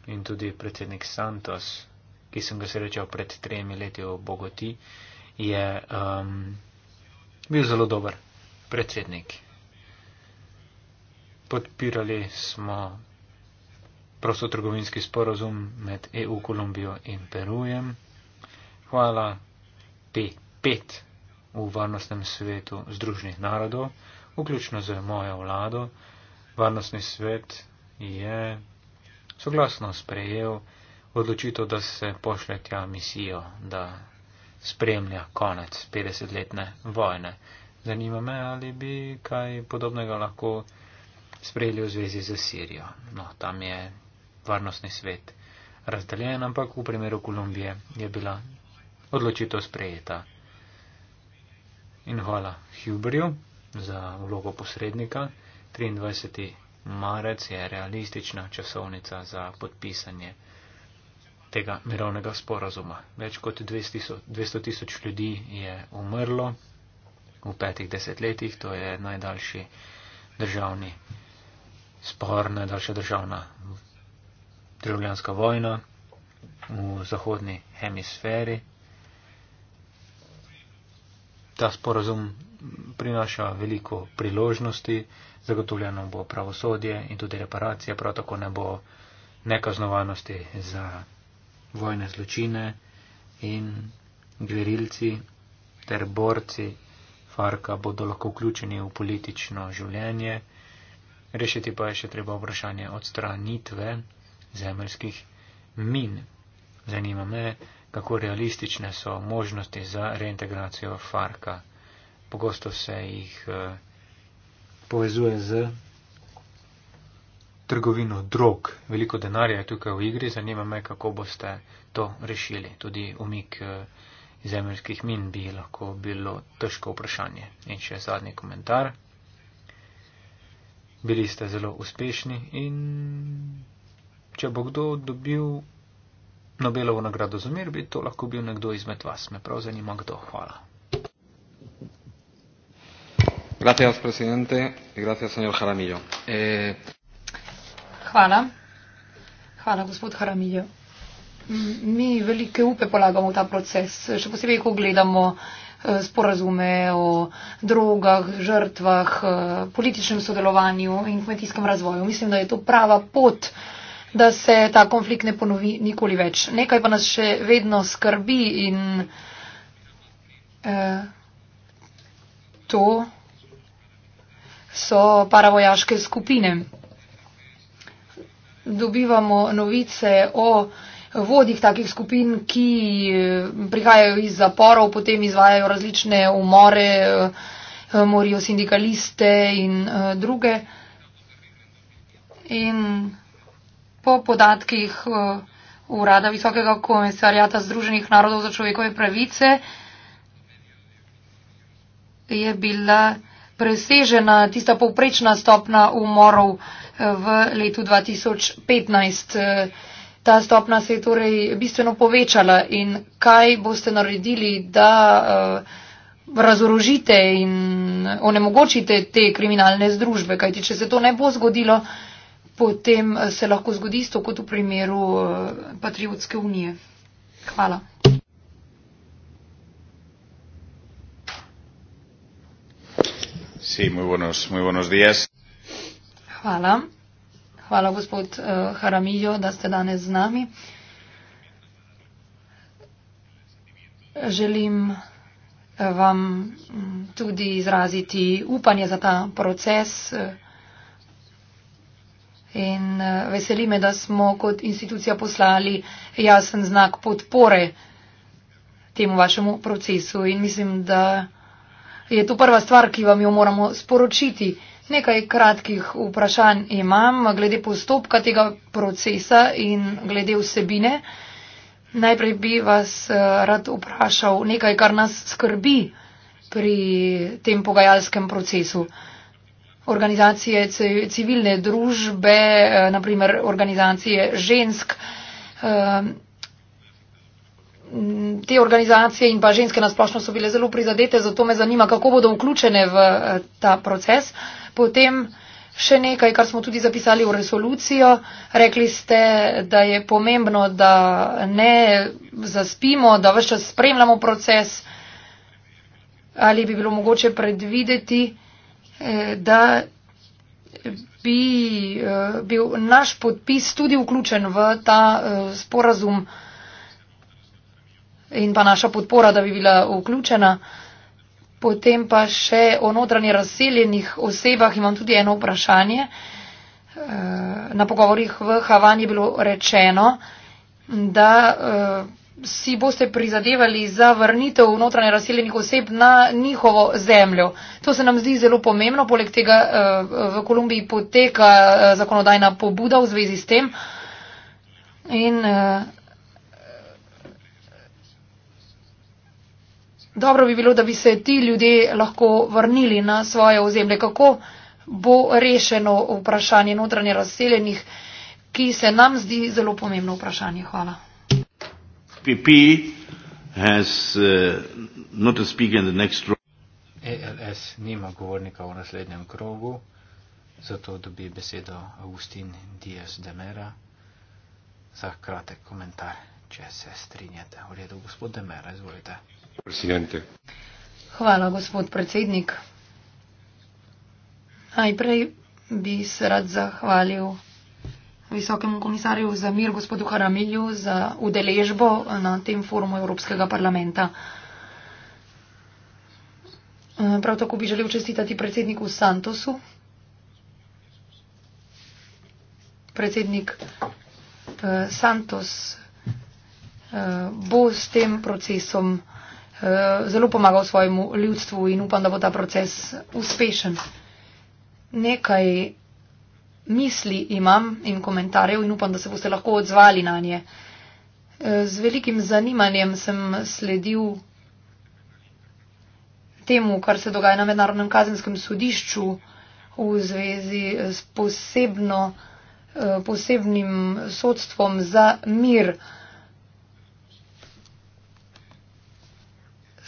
In tudi predsednik Santos, ki sem ga srečal pred tremi leti v Bogoti, je um, bil zelo dober predsednik podpirali smo prostotrgovinski sporozum med EU, Kolumbijo in Perujem. Hvala P5 v varnostnem svetu Združenih narodov, vključno z mojo vlado. Varnostni svet je soglasno sprejel odločitev, da se pošle tja misijo, da spremlja konec 50-letne vojne. Zanima me, ali bi kaj podobnega lahko sprejeli v zvezi z Sirijo. No, tam je varnostni svet razdeljen, ampak v primeru Kolumbije je bila odločitev sprejeta. In hvala Hubriju za vlogo posrednika. 23. marec je realistična časovnica za podpisanje tega mirovnega sporazuma. Več kot 200 tisoč ljudi je umrlo v petih desetletjih, to je najdaljši državni spor, najdaljša državna državljanska vojna v zahodni hemisferi. Ta sporazum prinaša veliko priložnosti, zagotovljeno bo pravosodje in tudi reparacija, prav tako ne bo nekaznovanosti za vojne zločine in gverilci ter borci Farka bodo lahko vključeni v politično življenje. Rešiti pa je še treba vprašanje odstranitve zemeljskih min. Zanima me, kako realistične so možnosti za reintegracijo Farka. Pogosto se jih eh, povezuje z trgovino drog. Veliko denarja je tukaj v igri. Zanima me, kako boste to rešili. Tudi umik eh, zemeljskih min bi lahko bilo težko vprašanje. In še zadnji komentar bili ste zelo uspešni in če bo kdo dobil Nobelovo nagrado za mir, bi to lahko bil nekdo izmed vas. Me prav zanima, kdo. Hvala. Gracias, presidente. Gracias, señor Jaramillo. Eh... Hvala. Hvala, gospod Jaramillo. Mi velike upe polagamo v ta proces, še posebej, ko gledamo eh, Eh, sporazume o drogah, žrtvah, eh, političnem sodelovanju in kmetijskem razvoju. Mislim, da je to prava pot, da se ta konflikt ne ponovi nikoli več. Nekaj pa nas še vedno skrbi in eh, to so paravojaške skupine. Dobivamo novice o vodih takih skupin, ki eh, prihajajo iz zaporov, potem izvajajo različne umore, eh, morijo sindikaliste in eh, druge. In po podatkih Urada Visokega komisarjata Združenih narodov za človekove pravice je bila presežena tista povprečna stopna umorov v letu 2015. Ta stopna se je torej bistveno povečala in kaj boste naredili, da eh, razorožite in onemogočite te kriminalne združbe, kajti če se to ne bo zgodilo, potem eh, se lahko zgodi isto kot v primeru eh, Patriotske unije. Hvala. Sí, muy buenos, muy buenos días. Hvala. Hvala, gospod Haramijo, eh, da ste danes z nami. Želim eh, vam mm, tudi izraziti upanje za ta proces eh, in veseli me, da smo kot institucija poslali jasen znak podpore temu vašemu procesu in mislim, da je to prva stvar, ki vam jo moramo sporočiti. Nekaj kratkih vprašanj imam glede postopka tega procesa in glede vsebine. Najprej bi vas eh, rad vprašal nekaj, kar nas skrbi pri tem pogajalskem procesu. Organizacije civilne družbe, eh, naprimer organizacije žensk, eh, Mm, te organizacije in pa ženske nasplošno so bile zelo prizadete, zato me zanima, kako bodo vključene v eh, ta proces. Potem še nekaj, kar smo tudi zapisali v resolucijo. Rekli ste, da je pomembno, da ne zaspimo, da vse čas spremljamo proces. Ali bi bilo mogoče predvideti, eh, da bi eh, bil naš podpis tudi vključen v ta sporazum? in pa naša podpora, da bi bila vključena. Potem pa še o notranje razseljenih osebah imam tudi eno vprašanje. Eh, na pogovorih v Havani je bilo rečeno, da eh, si boste prizadevali za vrnitev notranje razseljenih oseb na njihovo zemljo. To se nam zdi zelo pomembno, poleg tega eh, v Kolumbiji poteka zakonodajna pobuda v zvezi s tem. In dobro bi bilo, da bi se ti ljudje lahko vrnili na svoje ozemlje. Kako bo rešeno vprašanje notranje razseljenih, ki se nam zdi zelo pomembno vprašanje? Hvala. PP has uh, not a speaker in the next row. ALS e nima govornika v naslednjem krogu, zato dobi besedo Agustin Dias Demera za kratek komentar, če se strinjate. V redu, gospod Demera, izvolite. Presidente. Hvala, gospod predsednik. Najprej bi se rad zahvalil visokemu komisarju za mir, gospodu Haramilju, za udeležbo na tem forumu Evropskega parlamenta. Prav tako bi želel čestitati predsedniku Santosu. Predsednik eh, Santos eh, bo s tem procesom. Eh, zelo pomagal svojemu ljudstvu in upam, da bo ta proces uspešen. Nekaj misli imam in komentarjev in upam, da se boste lahko odzvali na nje. Eh, z velikim zanimanjem sem sledil temu, kar se dogaja na Mednarodnem kazenskem sodišču v zvezi s posebno, eh, posebnim sodstvom za mir.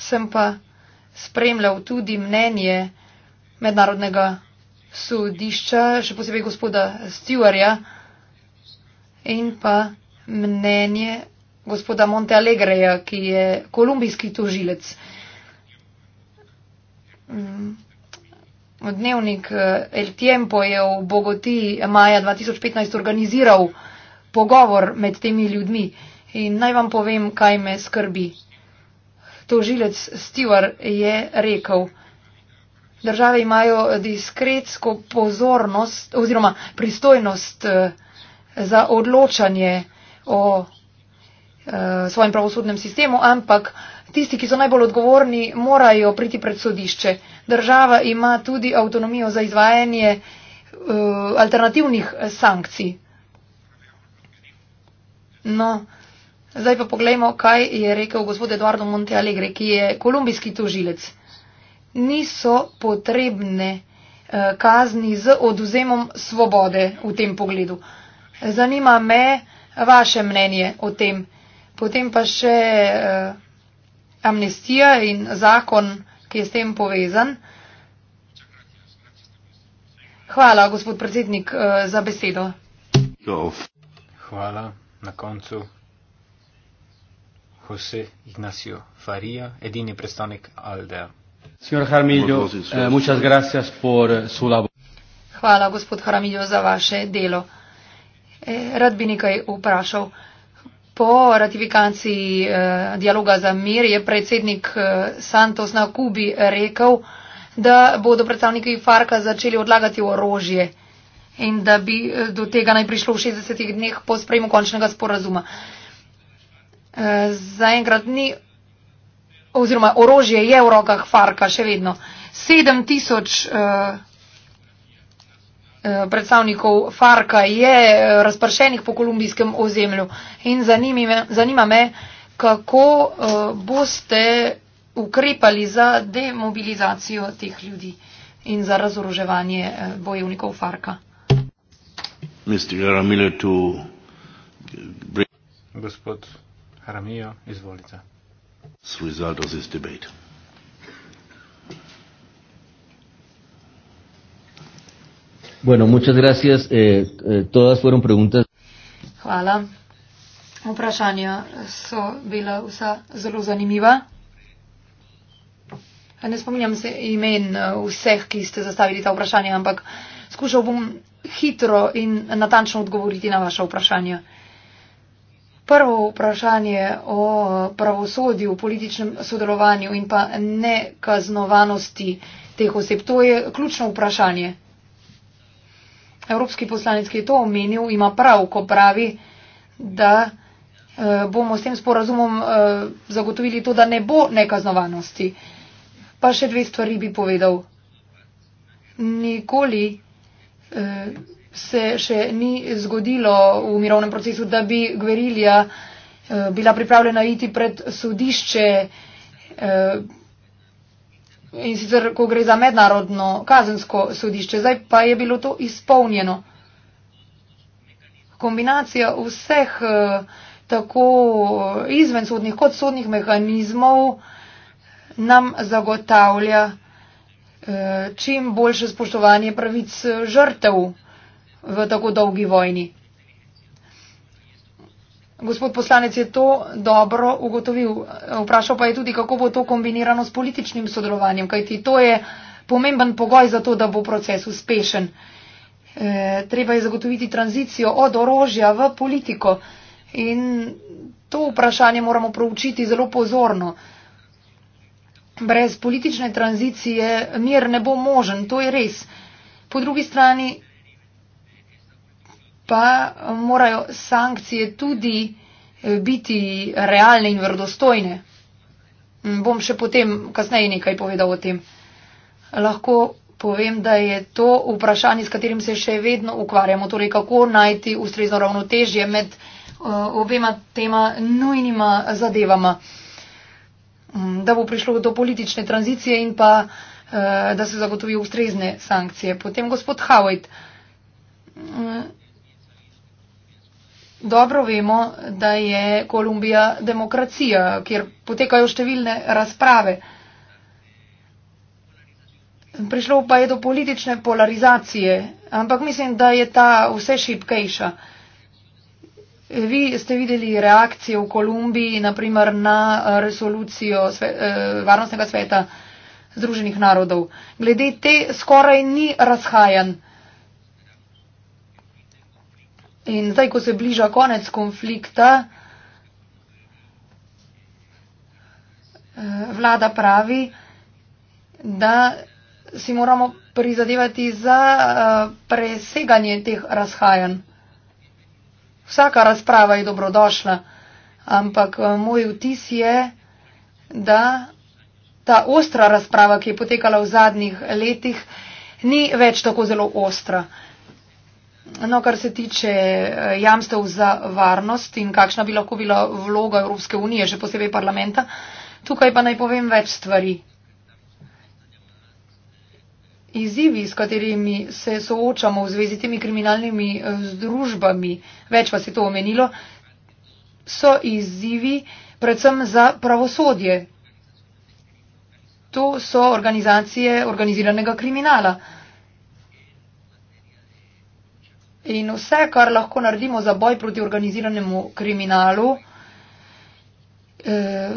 sem pa spremljal tudi mnenje mednarodnega sodišča, še posebej gospoda Stewarja in pa mnenje gospoda Monte Alegreja, ki je kolumbijski tožilec. Mm. Dnevnik eh, El Tiempo je v Bogoti maja 2015 organiziral pogovor med temi ljudmi in naj vam povem, kaj me skrbi tožilec Stewart je rekel, države imajo diskretsko pozornost oziroma pristojnost eh, za odločanje o eh, svojem pravosodnem sistemu, ampak tisti, ki so najbolj odgovorni, morajo priti pred sodišče. Država ima tudi avtonomijo za izvajanje eh, alternativnih sankcij. No, Zdaj pa pogledajmo, kaj je rekel gospod Eduardo Monte Alegre, ki je kolumbijski tožilec. Niso potrebne eh, kazni z oduzemom svobode v tem pogledu. Zanima me vaše mnenje o tem. Potem pa še eh, amnestija in zakon, ki je s tem povezan. Hvala, gospod predsednik, eh, za besedo. Hvala na koncu. José Ignacio Faría, edini predstavnik Aldea. Señor Jaramillo, eh, muchas gracias por eh, su labor. Hvala, gospod Jaramillo, za vaše delo. Eh, rad bi nekaj vprašal. Po ratifikaciji eh, dialoga za mir je predsednik eh, Santos na Kubi rekel, da bodo predstavniki Farka začeli odlagati orožje in da bi eh, do tega naj prišlo v 60 dneh po sprejemu končnega sporazuma. Eh, zaenkrat ni, oziroma orožje je v rokah Farka še vedno. 7000 uh, eh, eh, predstavnikov Farka je eh, razpršenih po kolumbijskem ozemlju in zanima me, zanima me kako uh, boste ukrepali za demobilizacijo teh ljudi in za razoroževanje uh, bojevnikov Farka. Gospod Ramijo, izvolite. Eh, eh, Hvala. Vprašanja so bila vsa zelo zanimiva. Ne spominjam se imen eh, vseh, ki ste zastavili ta vprašanja, ampak skušal bom hitro in natančno odgovoriti na vaše vprašanje prvo vprašanje o pravosodju, političnem sodelovanju in pa nekaznovanosti teh oseb. To je ključno vprašanje. Evropski poslanec, ki je to omenil, ima prav, ko pravi, da eh, bomo s tem sporazumom eh, zagotovili to, da ne bo nekaznovanosti. Pa še dve stvari bi povedal. Nikoli eh, se še ni zgodilo v mirovnem procesu, da bi gverilja eh, bila pripravljena iti pred sodišče eh, in sicer, ko gre za mednarodno kazensko sodišče. Zdaj pa je bilo to izpolnjeno. Kombinacija vseh eh, tako izvensodnih kot sodnih mehanizmov nam zagotavlja čim boljše spoštovanje pravic žrtev v tako dolgi vojni. Gospod poslanec je to dobro ugotovil. Vprašal pa je tudi, kako bo to kombinirano s političnim sodelovanjem, kajti to je pomemben pogoj za to, da bo proces uspešen. E, treba je zagotoviti tranzicijo od orožja v politiko in to vprašanje moramo proučiti zelo pozorno. Brez politične tranzicije mir ne bo možen, to je res. Po drugi strani pa morajo sankcije tudi eh, biti realne in vrdostojne. Mm, bom še potem kasneje nekaj povedal o tem. Lahko povem, da je to vprašanje, s katerim se še vedno ukvarjamo, torej kako najti ustrezno ravnotežje med eh, obema tema nujnima zadevama, mm, da bo prišlo do politične tranzicije in pa eh, da se zagotovijo ustrezne sankcije. Potem gospod Howard. Dobro vemo, da je Kolumbija demokracija, kjer potekajo številne razprave. Prišlo pa je do politične polarizacije, ampak mislim, da je ta vse šipkejša. Vi ste videli reakcije v Kolumbiji, naprimer na resolucijo eh, Varnostnega sveta Združenih narodov. Glede te skoraj ni razhajan. In zdaj, ko se bliža konec konflikta, eh, vlada pravi, da si moramo prizadevati za eh, preseganje teh razhajanj. Vsaka razprava je dobrodošla, ampak eh, moj vtis je, da ta ostra razprava, ki je potekala v zadnjih letih, ni več tako zelo ostra. No, kar se tiče eh, jamstev za varnost in kakšna bi lahko bila vloga Evropske unije, še posebej parlamenta, tukaj pa naj povem več stvari. Izzivi, s katerimi se soočamo v zvezi s temi kriminalnimi eh, združbami, več vas je to omenilo, so izzivi predvsem za pravosodje. To so organizacije organiziranega kriminala in vse, kar lahko naredimo za boj proti organiziranemu kriminalu, eh,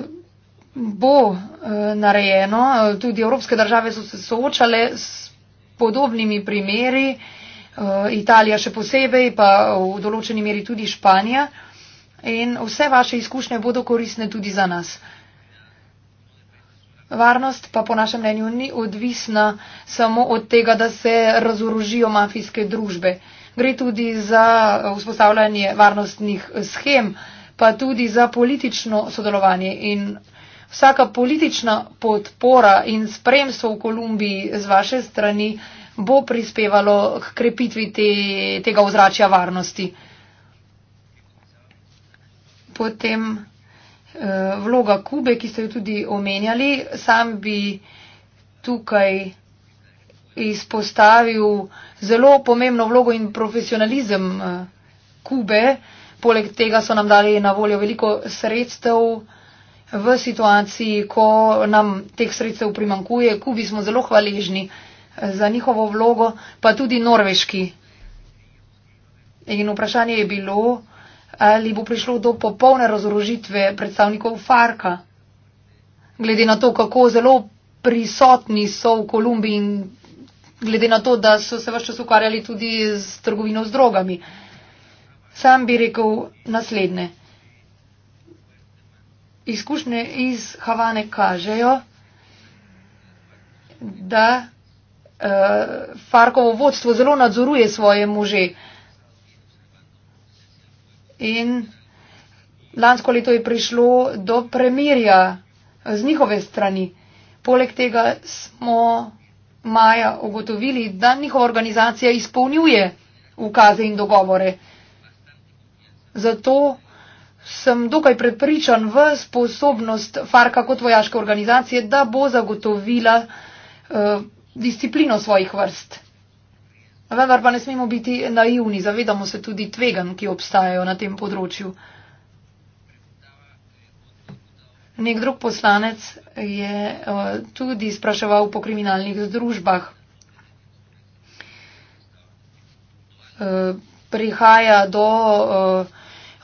bo eh, narejeno. Tudi evropske države so se soočale s podobnimi primeri, eh, Italija še posebej, pa v določeni meri tudi Španija. In vse vaše izkušnje bodo koristne tudi za nas. Varnost pa po našem mnenju ni odvisna samo od tega, da se razorožijo mafijske družbe gre tudi za eh, vzpostavljanje varnostnih eh, schem, pa tudi za politično sodelovanje. In vsaka politična podpora in spremstvo v Kolumbiji z vaše strani bo prispevalo k krepitvi te, tega ozračja varnosti. Potem eh, vloga Kube, ki ste jo tudi omenjali, sam bi tukaj izpostavil zelo pomembno vlogo in profesionalizem eh, Kube. Poleg tega so nam dali na voljo veliko sredstev v situaciji, ko nam teh sredstev primankuje. Kubi smo zelo hvaležni eh, za njihovo vlogo, pa tudi norveški. In vprašanje je bilo, ali bo prišlo do popolne razorožitve predstavnikov Farka. Glede na to, kako zelo prisotni so v Kolumbiji in glede na to, da so se včas ukvarjali tudi z trgovino z drogami. Sam bi rekel naslednje. Izkušnje iz Havane kažejo, da uh, Farkovo vodstvo zelo nadzoruje svoje može. In lansko leto je prišlo do premirja z njihove strani. Poleg tega smo maja ugotovili, da njihova organizacija izpolnjuje ukaze in dogovore. Zato sem dokaj prepričan v sposobnost Farka kot vojaške organizacije, da bo zagotovila eh, disciplino svojih vrst. Vendar pa ne smemo biti naivni, zavedamo se tudi tvegan, ki obstajajo na tem področju. Nek drug poslanec je eh, tudi spraševal po kriminalnih združbah. Eh, prihaja do eh,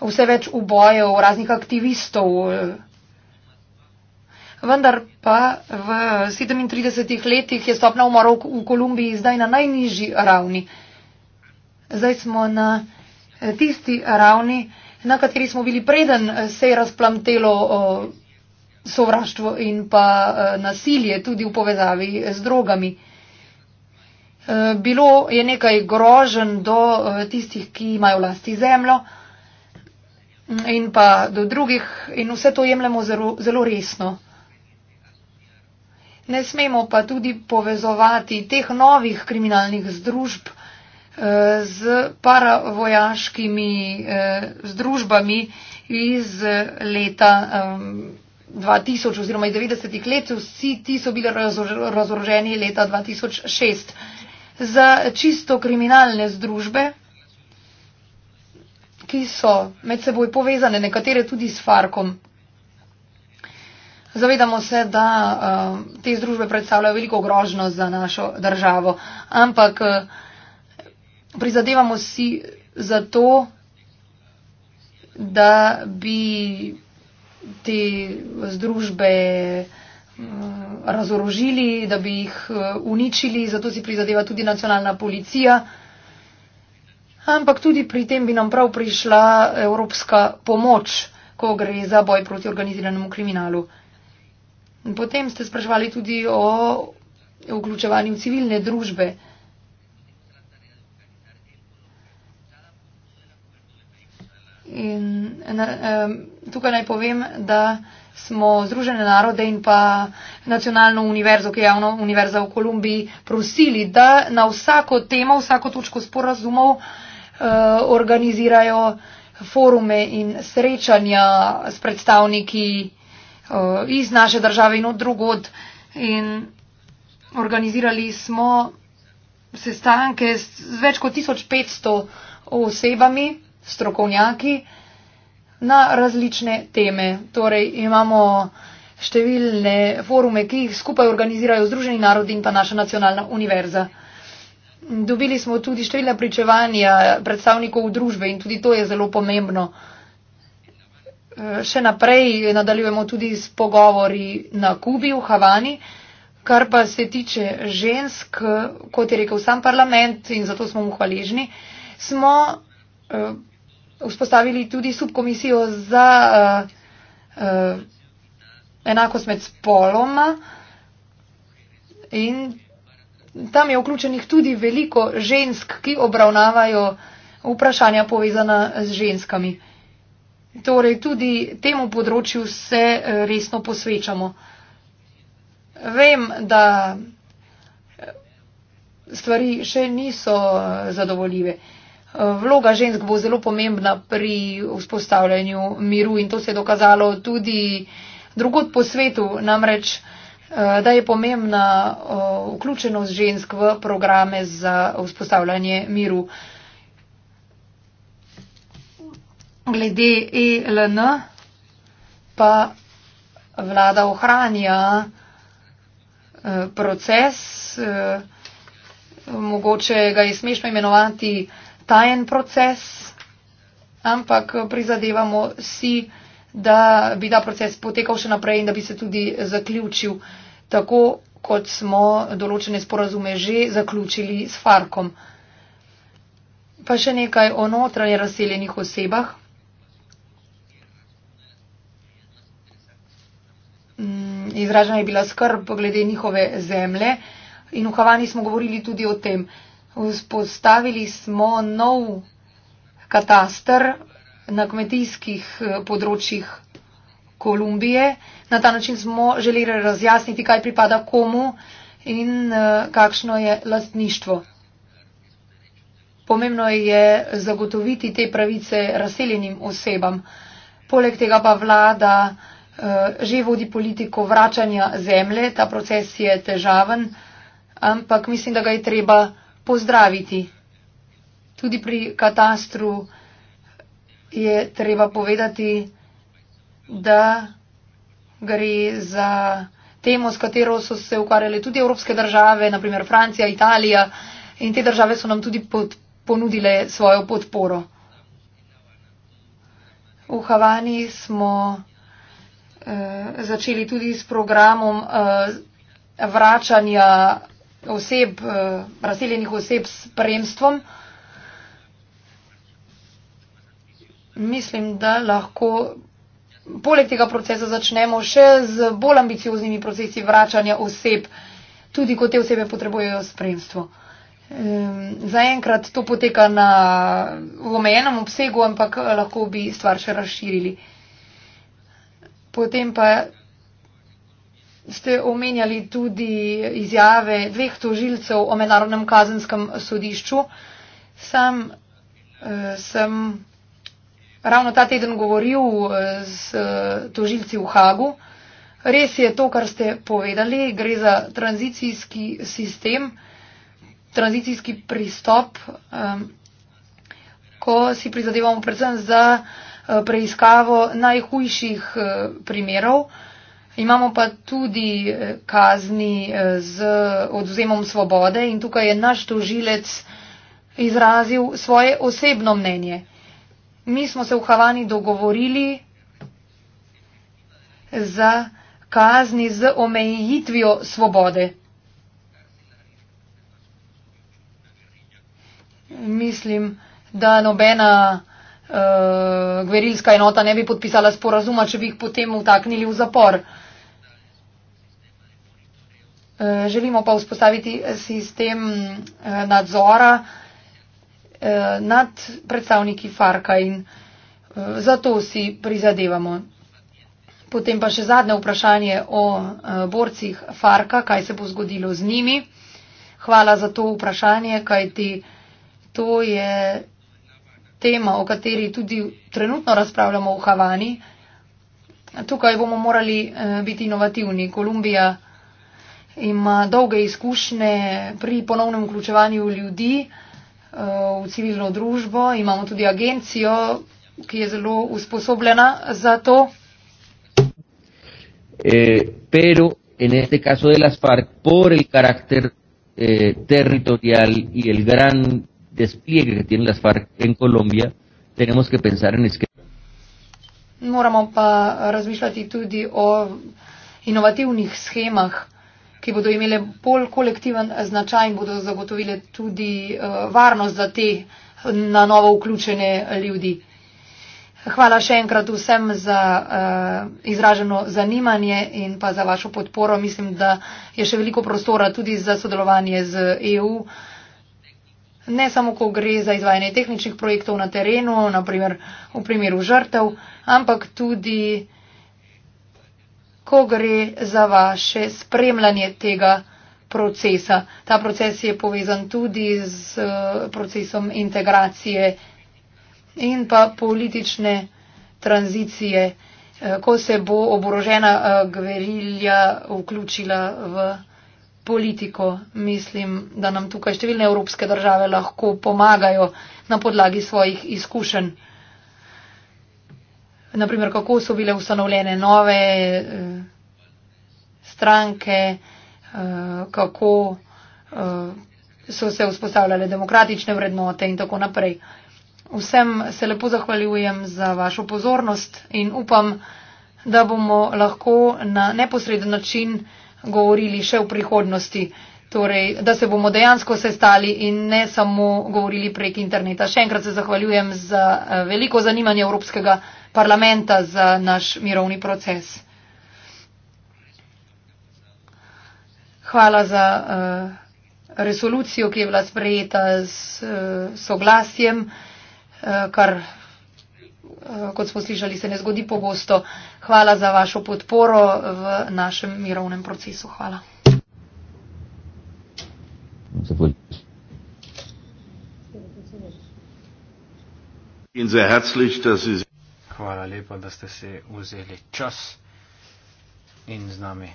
vse več ubojev raznih aktivistov. Vendar pa v 37 letih je stopna umorov v Kolumbiji zdaj na najnižji ravni. Zdaj smo na tisti ravni, na kateri smo bili preden se je razplamtelo sovraštvo in pa eh, nasilje tudi v povezavi z drogami. Eh, bilo je nekaj grožen do eh, tistih, ki imajo vlasti zemljo in pa do drugih in vse to jemljemo zelo, zelo resno. Ne smemo pa tudi povezovati teh novih kriminalnih združb z paravojaškimi združbami iz leta 2000 oziroma iz 90-ih let, vsi ti so bili razoroženi leta 2006. Za čisto kriminalne združbe, ki so med seboj povezane, nekatere tudi s Farkom. Zavedamo se, da uh, te združbe predstavljajo veliko grožno za našo državo, ampak uh, prizadevamo si za to, da bi te združbe mm, razorožili, da bi jih eh, uničili, zato si prizadeva tudi nacionalna policija. Ampak tudi pri tem bi nam prav prišla evropska pomoč, ko gre za boj proti organiziranemu kriminalu. Potem ste spraševali tudi o vključevanju civilne družbe. In, na, um, tukaj naj povem, da smo Združene narode in pa Nacionalno univerzo, ki je javno univerza v Kolumbiji, prosili, da na vsako temo, vsako točko sporazumov eh, organizirajo forume in srečanja s predstavniki eh, iz naše države in od drugod. In organizirali smo sestanke z več kot 1500 osebami, strokovnjaki, na različne teme. Torej imamo številne forume, ki jih skupaj organizirajo Združeni narodi in pa naša nacionalna univerza. Dobili smo tudi številna pričevanja predstavnikov družbe in tudi to je zelo pomembno. Še naprej nadaljujemo tudi s pogovori na Kubi v Havani. Kar pa se tiče žensk, kot je rekel sam parlament in zato smo mu hvaležni, smo eh, vzpostavili tudi subkomisijo za uh, uh, enakost med spoloma in tam je vključenih tudi veliko žensk, ki obravnavajo vprašanja povezana z ženskami. Torej, tudi temu področju se eh, resno posvečamo. Vem, da stvari še niso zadovoljive. Vloga žensk bo zelo pomembna pri vzpostavljanju miru in to se je dokazalo tudi drugot po svetu, namreč, eh, da je pomembna eh, vključenost žensk v programe za vzpostavljanje miru. Glede ELN pa vlada ohranja eh, proces, mogoče ga je smešno imenovati tajen proces, ampak prizadevamo si, da bi ta proces potekal še naprej in da bi se tudi zaključil, tako kot smo določene sporazume že zaključili s Farkom. Pa še nekaj o notranje razseljenih osebah. Mm, izražena je bila skrb glede njihove zemlje in v Havani smo govorili tudi o tem. Vzpostavili smo nov katastar na kmetijskih eh, področjih Kolumbije. Na ta način smo želeli razjasniti, kaj pripada komu in eh, kakšno je lastništvo. Pomembno je zagotoviti te pravice razseljenim osebam. Poleg tega pa vlada eh, že vodi politiko vračanja zemlje. Ta proces je težaven, ampak mislim, da ga je treba pozdraviti. Tudi pri katastru je treba povedati, da gre za temo, s katero so se ukvarjali tudi evropske države, naprimer Francija, Italija in te države so nam tudi pod, ponudile svojo podporo. V Havani smo eh, začeli tudi s programom eh, vračanja oseb, eh, razseljenih oseb s premstvom. Mislim, da lahko poleg tega procesa začnemo še z bolj ambicioznimi procesi vračanja oseb, tudi ko te osebe potrebujejo spremstvo. Um, ehm, Zaenkrat to poteka na omejenem obsegu, ampak eh, lahko bi stvar še razširili. Potem pa ste omenjali tudi izjave dveh tožilcev o mednarodnem kazenskem sodišču. Sam eh, sem ravno ta teden govoril z eh, eh, tožilci v Hagu. Res je to, kar ste povedali, gre za tranzicijski sistem, tranzicijski pristop, ko si prizadevamo predvsem za eh, preiskavo najhujših primerov. Imamo pa tudi eh, kazni eh, z odvzemom svobode in tukaj je naš tožilec izrazil svoje osebno mnenje. Mi smo se v Havani dogovorili za kazni z omejitvijo svobode. Mislim, da nobena uh, gverilska enota ne bi podpisala sporazuma, če bi jih potem vtaknili v zapor. Uh, Eh, želimo pa vzpostaviti sistem eh, nadzora eh, nad predstavniki Farka in zato si prizadevamo. Potem pa še zadnje vprašanje o borcih Farka, kaj se bo zgodilo z njimi. Hvala za to vprašanje, kajti to je tema, o kateri tudi trenutno razpravljamo v Havani. Tukaj bomo morali biti inovativni. Kolumbija ima dolge izkušnje pri ponovnem vključevanju ljudi eh, v civilno družbo. Imamo tudi agencijo, ki je zelo usposobljena za to. Eh, pero en este caso de las FARC, por el carácter eh, territorial y el gran despliegue que tienen las FARC en Colombia, tenemos que pensar en esquemas. Moramo pa razmišljati tudi o inovativnih schemah ki bodo imele bolj kolektiven značaj in bodo zagotovile tudi eh, varnost za te na novo vključene ljudi. Hvala še enkrat vsem za uh, izraženo zanimanje in pa za vašo podporo. Mislim, da je še veliko prostora tudi za sodelovanje z EU. Ne samo, ko gre za izvajanje tehničnih projektov na terenu, naprimer v primeru žrtev, ampak tudi ko gre za vaše spremljanje tega procesa. Ta proces je povezan tudi z eh, procesom integracije in pa politične tranzicije, eh, ko se bo oborožena eh, gverilja vključila v politiko. Mislim, da nam tukaj številne evropske države lahko pomagajo na podlagi svojih izkušenj naprimer, kako so bile ustanovljene nove eh, stranke, eh, kako eh, so se vzpostavljale demokratične vrednote in tako naprej. Vsem se lepo zahvaljujem za vašo pozornost in upam, da bomo lahko na neposreden način govorili še v prihodnosti, torej, da se bomo dejansko sestali in ne samo govorili prek interneta. Še enkrat se zahvaljujem za veliko zanimanje Evropskega parlamenta parlamenta za naš mirovni proces. Hvala za eh, resolucijo, ki je bila sprejeta s eh, soglasjem, eh, kar, kot smo slišali, se ne zgodi pogosto. Hvala za vašo podporo v našem mirovnem procesu. Hvala. In zelo herzlich, da si. Hvala lepa, da ste se vzeli čas in z nami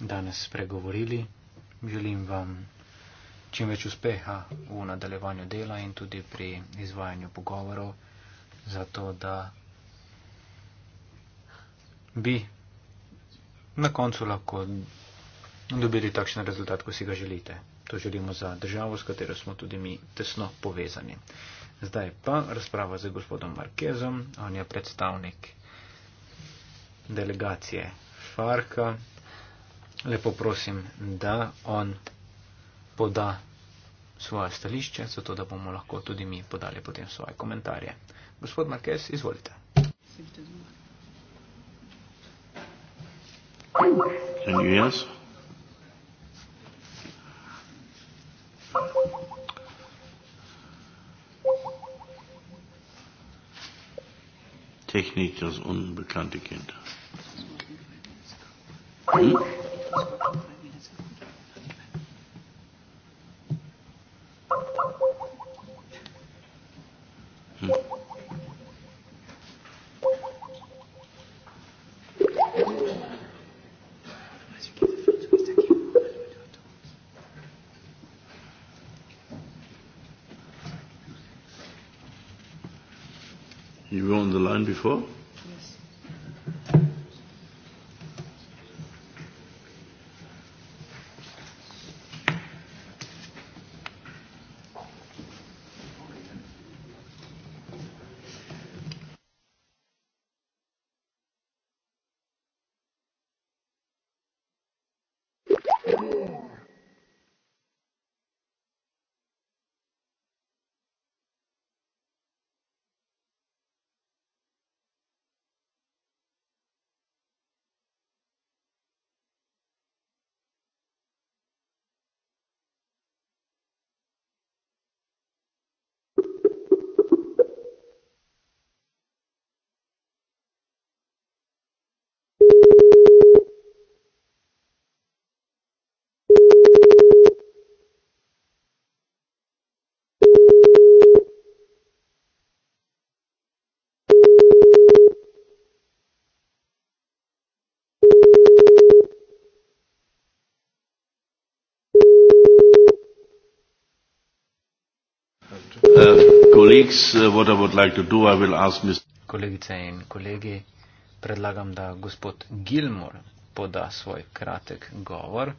danes spregovorili. Želim vam čim več uspeha v nadaljevanju dela in tudi pri izvajanju pogovorov, zato da bi na koncu lahko dobili takšen rezultat, kot si ga želite. To želimo za državo, s katero smo tudi mi tesno povezani. Zdaj pa razprava z gospodom Markezom, on je predstavnik delegacije Farka. Lepo prosim, da on poda svoje stališče, zato da bomo lahko tudi mi podali potem svoje komentarje. Gospod Markez, izvolite. Can you hear us? Technik, das unbekannte Kind. Hm? Thank hm? you. you were on the line before? colleagues, uh, what I would like to do, I will ask Mr. Kolegice in kolegi, predlagam, da gospod Gilmore poda svoj kratek govor.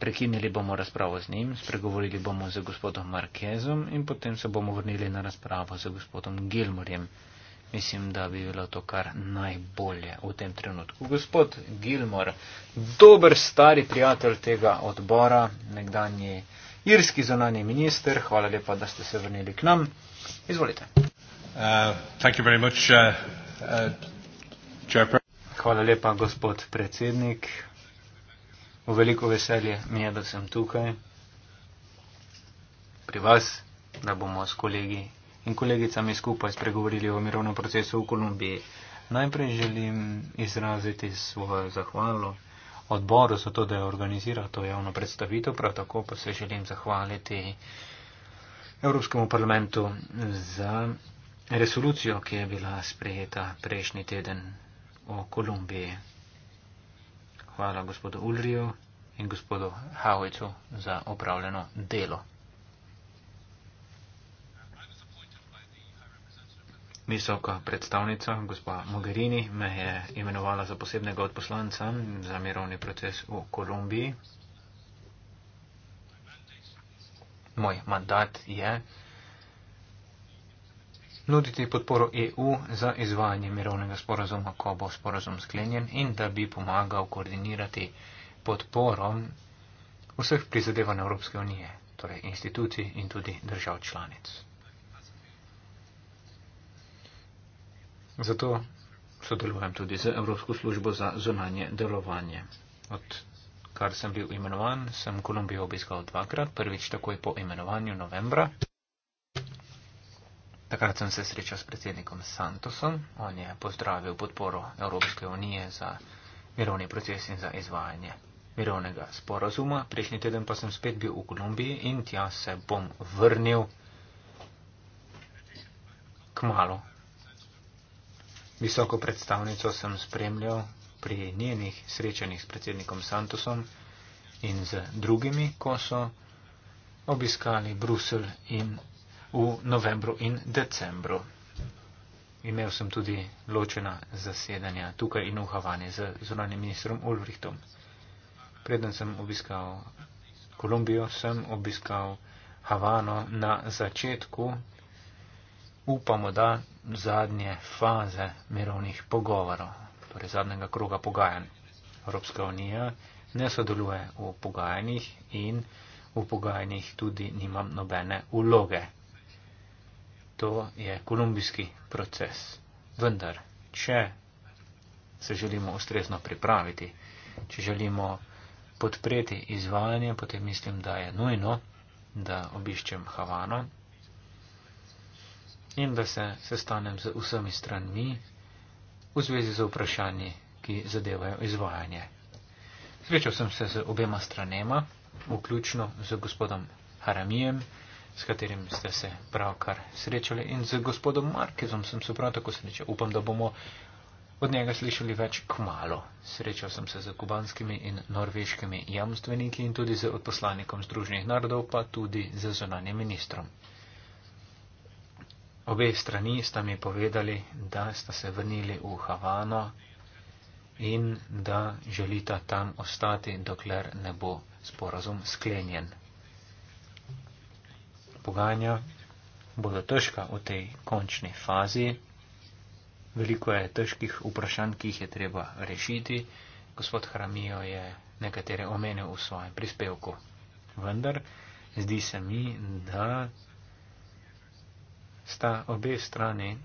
Prekinili bomo razpravo z njim, spregovorili bomo z gospodom Markezom in potem se bomo vrnili na razpravo z gospodom Gilmorjem. Mislim, da bi bilo to kar najbolje v tem trenutku. Gospod Gilmore, dober stari prijatelj tega odbora, nekdanji. Irski zunani minister, hvala lepa, da ste se vrnili k nam. Izvolite. Uh, uh, uh, hvala lepa, gospod predsednik. V veliko veselje mi je, da sem tukaj pri vas, da bomo s kolegi in kolegicami skupaj spregovorili o mirovnem procesu v Kolumbiji. Najprej želim izraziti svojo zahvalo odboru za to, da je organiziral to javno predstavitev. Prav tako pa se želim zahvaliti Evropskemu parlamentu za resolucijo, ki je bila sprejeta prejšnji teden o Kolumbiji. Hvala gospodu Ulriju in gospodu Hawicu za opravljeno delo. Visoka predstavnica, gospa Mogherini, me je imenovala za posebnega odposlanca za mirovni proces v Kolumbiji. Moj mandat je nuditi podporo EU za izvajanje mirovnega sporazuma, ko bo sporazum sklenjen in da bi pomagal koordinirati podporo vseh prizadevanj Evropske unije, torej institucij in tudi držav članic. Zato sodelujem tudi z Evropsko službo za zunanje delovanje. Od kar sem bil imenovan, sem Kolumbijo obiskal dvakrat, prvič takoj po imenovanju novembra. Takrat sem se srečal s predsednikom Santosom, on je pozdravil podporo Evropske unije za mirovni proces in za izvajanje mirovnega sporazuma. Prejšnji teden pa sem spet bil v Kolumbiji in tja se bom vrnil k malu Visoko predstavnico sem spremljal pri njenih srečanjih s predsednikom Santosom in z drugimi, ko so obiskali Brusel in v novembru in decembru. Imel sem tudi ločena zasedanja tukaj in v Havani z zunanjim ministrom Ulrichtom. Preden sem obiskal Kolumbijo, sem obiskal Havano na začetku. Upamo, da zadnje faze mirovnih pogovorov, torej zadnjega kroga pogajanj. Evropska unija ne sodeluje v pogajanjih in v pogajanjih tudi nimam nobene uloge. To je kolumbijski proces. Vendar, če se želimo ustrezno pripraviti, če želimo podpreti izvajanje, potem mislim, da je nujno, da obiščem Havano in da se sestanem z vsemi stranmi v zvezi z vprašanji, ki zadevajo izvajanje. Srečal sem se z obema stranema, vključno z gospodom Haramijem, s katerim ste se pravkar srečali, in z gospodom Markezom sem se prav tako srečal. Upam, da bomo od njega slišali več kmalo. Srečal sem se z kubanskimi in norveškimi jamstveniki in tudi z odposlanikom Združenih narodov, pa tudi z zonanjem ministrom. Obe strani sta mi povedali, da sta se vrnili v Havano in da želita tam ostati, dokler ne bo sporazum sklenjen. Pogajanja bodo težka v tej končni fazi. Veliko je težkih vprašanj, ki jih je treba rešiti. Gospod Hramijo je nekatere omenil v svojem prispevku. Vendar zdi se mi, da sta obe strani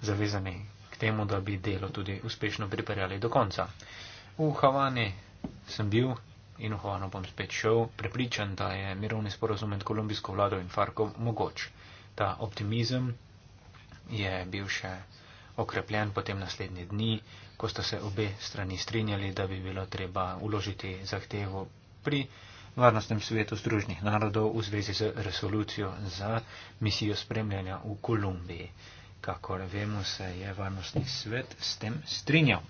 zavezani k temu, da bi delo tudi uspešno pripeljali do konca. V Havani sem bil in v Havano bom spet šel, prepričan, da je mirovni sporozum med kolumbijsko vlado in Farkom mogoč. Ta optimizem je bil še okrepljen potem naslednji dni, ko sta se obe strani strinjali, da bi bilo treba uložiti zahtevo pri Varnostnem svetu Združnih narodov v zvezi z resolucijo za misijo spremljanja v Kolumbiji. Kakor vemo, se je Varnostni svet s tem strinjal.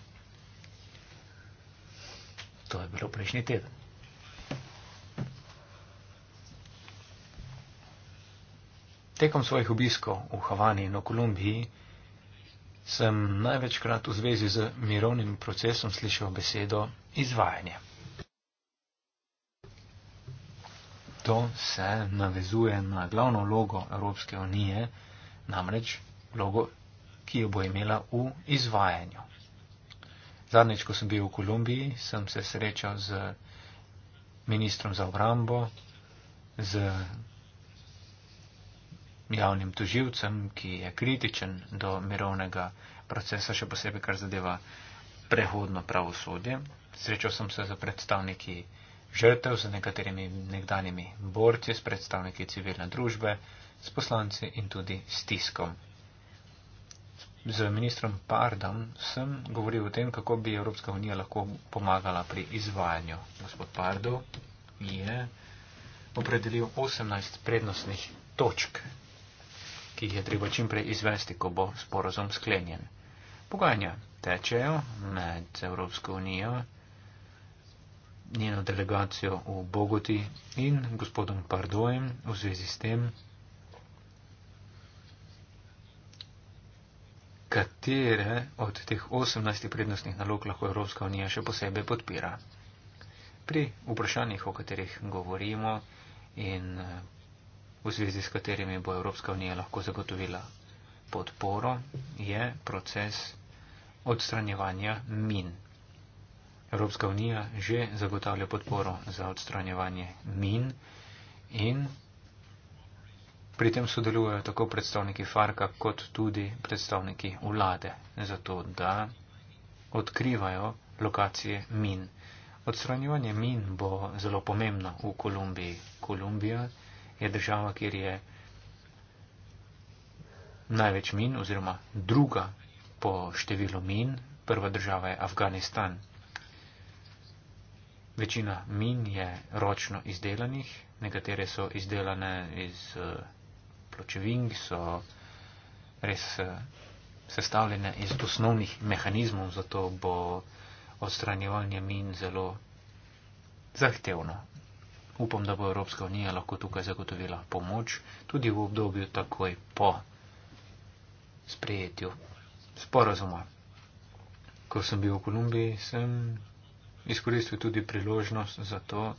To je bilo prejšnji teden. Tekom svojih obiskov v Havani in v Kolumbiji sem največkrat v zvezi z mirovnim procesom slišal besedo izvajanje. to se navezuje na glavno logo Evropske unije, namreč logo, ki jo bo imela v izvajanju. Zadnjič, ko sem bil v Kolumbiji, sem se srečal z ministrom za obrambo, z javnim tuživcem, ki je kritičen do mirovnega procesa, še posebej kar zadeva prehodno pravosodje. Srečal sem se z predstavniki žrtev z nekaterimi nekdanjimi borci, s predstavniki civilne družbe, s poslanci in tudi s tiskom. Z ministrom Pardom sem govoril o tem, kako bi Evropska unija lahko pomagala pri izvajanju. Gospod Pardo je opredelil 18 prednostnih točk, ki jih je treba čimprej izvesti, ko bo sporozum sklenjen. Pogajanja tečejo med Evropsko unijo njeno delegacijo v Bogoti in gospodom Pardojem v zvezi s tem, katere od teh 18 prednostnih nalog lahko Evropska unija še posebej podpira. Pri vprašanjih, o katerih govorimo in v zvezi s katerimi bo Evropska unija lahko zagotovila podporo, je proces odstranjevanja min. Evropska unija že zagotavlja podporo za odstranjevanje min in pri tem sodelujejo tako predstavniki Farka kot tudi predstavniki vlade, zato da odkrivajo lokacije min. Odstranjevanje min bo zelo pomembno v Kolumbiji. Kolumbija je država, kjer je največ min oziroma druga po številu min. Prva država je Afganistan. Večina min je ročno izdelanih, nekatere so izdelane iz eh, pločeving, so res eh, sestavljene iz osnovnih mehanizmov, zato bo odstranjevanje min zelo zahtevno. Upam, da bo Evropska unija lahko tukaj zagotovila pomoč tudi v obdobju takoj po sprejetju sporazuma. Ko sem bil v Kolumbiji, sem izkoristil tudi priložnost za to,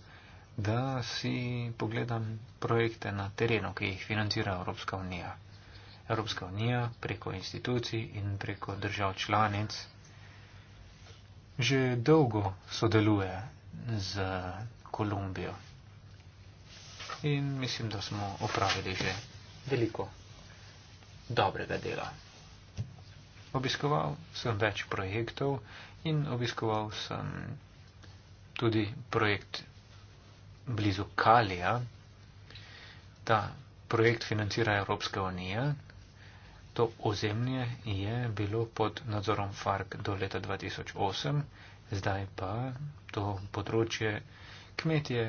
da si pogledam projekte na terenu, ki jih financira Evropska unija. Evropska unija preko institucij in preko držav članic že dolgo sodeluje z Kolumbijo. In mislim, da smo opravili že veliko dobrega dela. Obiskoval sem več projektov in obiskoval sem tudi projekt blizu Kalija. Ta projekt financira Evropska unija. To ozemlje je bilo pod nadzorom FARC do leta 2008, zdaj pa to področje kmetje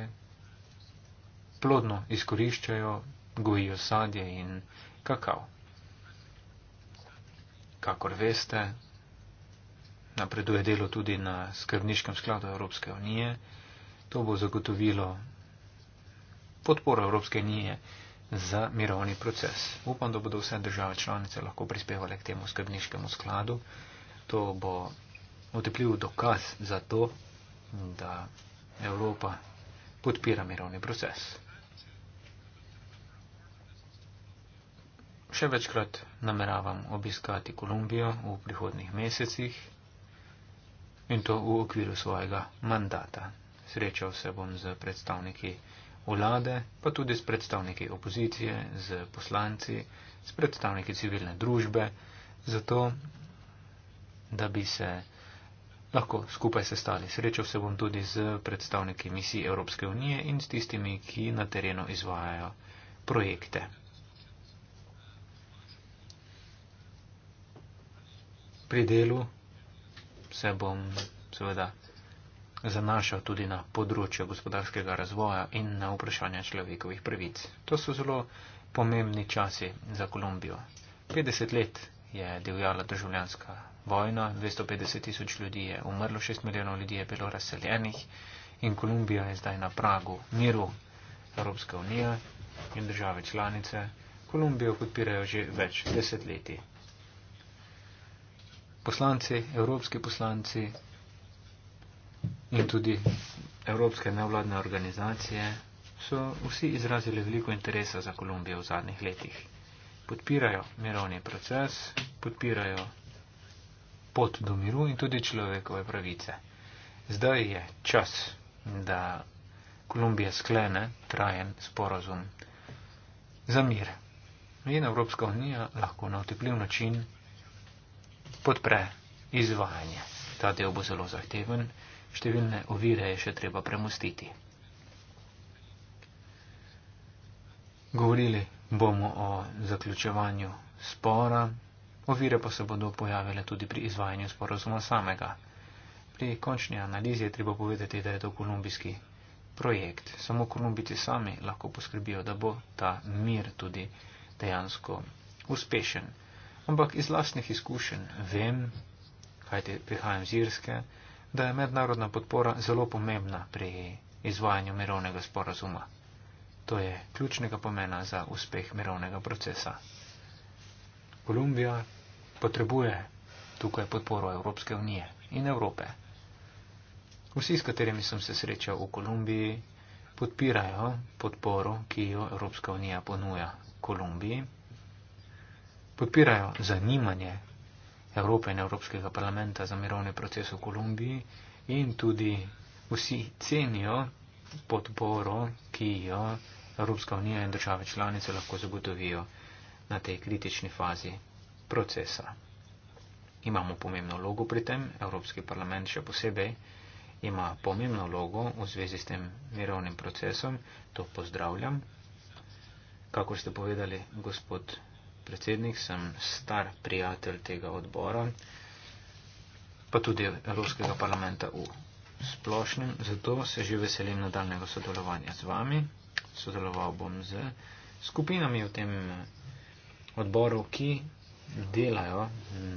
plodno izkoriščajo, gojijo sadje in kakav. Kakor veste, napreduje delo tudi na skrbniškem skladu Evropske unije. To bo zagotovilo podporo Evropske unije za mirovni proces. Upam, da bodo vse države članice lahko prispevale k temu skrbniškemu skladu. To bo otepljiv dokaz za to, da Evropa podpira mirovni proces. Še večkrat nameravam obiskati Kolumbijo v prihodnih mesecih in to v okviru svojega mandata. Srečal se bom z predstavniki vlade, pa tudi s predstavniki opozicije, z poslanci, s predstavniki civilne družbe, zato, da bi se lahko skupaj sestali. Srečal se bom tudi z predstavniki misij Evropske unije in s tistimi, ki na terenu izvajajo projekte. Pri delu se bom seveda zanašal tudi na področje gospodarskega razvoja in na vprašanje človekovih pravic. To so zelo pomembni časi za Kolumbijo. 50 let je divjala državljanska vojna, 250 tisoč ljudi je umrlo, 6 milijonov ljudi je bilo razseljenih in Kolumbija je zdaj na pragu miru Evropske unije in države članice. Kolumbijo podpirajo že več desetletij poslanci, evropski poslanci in tudi evropske nevladne organizacije so vsi izrazili veliko interesa za Kolumbijo v zadnjih letih. Podpirajo mirovni proces, podpirajo pot do miru in tudi človekove pravice. Zdaj je čas, da Kolumbija sklene trajen sporozum za mir. In Evropska unija lahko na otepljiv način podpre izvajanje. Ta del bo zelo zahteven, številne ovire je še treba premustiti. Govorili bomo o zaključevanju spora, ovire pa se bodo pojavile tudi pri izvajanju sporozuma samega. Pri končni analizi je treba povedati, da je to kolumbijski projekt. Samo kolumbici sami lahko poskrbijo, da bo ta mir tudi dejansko uspešen ampak iz lastnih izkušenj vem, kajti prihajam z Irske, da je mednarodna podpora zelo pomembna pri izvajanju mirovnega sporazuma. To je ključnega pomena za uspeh mirovnega procesa. Kolumbija potrebuje tukaj podporo Evropske unije in Evrope. Vsi, s katerimi sem se srečal v Kolumbiji, podpirajo podporo, ki jo Evropska unija ponuja Kolumbiji podpirajo zanimanje Evrope in Evropskega parlamenta za mirovni proces v Kolumbiji in tudi vsi cenijo podporo, ki jo Evropska unija in države članice lahko zagotovijo na tej kritični fazi procesa. Imamo pomembno logo pri tem, Evropski parlament še posebej ima pomembno logo v zvezi s tem mirovnim procesom, to pozdravljam. Kako ste povedali, gospod predsednik, sem star prijatelj tega odbora, pa tudi Evropskega parlamenta v splošnem, zato se že veselim nadaljnega sodelovanja z vami. Sodeloval bom z skupinami v tem odboru, ki delajo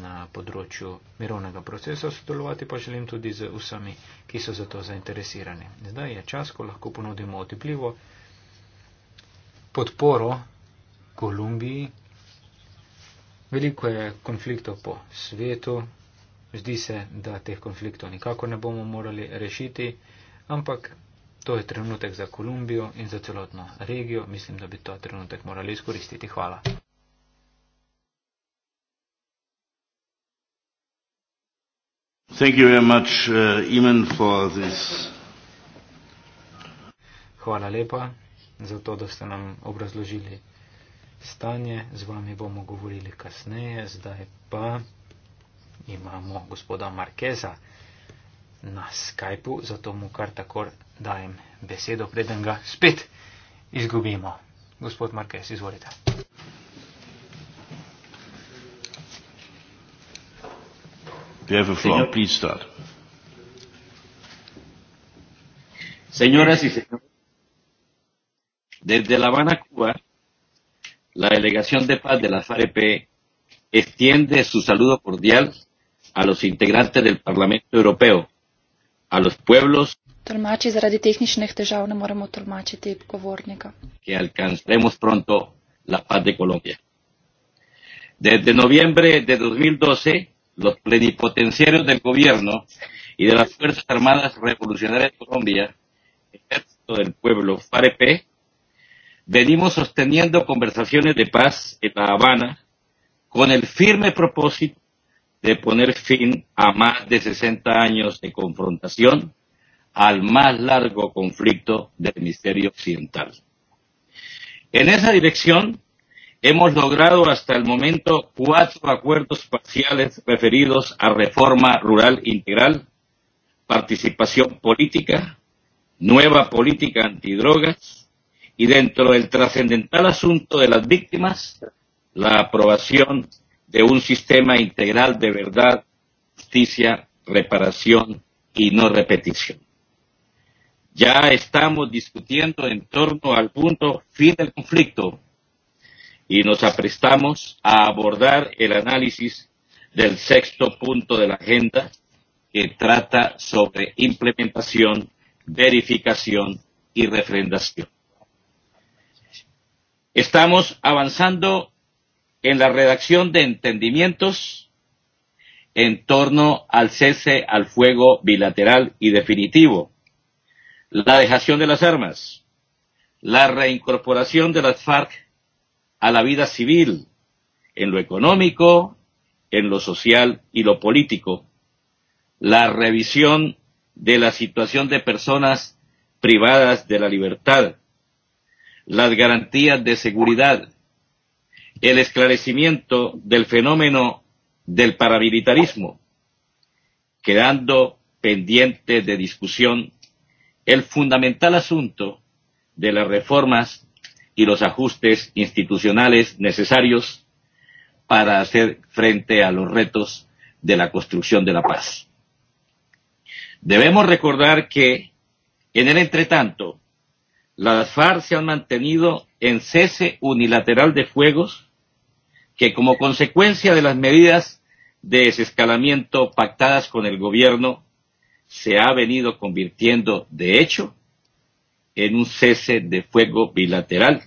na področju mirovnega procesa, sodelovati pa želim tudi z vsemi, ki so za to zainteresirani. Zdaj je čas, ko lahko ponudimo otepljivo podporo Kolumbiji, Veliko je konfliktov po svetu, zdi se, da teh konfliktov nikako ne bomo morali rešiti, ampak to je trenutek za Kolumbijo in za celotno regijo. Mislim, da bi to trenutek morali izkoristiti. Hvala. Much, uh, Hvala lepa za to, da ste nam obrazložili stanje, z vami bomo govorili kasneje, zdaj pa imamo gospoda Markeza na Skypu, zato mu kar tako dajem besedo, preden ga spet izgubimo. Gospod Markez, izvolite. You have a floor, Señor, please start. Señoras y señores, desde La Habana, Cuba, La delegación de paz de la FAREP extiende su saludo cordial a los integrantes del Parlamento Europeo, a los pueblos Tolmači, zaradi tehničnih težav ne moremo tolmačiti govornika. La paz de Desde noviembre de 2012, los plenipotenciarios del gobierno y de las Fuerzas Armadas Revolucionarias de Colombia, Ejército del Pueblo, FAREP, venimos sosteniendo conversaciones de paz en La Habana con el firme propósito de poner fin a más de 60 años de confrontación al más largo conflicto del hemisferio occidental. En esa dirección hemos logrado hasta el momento cuatro acuerdos parciales referidos a reforma rural integral, participación política, nueva política antidrogas, y dentro del trascendental asunto de las víctimas, la aprobación de un sistema integral de verdad, justicia, reparación y no repetición. Ya estamos discutiendo en torno al punto fin del conflicto y nos aprestamos a abordar el análisis del sexto punto de la agenda que trata sobre implementación, verificación y refrendación. Estamos avanzando en la redacción de entendimientos en torno al cese al fuego bilateral y definitivo, la dejación de las armas, la reincorporación de las FARC a la vida civil, en lo económico, en lo social y lo político, la revisión de la situación de personas privadas de la libertad, las garantías de seguridad, el esclarecimiento del fenómeno del paramilitarismo, quedando pendiente de discusión el fundamental asunto de las reformas y los ajustes institucionales necesarios para hacer frente a los retos de la construcción de la paz. Debemos recordar que en el entretanto, las FARC se han mantenido en cese unilateral de fuegos que como consecuencia de las medidas de desescalamiento pactadas con el gobierno se ha venido convirtiendo de hecho en un cese de fuego bilateral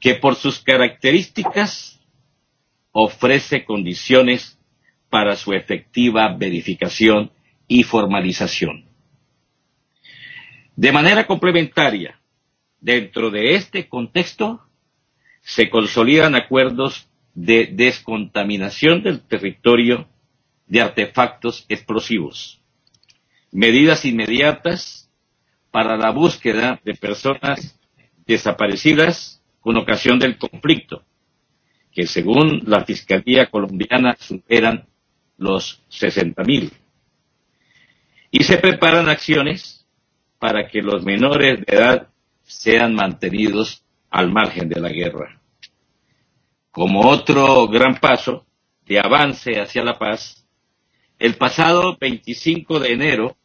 que por sus características ofrece condiciones para su efectiva verificación y formalización. De manera complementaria, dentro de este contexto, se consolidan acuerdos de descontaminación del territorio de artefactos explosivos, medidas inmediatas para la búsqueda de personas desaparecidas con ocasión del conflicto, que según la Fiscalía Colombiana superan los 60.000. Y se preparan acciones para que los menores de edad sean mantenidos al margen de la guerra. Como otro gran paso de avance hacia la paz, el pasado 25 de enero,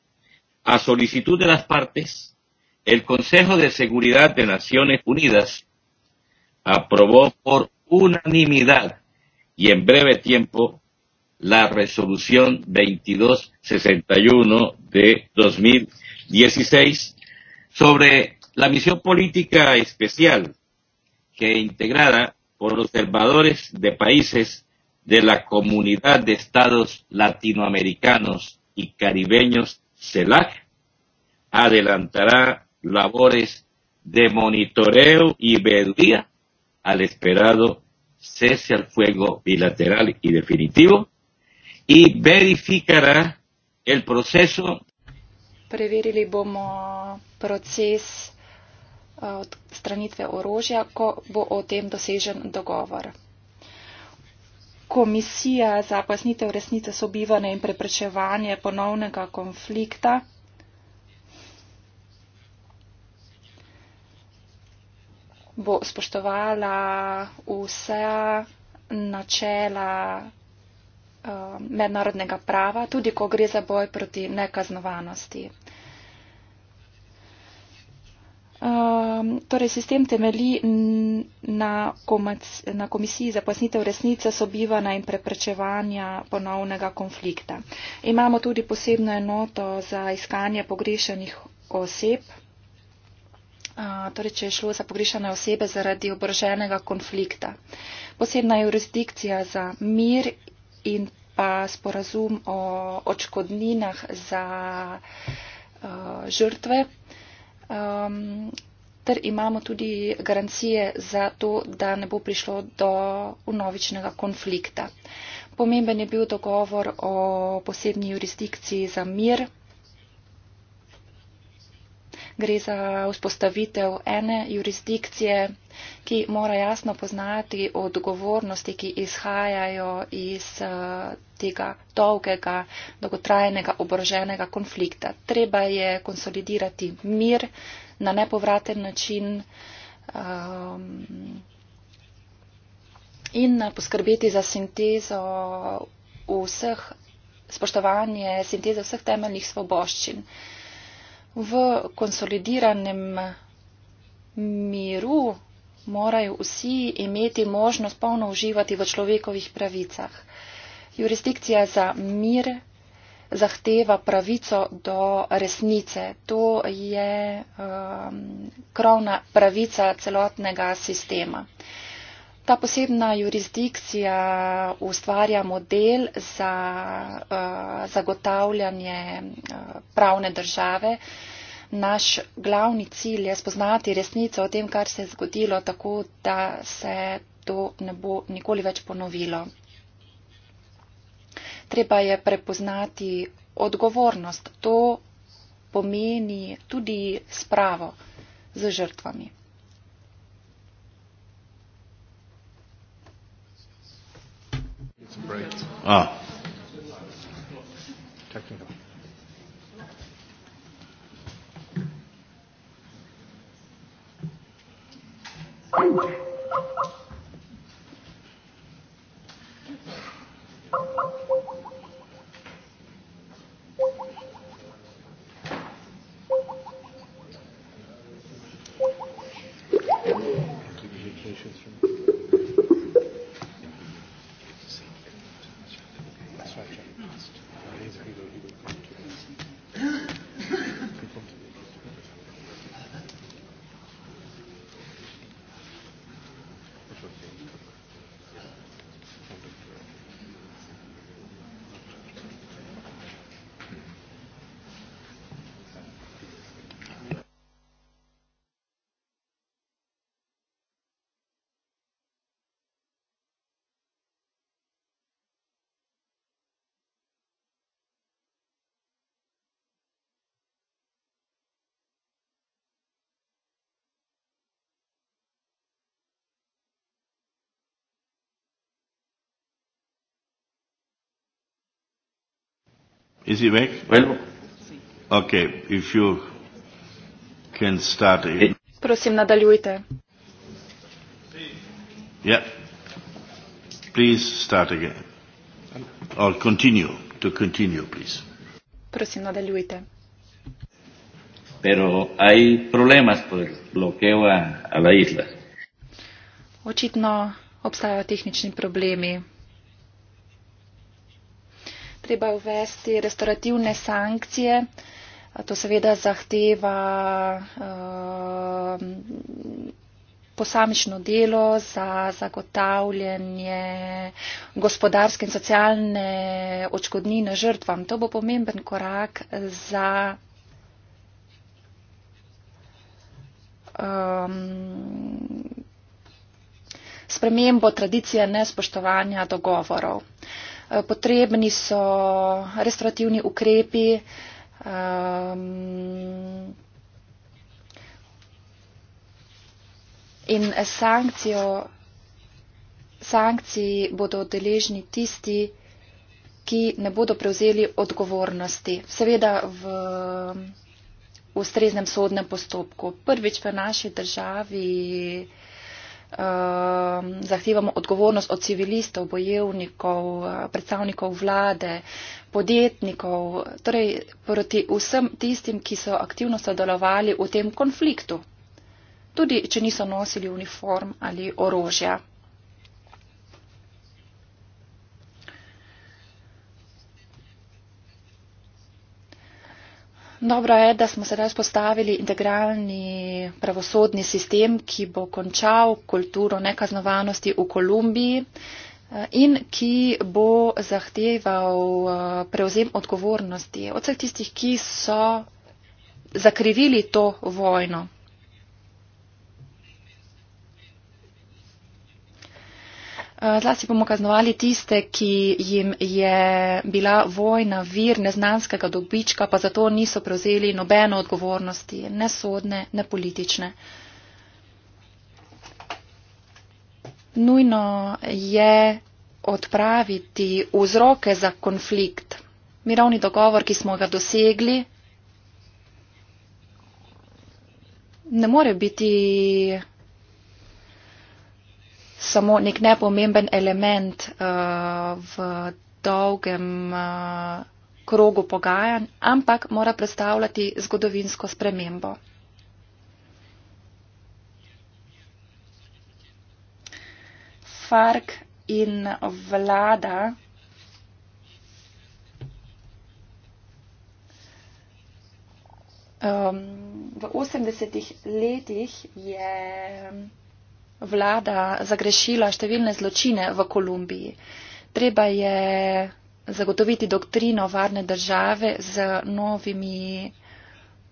a solicitud de las partes, el Consejo de Seguridad de Naciones Unidas aprobó por unanimidad y en breve tiempo la resolución 2261 de 2015. 16 sobre la misión política especial que integrada por observadores de países de la comunidad de estados latinoamericanos y caribeños CELAC adelantará labores de monitoreo y veduría al esperado cese al fuego bilateral y definitivo y verificará el proceso Preverili bomo proces eh, odstranitve orožja, ko bo o tem dosežen dogovor. Komisija za pojasnitev resnice sobivanja in preprečevanje ponovnega konflikta bo spoštovala vse načela Eh, mednarodnega prava, tudi ko gre za boj proti nekaznovanosti. Um, torej sistem temelji na, komac, na komisiji za pasnitev resnice, sobivanja in preprečevanja ponovnega konflikta. Imamo tudi posebno enoto za iskanje pogrešenih oseb. Uh, torej, če je šlo za pogrešene osebe zaradi obroženega konflikta. Posebna jurisdikcija za mir in pa sporazum o očkodninah za uh, žrtve. Um, ter imamo tudi garancije za to, da ne bo prišlo do unovičnega konflikta. Pomemben je bil dogovor o posebni jurisdikciji za mir gre za vzpostavitev ene jurisdikcije, ki mora jasno poznati odgovornosti, ki izhajajo iz eh, tega dolgega, dolgotrajnega, oboroženega konflikta. Treba je konsolidirati mir na nepovraten način um, in eh, poskrbeti za sintezo vseh, spoštovanje sinteze vseh temeljnih svoboščin. Uh, v konsolidiranem miru morajo vsi imeti možnost polno uživati v človekovih pravicah. Jurisdikcija za mir zahteva pravico do resnice. To je um, krovna pravica celotnega sistema. Uh, Ta posebna jurisdikcija ustvarja model za uh, zagotavljanje uh, pravne države. Naš glavni cilj je spoznati resnico o tem, kar se je zgodilo, tako da se to ne bo nikoli več ponovilo. Treba je prepoznati odgovornost. To pomeni tudi spravo z žrtvami. break. Ah. Technical. Thank you. Is he back? Well, okay, if you can start. Prosim, nadaljujte. Yeah. Please start again. Or continue, to continue, please. Prosim, nadaljujte. Pero hay problemas por bloqueo a, a la isla. Očitno obstajajo tehnični problemi treba uvesti restorativne sankcije. To seveda zahteva uh, posamično delo za zagotavljanje gospodarske in socialne očkodnine žrtvam. To bo pomemben korak za. Um, spremembo tradicije nespoštovanja dogovorov. Uh, potrebni so restorativni ukrepi. Um, In sankcijo, sankciji bodo deležni tisti, ki ne bodo prevzeli odgovornosti, seveda v ustreznem sodnem postopku. Prvič v naši državi uh, Ehm, zahtevamo odgovornost od civilistov, bojevnikov, predstavnikov vlade, podjetnikov, torej proti vsem tistim, ki so aktivno sodelovali v tem konfliktu, tudi če niso nosili uniform ali orožja. Dobro je, da smo sedaj spostavili integralni pravosodni sistem, ki bo končal kulturo nekaznovanosti v Kolumbiji eh, in ki bo zahteval eh, prevzem odgovornosti od vseh tistih, ki so zakrivili to vojno. Zlasti bomo kaznovali tiste, ki jim je bila vojna vir neznanskega dobička, pa zato niso prevzeli nobeno odgovornosti, ne sodne, ne politične. Nujno je odpraviti vzroke za konflikt. Mirovni dogovor, ki smo ga dosegli, ne more biti samo nek nepomemben element eh, v dolgem eh, krogu pogajanj, ampak mora predstavljati zgodovinsko spremembo. Fark in vlada um, v 80-ih letih je vlada zagrešila številne zločine v Kolumbiji. Treba je zagotoviti doktrino varne države z novimi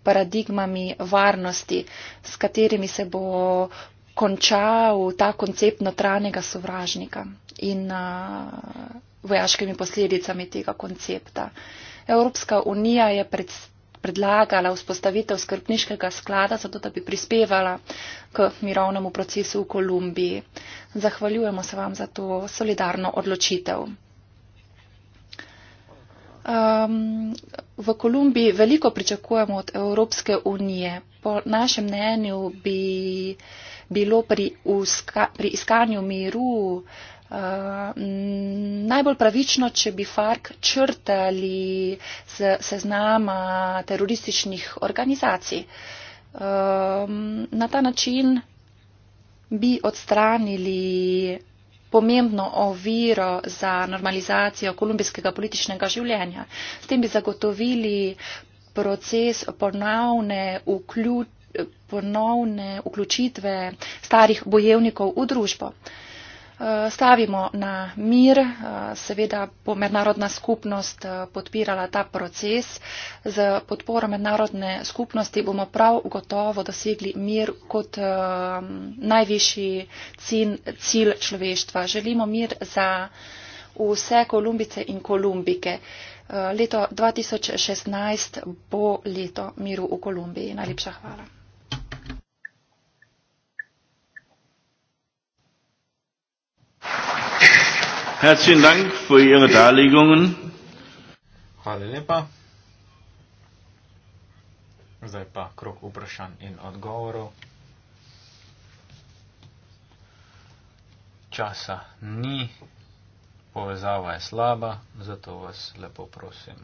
paradigmami varnosti, s katerimi se bo končal ta koncept notranjega sovražnika in vojaškimi posledicami tega koncepta. Evropska unija je predstavljena predlagala vzpostavitev skrbniškega sklada, zato da bi prispevala k mirovnemu procesu v Kolumbiji. Zahvaljujemo se vam za to solidarno odločitev. Um, v Kolumbiji veliko pričakujemo od Evropske unije. Po našem mnenju bi bilo pri, uska, pri iskanju miru uh, Uh, najbolj pravično, če bi FARC črtali z seznama terorističnih organizacij. Uh, na ta način bi odstranili pomembno oviro za normalizacijo kolumbijskega političnega življenja. S tem bi zagotovili proces ponovne, vklju, ponovne vključitve starih bojevnikov v družbo. Uh, Eh, stavimo na mir. Eh, seveda bo mednarodna skupnost eh, podpirala ta proces. Z podporo mednarodne skupnosti bomo prav gotovo dosegli mir kot najvišji cilj človeštva. Želimo mir za vse Kolumbice in Kolumbike. Leto 2016 bo leto miru v Kolumbiji. Najlepša hvala. Herzlichen Dank für Ihre Darlegungen. Hvala lepa. Zdaj pa krok vprašanj in odgovorov. Časa ni, povezava je slaba, zato vas lepo prosim,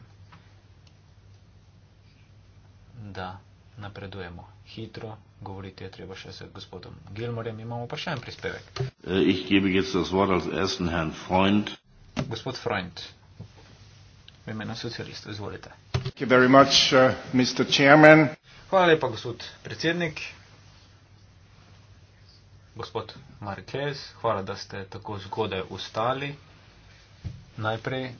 da napredujemo hitro, govoriti, je treba še s gospodom Gilmorjem. Imamo pa še en prispevek. Äh, ich gebe jetzt das Wort als ersten Herrn Freund. Gospod Freund, v imenu socialista, izvolite. Thank you very much, uh, Mr. Chairman. Hvala lepa, gospod predsednik. Gospod Marquez, hvala, da ste tako zgodaj ustali. Najprej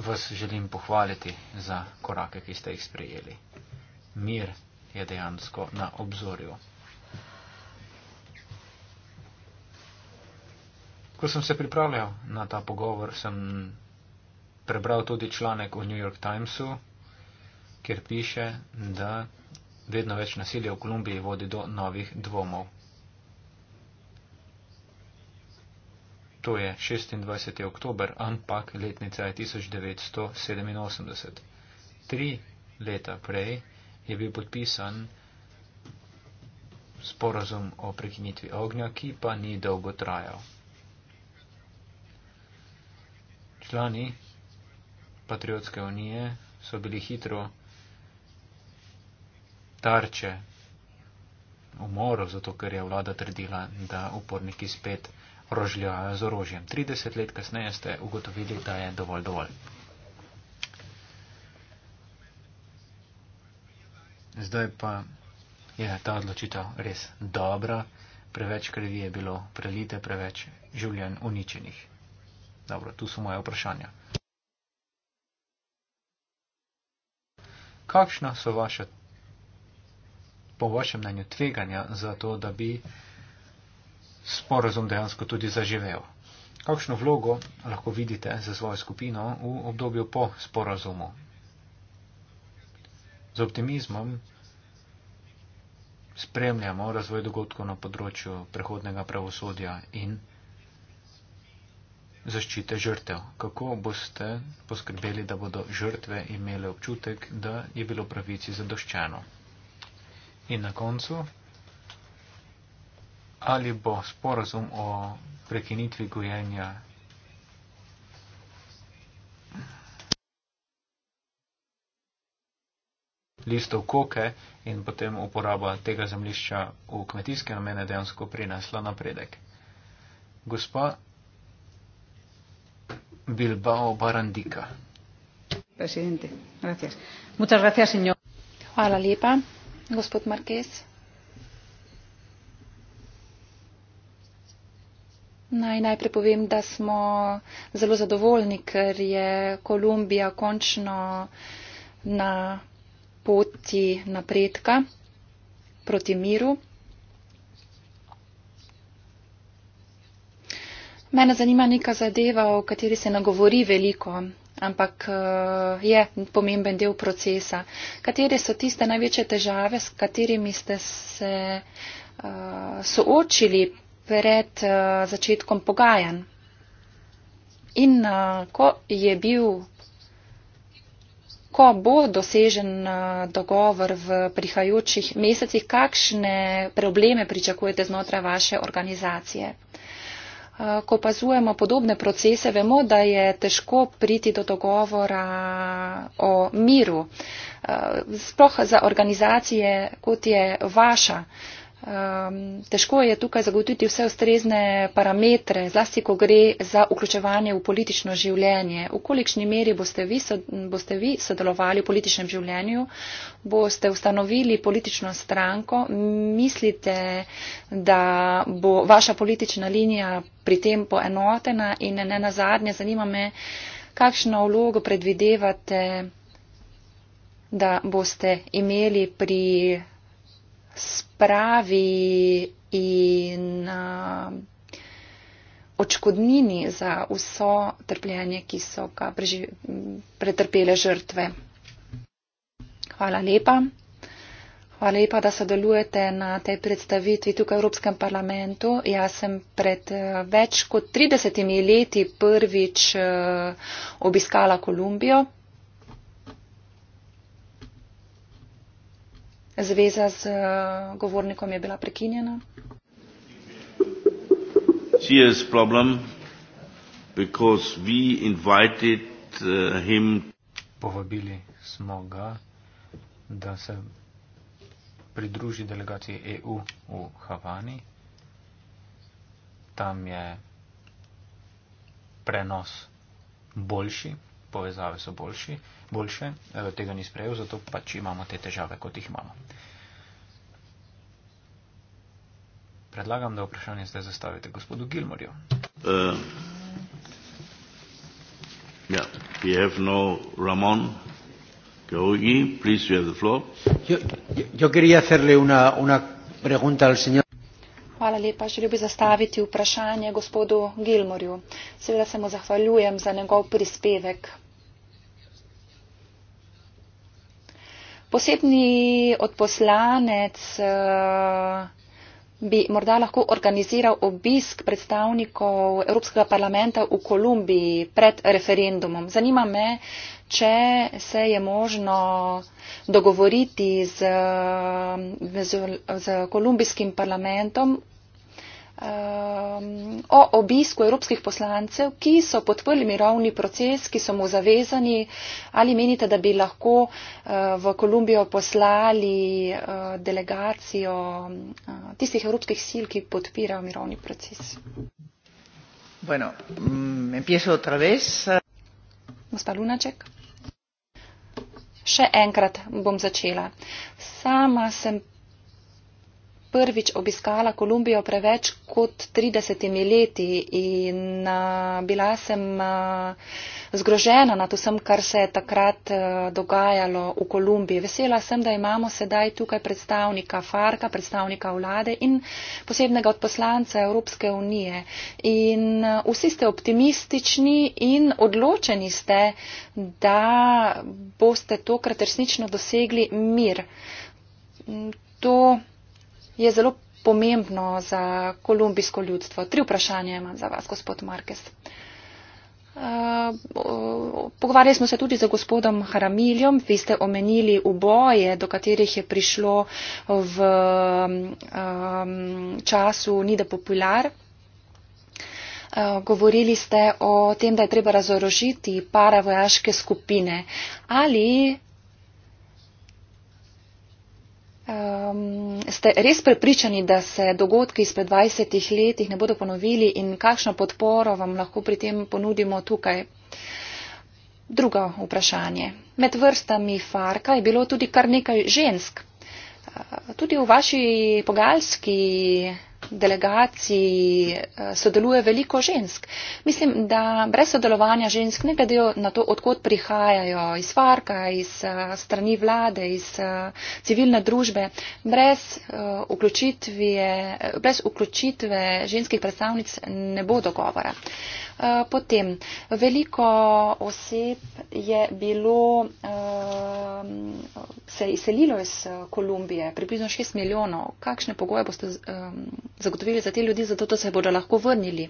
vas želim pohvaliti za korake, ki ste jih sprejeli. Mir je dejansko na obzorju. Ko sem se pripravljal na ta pogovor, sem prebral tudi članek v New York Timesu, kjer piše, da vedno več nasilja v Kolumbiji vodi do novih dvomov. To je 26. oktober, ampak letnica je 1987. Tri leta prej je bil podpisan sporozum o prekinitvi ognja, ki pa ni dolgo trajal. Člani Patriotske unije so bili hitro tarče umorov, zato ker je vlada trdila, da uporniki spet rožljajo z orožjem. 30 let kasneje ste ugotovili, da je dovolj dovolj. Zdaj pa je ta odločitev res dobra, preveč krvi je bilo prelite, preveč življenj uničenih. Dobro, tu so moje vprašanja. Kakšna so vaše, po vašem mnenju, tveganja za to, da bi sporozum dejansko tudi zaživel? Kakšno vlogo lahko vidite za svojo skupino v obdobju po sporozumu? Z optimizmom spremljamo razvoj dogodkov na področju prehodnega pravosodja in zaščite žrtev. Kako boste poskrbeli, da bodo žrtve imele občutek, da je bilo pravici zadoščeno? In na koncu, ali bo sporazum o prekinitvi gojenja listov koke in potem uporaba tega zemlišča v kmetijske namene dejansko prinesla napredek. Gospa Bilbao Barandika. Presidente, gracias. Muchas gracias, señor. Hvala lepa, gospod Marquez. Naj najprej povem, da smo zelo zadovoljni, ker je Kolumbija končno na poti napredka proti miru. Mene zanima neka zadeva, o kateri se nagovori veliko, ampak eh, je pomemben del procesa. Katere so tiste največje težave, s katerimi ste se eh, soočili pred eh, začetkom pogajanj? In ko je bil ko bo dosežen eh, dogovor v prihajajočih mesecih, kakšne probleme pričakujete znotraj vaše organizacije. Eh, ko pazujemo podobne procese, vemo, da je težko priti do dogovora o miru, eh, sploh za organizacije, kot je vaša. Um, težko je tukaj zagotoviti vse ustrezne parametre, zlasti ko gre za vključevanje v politično življenje. V kolikšni meri boste vi, boste vi sodelovali v političnem življenju, boste ustanovili politično stranko, mislite, da bo vaša politična linija pri tem poenotena in ne na zadnje, zanima me, kakšno vlogo predvidevate, da boste imeli pri spravi in uh, očkodnini za vso trpljenje, ki so ga preži, pretrpele žrtve. Hvala lepa. Hvala lepa, da sodelujete na tej predstavitvi tukaj v Evropskem parlamentu. Jaz sem pred več kot 30 leti prvič obiskala Kolumbijo. Zveza z eh, govornikom je bila prekinjena. Eh, Povabili smo ga, da se pridruži delegaciji EU v Havani. Tam je prenos boljši povezave so boljši, boljše, e, tega ni sprejel, zato pač imamo te težave, kot jih imamo. Predlagam, da vprašanje zdaj zastavite gospodu Gilmorju. Uh, e, yeah. Ja, we have no Ramon. Go, Iggy, please, you have the floor. Yo, yo una, una al señor. Hvala lepa. Želel bi zastaviti vprašanje gospodu Gilmorju. Seveda se mu zahvaljujem za njegov prispevek posebni odposlanec eh, bi morda lahko organiziral obisk predstavnikov Evropskega parlamenta v Kolumbiji pred referendumom. Zanima me, če se je možno dogovoriti z, eh, z, z kolumbijskim parlamentom um, o obisku evropskih poslancev, ki so podprli mirovni proces, ki so mu zavezani. Ali menite, da bi lahko uh, v Kolumbijo poslali uh, delegacijo uh, tistih evropskih sil, ki podpirajo mirovni proces? Bueno, mm, empiezo otra vez. Gospa Lunaček. Še enkrat bom začela. Sama sem prvič obiskala Kolumbijo preveč kot 30 leti in bila sem zgrožena nad vsem, kar se je takrat dogajalo v Kolumbiji. Vesela sem, da imamo sedaj tukaj predstavnika Farka, predstavnika vlade in posebnega odposlanca Evropske unije. In vsi ste optimistični in odločeni ste, da boste tokrat resnično dosegli mir. To je zelo pomembno za kolumbijsko ljudstvo. Tri vprašanja imam za vas, gospod Marques. Eh, pogovarjali smo se tudi za gospodom Haramiljom. Vi ste omenili uboje, do katerih je prišlo v ehm, času Nida Popular. Eh, govorili ste o tem, da je treba razorožiti paravojaške skupine. Ali Um, ste res prepričani, da se dogodki izpred 20 let ne bodo ponovili in kakšno podporo vam lahko pri tem ponudimo tukaj? Drugo vprašanje. Med vrstami Farka je bilo tudi kar nekaj žensk. Tudi v vaši pogajalski delegaciji eh, sodeluje veliko žensk. Mislim, da brez sodelovanja žensk, ne glede na to, odkot prihajajo, iz Farka, iz eh, strani vlade, iz eh, civilne družbe, brez, brez vključitve ženskih predstavnic ne bo dogovora. Eh, potem, veliko oseb je bilo, eh, se je izselilo iz eh, Kolumbije, približno 6 milijonov. Kakšne pogoje boste zagotovili za te ljudi, zato da se bodo lahko vrnili?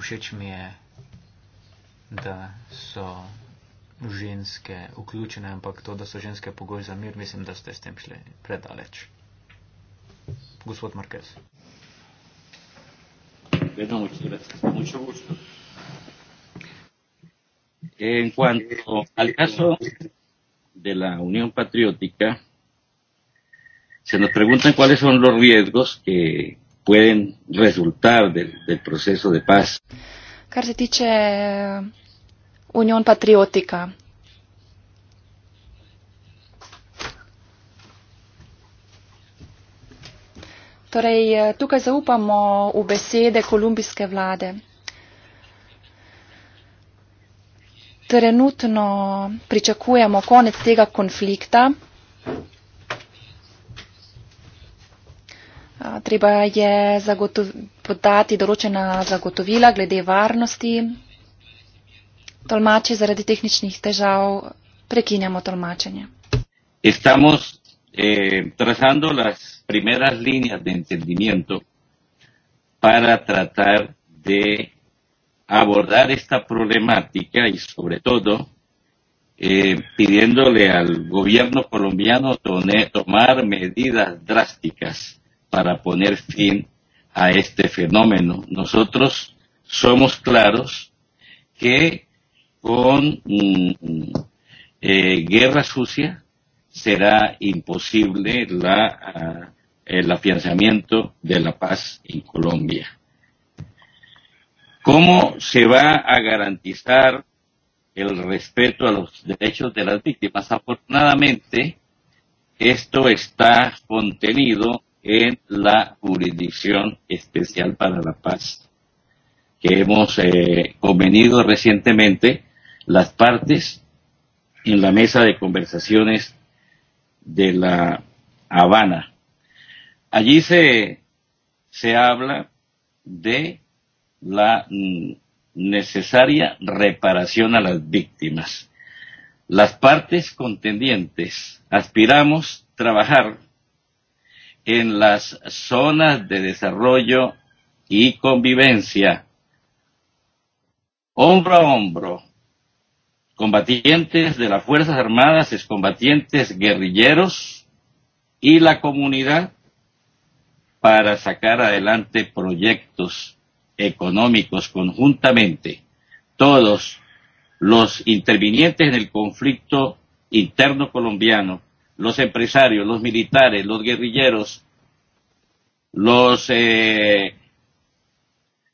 Všeč mi je, da so ženske vključene, ampak to, da so ženske pogoj za mir, mislim, da ste s tem šli predaleč. Gospod Marquez vedamos que les hace mucho gusto. En cuanto al caso de la Unión Patriótica, se nos preguntan cuáles son los riesgos que pueden resultar del, del proceso de paz. Kar se tiče eh, Unión Patriótica, Torej, eh, tukaj zaupamo v besede kolumbijske vlade. Trenutno pričakujemo konec tega konflikta. Treba je podati določena zagotovila glede varnosti. Tolmače zaradi tehničnih težav prekinjamo tolmačenje. Estamos eh, trazando las primeras líneas de entendimiento para tratar de abordar esta problemática y sobre todo eh, pidiéndole al gobierno colombiano tome, tomar medidas drásticas para poner fin a este fenómeno. Nosotros somos claros que con mm, mm eh, guerra sucia, será imposible la, eh, el afianzamiento de la paz en Colombia. ¿Cómo se va a garantizar el respeto a los derechos de las víctimas? Afortunadamente, esto está contenido en la jurisdicción especial para la paz que hemos eh, convenido recientemente las partes en la mesa de conversaciones de la Habana. Allí se, se habla de la mm, necesaria reparación a las víctimas. Las partes contendientes aspiramos trabajar en las zonas de desarrollo y convivencia hombro a hombro combatientes de las Fuerzas Armadas, excombatientes guerrilleros y la comunidad para sacar adelante proyectos económicos conjuntamente. Todos los intervinientes en el conflicto interno colombiano, los empresarios, los militares, los guerrilleros, los eh,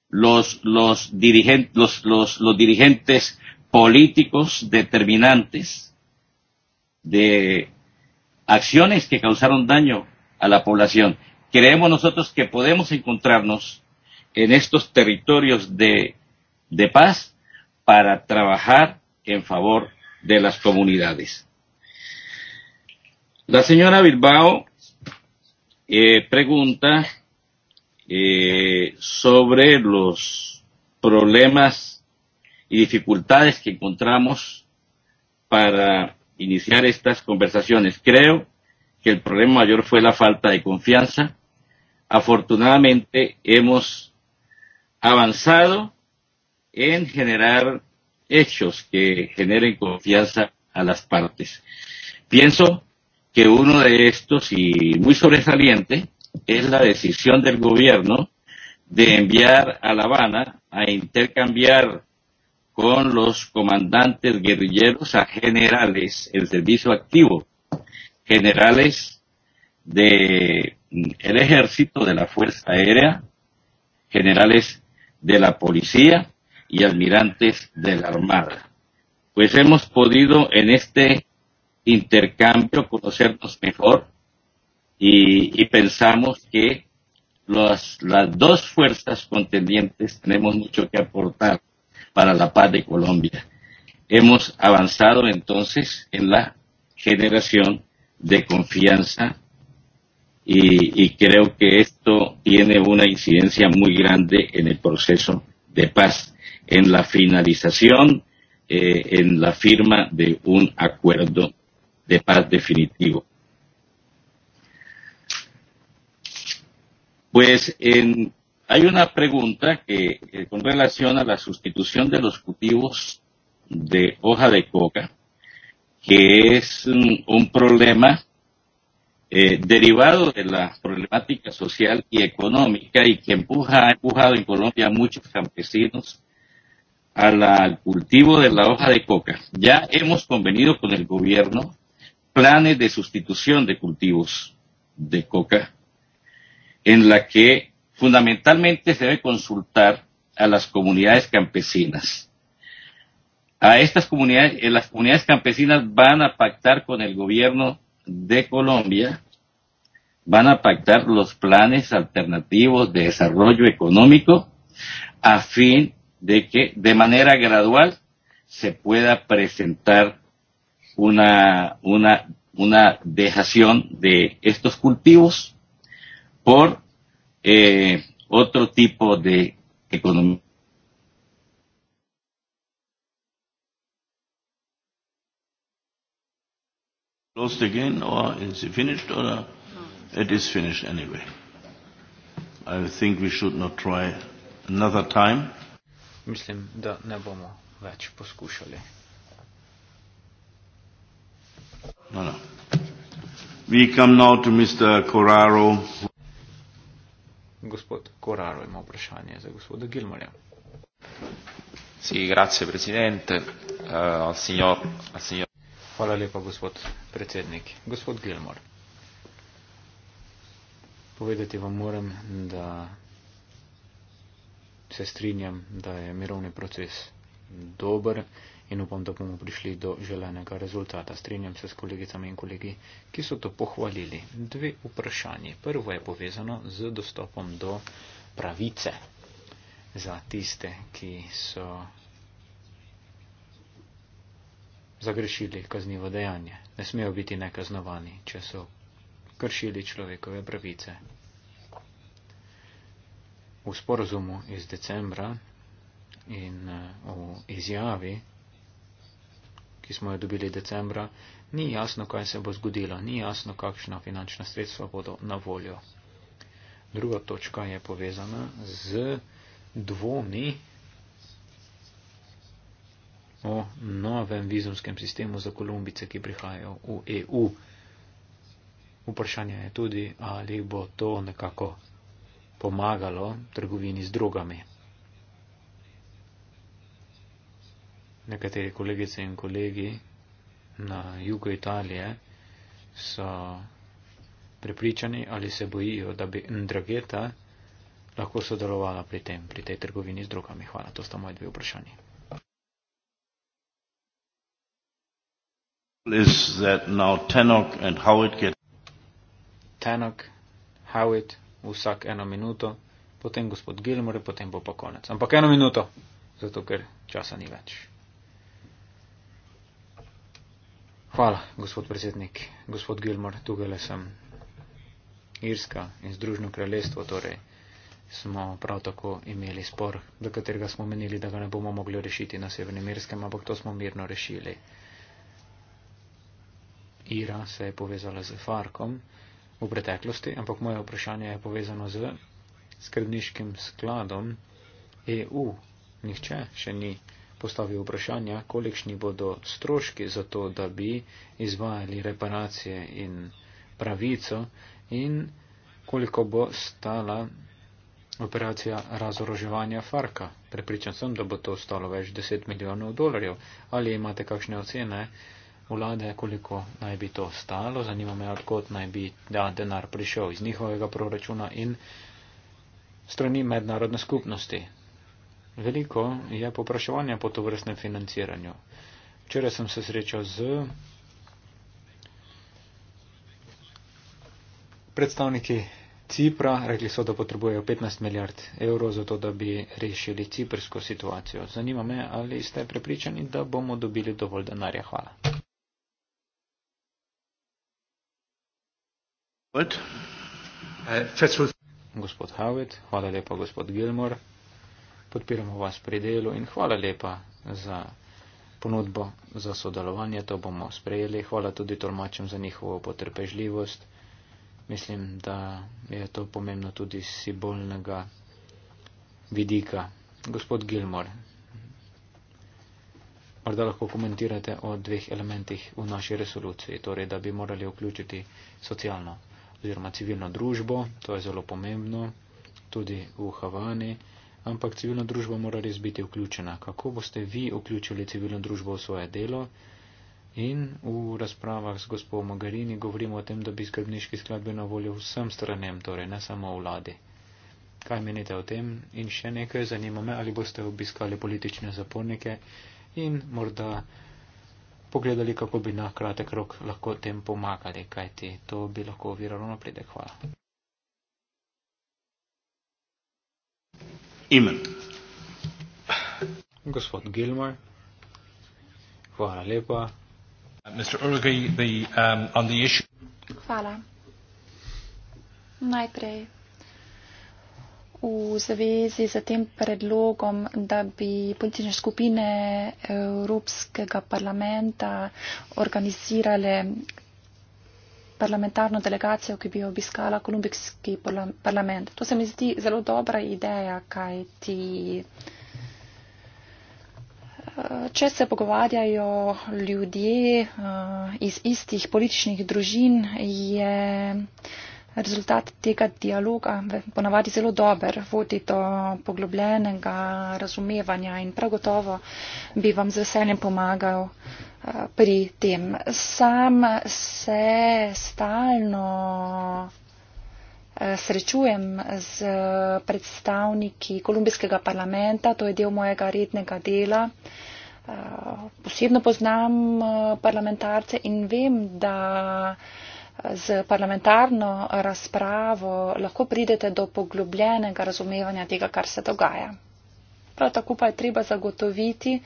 los los dirigentes los, los los dirigentes políticos determinantes de acciones que causaron daño a la población. Creemos nosotros que podemos encontrarnos en estos territorios de, de paz para trabajar en favor de las comunidades. La señora Bilbao eh, pregunta eh, sobre los problemas y dificultades que encontramos para iniciar estas conversaciones. Creo que el problema mayor fue la falta de confianza. Afortunadamente hemos avanzado en generar hechos que generen confianza a las partes. Pienso que uno de estos y muy sobresaliente es la decisión del gobierno de enviar a La Habana a intercambiar con los comandantes guerrilleros a generales en servicio activo, generales del de mm, ejército de la Fuerza Aérea, generales de la policía y almirantes de la Armada. Pues hemos podido en este intercambio conocernos mejor y, y pensamos que los, las dos fuerzas contendientes tenemos mucho que aportar para la paz de Colombia. Hemos avanzado entonces en la generación de confianza y, y creo que esto tiene una incidencia muy grande en el proceso de paz, en la finalización, eh, en la firma de un acuerdo de paz definitivo. Pues en Hay una pregunta que, que eh, con relación a la sustitución de los cultivos de hoja de coca, que es un, mm, un problema eh, derivado de la problemática social y económica y que empuja, ha empujado en Colombia a muchos campesinos a la, al cultivo de la hoja de coca. Ya hemos convenido con el gobierno planes de sustitución de cultivos de coca en la que fundamentalmente se debe consultar a las comunidades campesinas. A estas comunidades, eh, las comunidades campesinas van a pactar con el gobierno de Colombia, van a pactar los planes alternativos de desarrollo económico a fin de que de manera gradual se pueda presentar una, una, una dejación de estos cultivos por eh, otro tipo de economía. Closed again, or no, is it finished? Or uh, no? it is finished anyway. I think we should not try another time. Mislim, da ne bomo več poskušali. No, no. We come now to Mr. Corraro. Gospod Koraro ima vprašanje za gospoda Gilmorja. Si, grazie, presidente. Uh, al signor, al signor. Hvala lepa, gospod predsednik. Gospod Gilmor. Povedati vam moram, da se strinjam, da je mirovni proces dober in upam, da bomo prišli do želenega rezultata. Strinjam se s kolegicami in kolegi, ki so to pohvalili. Dve vprašanje. Prvo je povezano z dostopom do pravice za tiste, ki so zagrešili kaznivo dejanje. Ne smejo biti nekaznovani, če so kršili človekove pravice. V sporozumu iz decembra in eh, v izjavi ki smo jo dobili decembra, ni jasno, kaj se bo zgodilo, ni jasno, kakšna finančna sredstva bodo na voljo. Druga točka je povezana z dvomi o novem vizumskem sistemu za Kolumbice, ki prihajajo v EU. Vprašanje je tudi, ali bo to nekako pomagalo trgovini z drugami. nekateri kolegice in kolegi na jugu Italije so prepričani ali se bojijo, da bi Ndrageta lahko sodelovala pri tem, pri tej trgovini z drugami. Hvala, to sta moje dve vprašanje. Is that now Tenok and how it get? Tenok, how it, vsak eno minuto, potem gospod Gilmore, potem bo pa konec. Ampak eno minuto, zato ker časa ni več. Hvala, gospod predsednik. Gospod Gilmar, tukaj le sem. Irska in Združno kraljestvo, torej smo prav tako imeli spor, do katerega smo menili, da ga ne bomo mogli rešiti na Severnem Irskem, ampak to smo mirno rešili. Ira se je povezala z Farkom v preteklosti, ampak moje vprašanje je povezano z skrbniškim skladom EU. Nihče še ni postavil vprašanja, kolikšni bodo stroški za to, da bi izvajali reparacije in pravico in koliko bo stala operacija razoroževanja Farka. Prepričan sem, da bo to stalo več deset milijonov dolarjev. Ali imate kakšne ocene vlade, koliko naj bi to stalo? Zanima me, odkot naj bi ta denar prišel iz njihovega proračuna in strani mednarodne skupnosti veliko je poprašovanja po to vrstnem financiranju. Včeraj sem se srečal z predstavniki Cipra. Rekli so, da potrebujejo 15 milijard evrov za to, da bi rešili ciprsko situacijo. Zanima me, ali ste prepričani, da bomo dobili dovolj denarja. Hvala. Gospod Howitt, hvala lepa gospod Gilmore podpiramo vas pri delu in hvala lepa za ponudbo za sodelovanje, to bomo sprejeli. Hvala tudi tolmačem za njihovo potrpežljivost. Mislim, da je to pomembno tudi z simbolnega vidika. Gospod Gilmor, morda lahko komentirate o dveh elementih v naši resoluciji, torej, da bi morali vključiti socialno oziroma civilno družbo, to je zelo pomembno, tudi v Havani ampak civilna družba mora res biti vključena. Kako boste vi vključili civilno družbo v svoje delo? In v razpravah z gospodom Mogarini govorimo o tem, da bi skrbniški sklad bil na voljo vsem stranem, torej ne samo vladi. Kaj menite o tem? In še nekaj zanima me, ali boste obiskali politične zapornike in morda pogledali, kako bi na kratek rok lahko tem pomagali, kajti to bi lahko oviralo napredek. Hvala. Amen. Gospod Gilmore, hvala lepa. Mr. Urge, the, um, on the issue. Hvala. Najprej v zavezi za tem predlogom, da bi politične skupine Evropskega parlamenta organizirale parlamentarno delegacijo, ki bi obiskala kolumbijski parlament. To se mi zdi zelo dobra ideja, kaj ti. Eh, če se pogovarjajo ljudje eh, iz istih političnih družin, je rezultat tega dialoga ponavadi zelo dober, vodi do poglobljenega razumevanja in prav gotovo bi vam z veseljem pomagal eh, pri tem. Sam se stalno eh, srečujem z predstavniki Kolumbijskega parlamenta, to je del mojega rednega dela. Eh, posebno poznam parlamentarce in vem, da z parlamentarno razpravo lahko pridete do poglobljenega razumevanja tega, kar se dogaja. Prav tako pa je treba zagotoviti,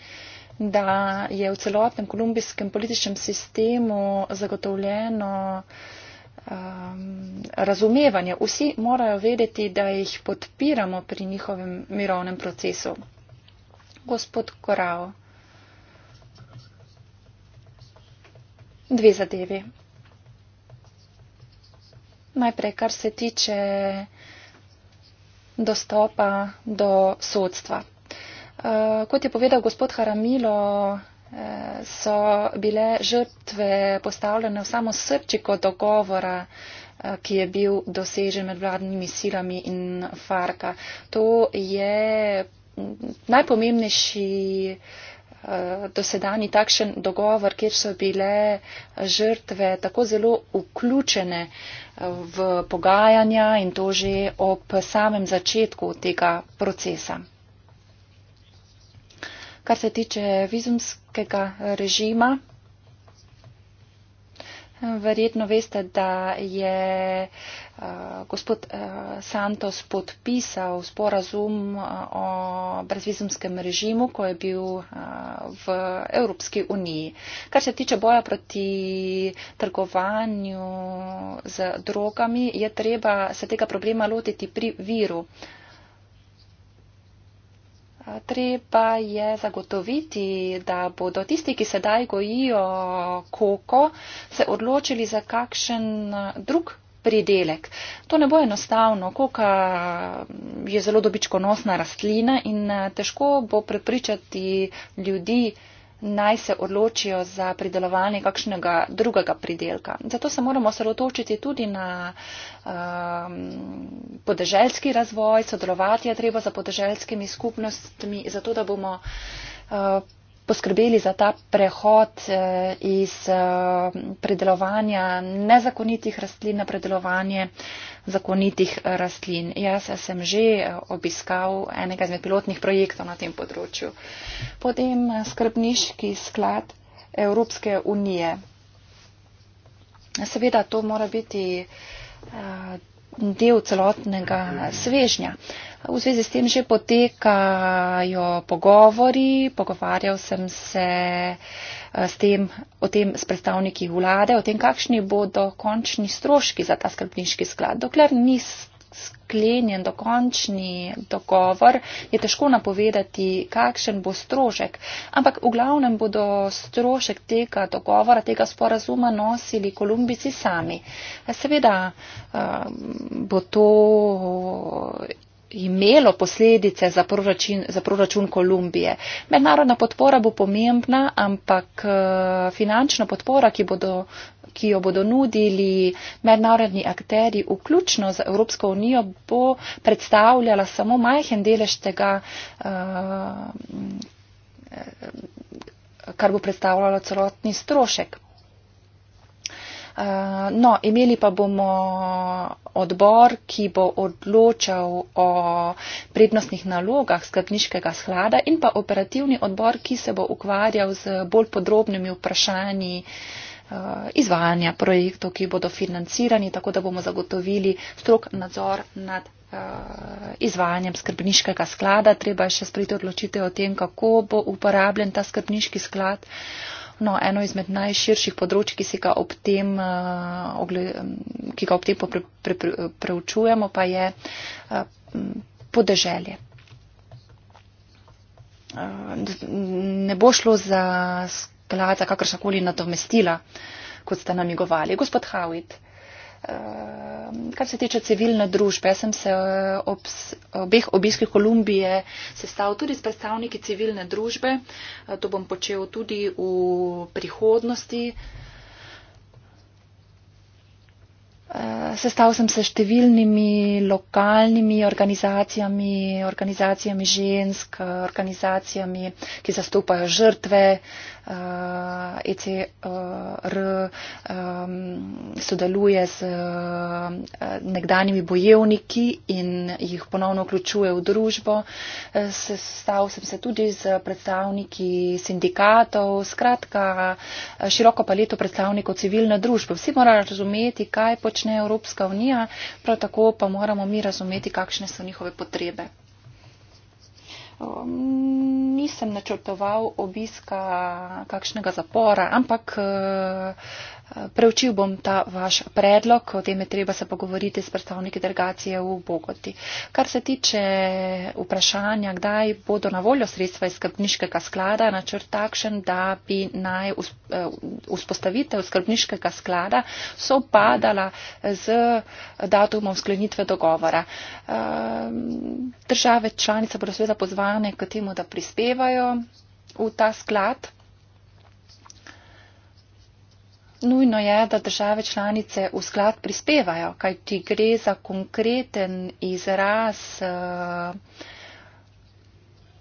da je v celotnem kolumbijskem političnem sistemu zagotovljeno um, razumevanje. Vsi morajo vedeti, da jih podpiramo pri njihovem mirovnem procesu. Gospod Korao. Dve zadevi najprej kar se tiče dostopa do sodstva. Eh, kot je povedal gospod Haramilo, eh, so bile žrtve postavljene v samo srčiko dogovora, eh, ki je bil dosežen med vladnimi silami in Farka. To je najpomembnejši Eh, dosedani takšen dogovor, kjer so bile žrtve tako zelo vključene eh, v pogajanja in to že ob samem začetku tega procesa. Kar se tiče vizumskega režima, Verjetno veste, da je eh, gospod eh, Santos podpisal sporazum eh, o brezvizumskem režimu, ko je bil v Evropski uniji. Kar se tiče boja proti trgovanju z drogami, je treba se tega problema lotiti pri viru. Treba je zagotoviti, da bodo tisti, ki sedaj gojijo koko, se odločili za kakšen eh, drug pridelek. To ne bo enostavno. Koka mm, je zelo dobičkonosna rastlina in eh, težko bo prepričati ljudi, naj se odločijo za pridelovanje kakšnega drugega pridelka. Zato se moramo osredotočiti tudi na um, podeželski razvoj, sodelovati je treba za podeželskimi skupnostmi, zato da bomo uh, poskrbeli za ta prehod eh, iz eh, predelovanja nezakonitih rastlin na predelovanje zakonitih rastlin. Jaz sem že eh, obiskal enega izmed pilotnih projektov na tem področju. Potem skrbniški sklad Evropske unije. Seveda, to mora biti del celotnega svežnja. V zvezi s tem že potekajo pogovori, pogovarjal sem se eh, s tem, o tem s predstavniki vlade, o tem, kakšni bodo končni stroški za ta skrbniški sklad. Dokler niste sklenjen dokončni dogovor, je težko napovedati, kakšen bo strošek. Ampak v glavnem bodo strošek tega dogovora, tega sporazuma nosili Kolumbici sami. Seveda eh, bo to imelo posledice za proračun, za proračun Kolumbije. Mednarodna podpora bo pomembna, ampak eh, finančna podpora, ki, bodo, ki jo bodo nudili mednarodni akteri, vključno z Evropsko unijo, bo predstavljala samo majhen delež tega, eh, eh, kar bo predstavljalo celotni strošek. Eh, no, imeli pa bomo odbor, ki bo odločal o prednostnih nalogah skrbniškega sklada in pa operativni odbor, ki se bo ukvarjal z bolj podrobnimi vprašanji eh, izvajanja projektov, ki bodo financirani, tako da bomo zagotovili strok nadzor nad eh, izvajanjem skrbniškega sklada. Treba je še spriti odločitev o tem, kako bo uporabljen ta skrbniški sklad. Uh, no, eno izmed najširših področji, eh, ki, ga ob, tem, uh, ogle, ki ga ob tem preučujemo, pa je uh, podeželje. Eh, ne bo šlo za sklada kakršnakoli nadomestila, kot ste namigovali. Gospod Hawit, Ehm, kar se tiče civilne družbe. Jaz sem se eh, ob obeh obiskih Kolumbije sestavil tudi s predstavniki civilne družbe. Eh, to bom počel tudi v prihodnosti. Eh, sestal sem se številnimi lokalnimi organizacijami, organizacijami žensk, organizacijami, ki zastopajo žrtve, uh, uh, eh, ECR um, sodeluje z uh, nekdanjimi bojevniki in jih ponovno vključuje v družbo. Eh, sestal sem se tudi z predstavniki sindikatov, skratka široko paleto predstavnikov civilne družbe. Vsi morajo razumeti, kaj počne Evropska unija, prav tako pa moramo mi razumeti, kakšne so njihove potrebe. Um, nisem načrtoval obiska kakšnega zapora, ampak uh, Preučil bom ta vaš predlog, o tem je treba se pogovoriti s predstavniki delegacije v Bogoti. Kar se tiče vprašanja, kdaj bodo na voljo sredstva iz skrbniškega sklada, načrt takšen, da bi naj eh, vzpostavitev skrbniškega sklada sopadala z datumom sklenitve dogovora. Eh, države članice bodo seveda pozvane k temu, da prispevajo v ta sklad nujno je, da države članice v sklad prispevajo, kaj ti gre za konkreten izraz eh,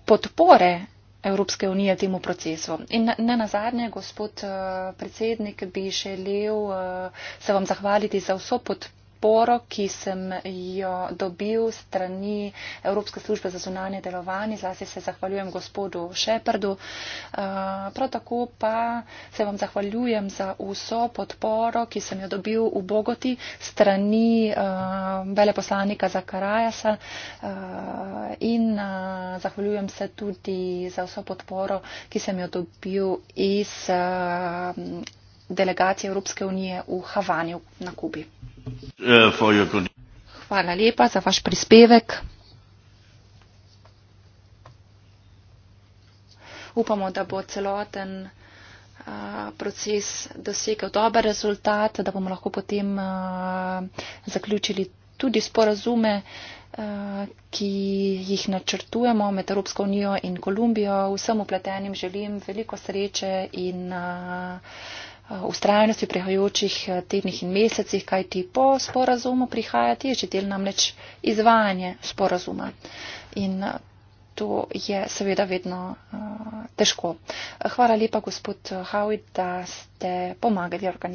podpore Evropske unije temu procesu. In ne nazadnje, gospod eh, predsednik, bi želel eh, se vam zahvaliti za vso podporo podporo, ki sem jo dobil strani Evropske službe za zunanje delovanje. Zlasti se zahvaljujem gospodu Šeprdu. Eh, prav tako pa se vam zahvaljujem za vso podporo, ki sem jo dobil v Bogoti strani eh, veleposlanika Zakarajasa eh, in zahvaljujem se tudi za vso podporo, ki sem jo dobil iz delegacije Evropske unije v Havani na Kubi. Uh, Hvala lepa za vaš prispevek. Upamo, da bo celoten uh, proces dosegel dober rezultat, da bomo lahko potem uh, zaključili tudi sporazume, ki jih načrtujemo med Evropsko unijo in Kolumbijo. Vsem upletenim želim veliko sreče in Eh, ustrajnosti v prihajajočih eh, tednih in mesecih, kaj ti po sporazumu prihaja, ti je še del namreč izvajanje sporazuma. In eh, to je seveda vedno težko. Hvala lepa, gospod Howitt, da ste pomagali organizirati.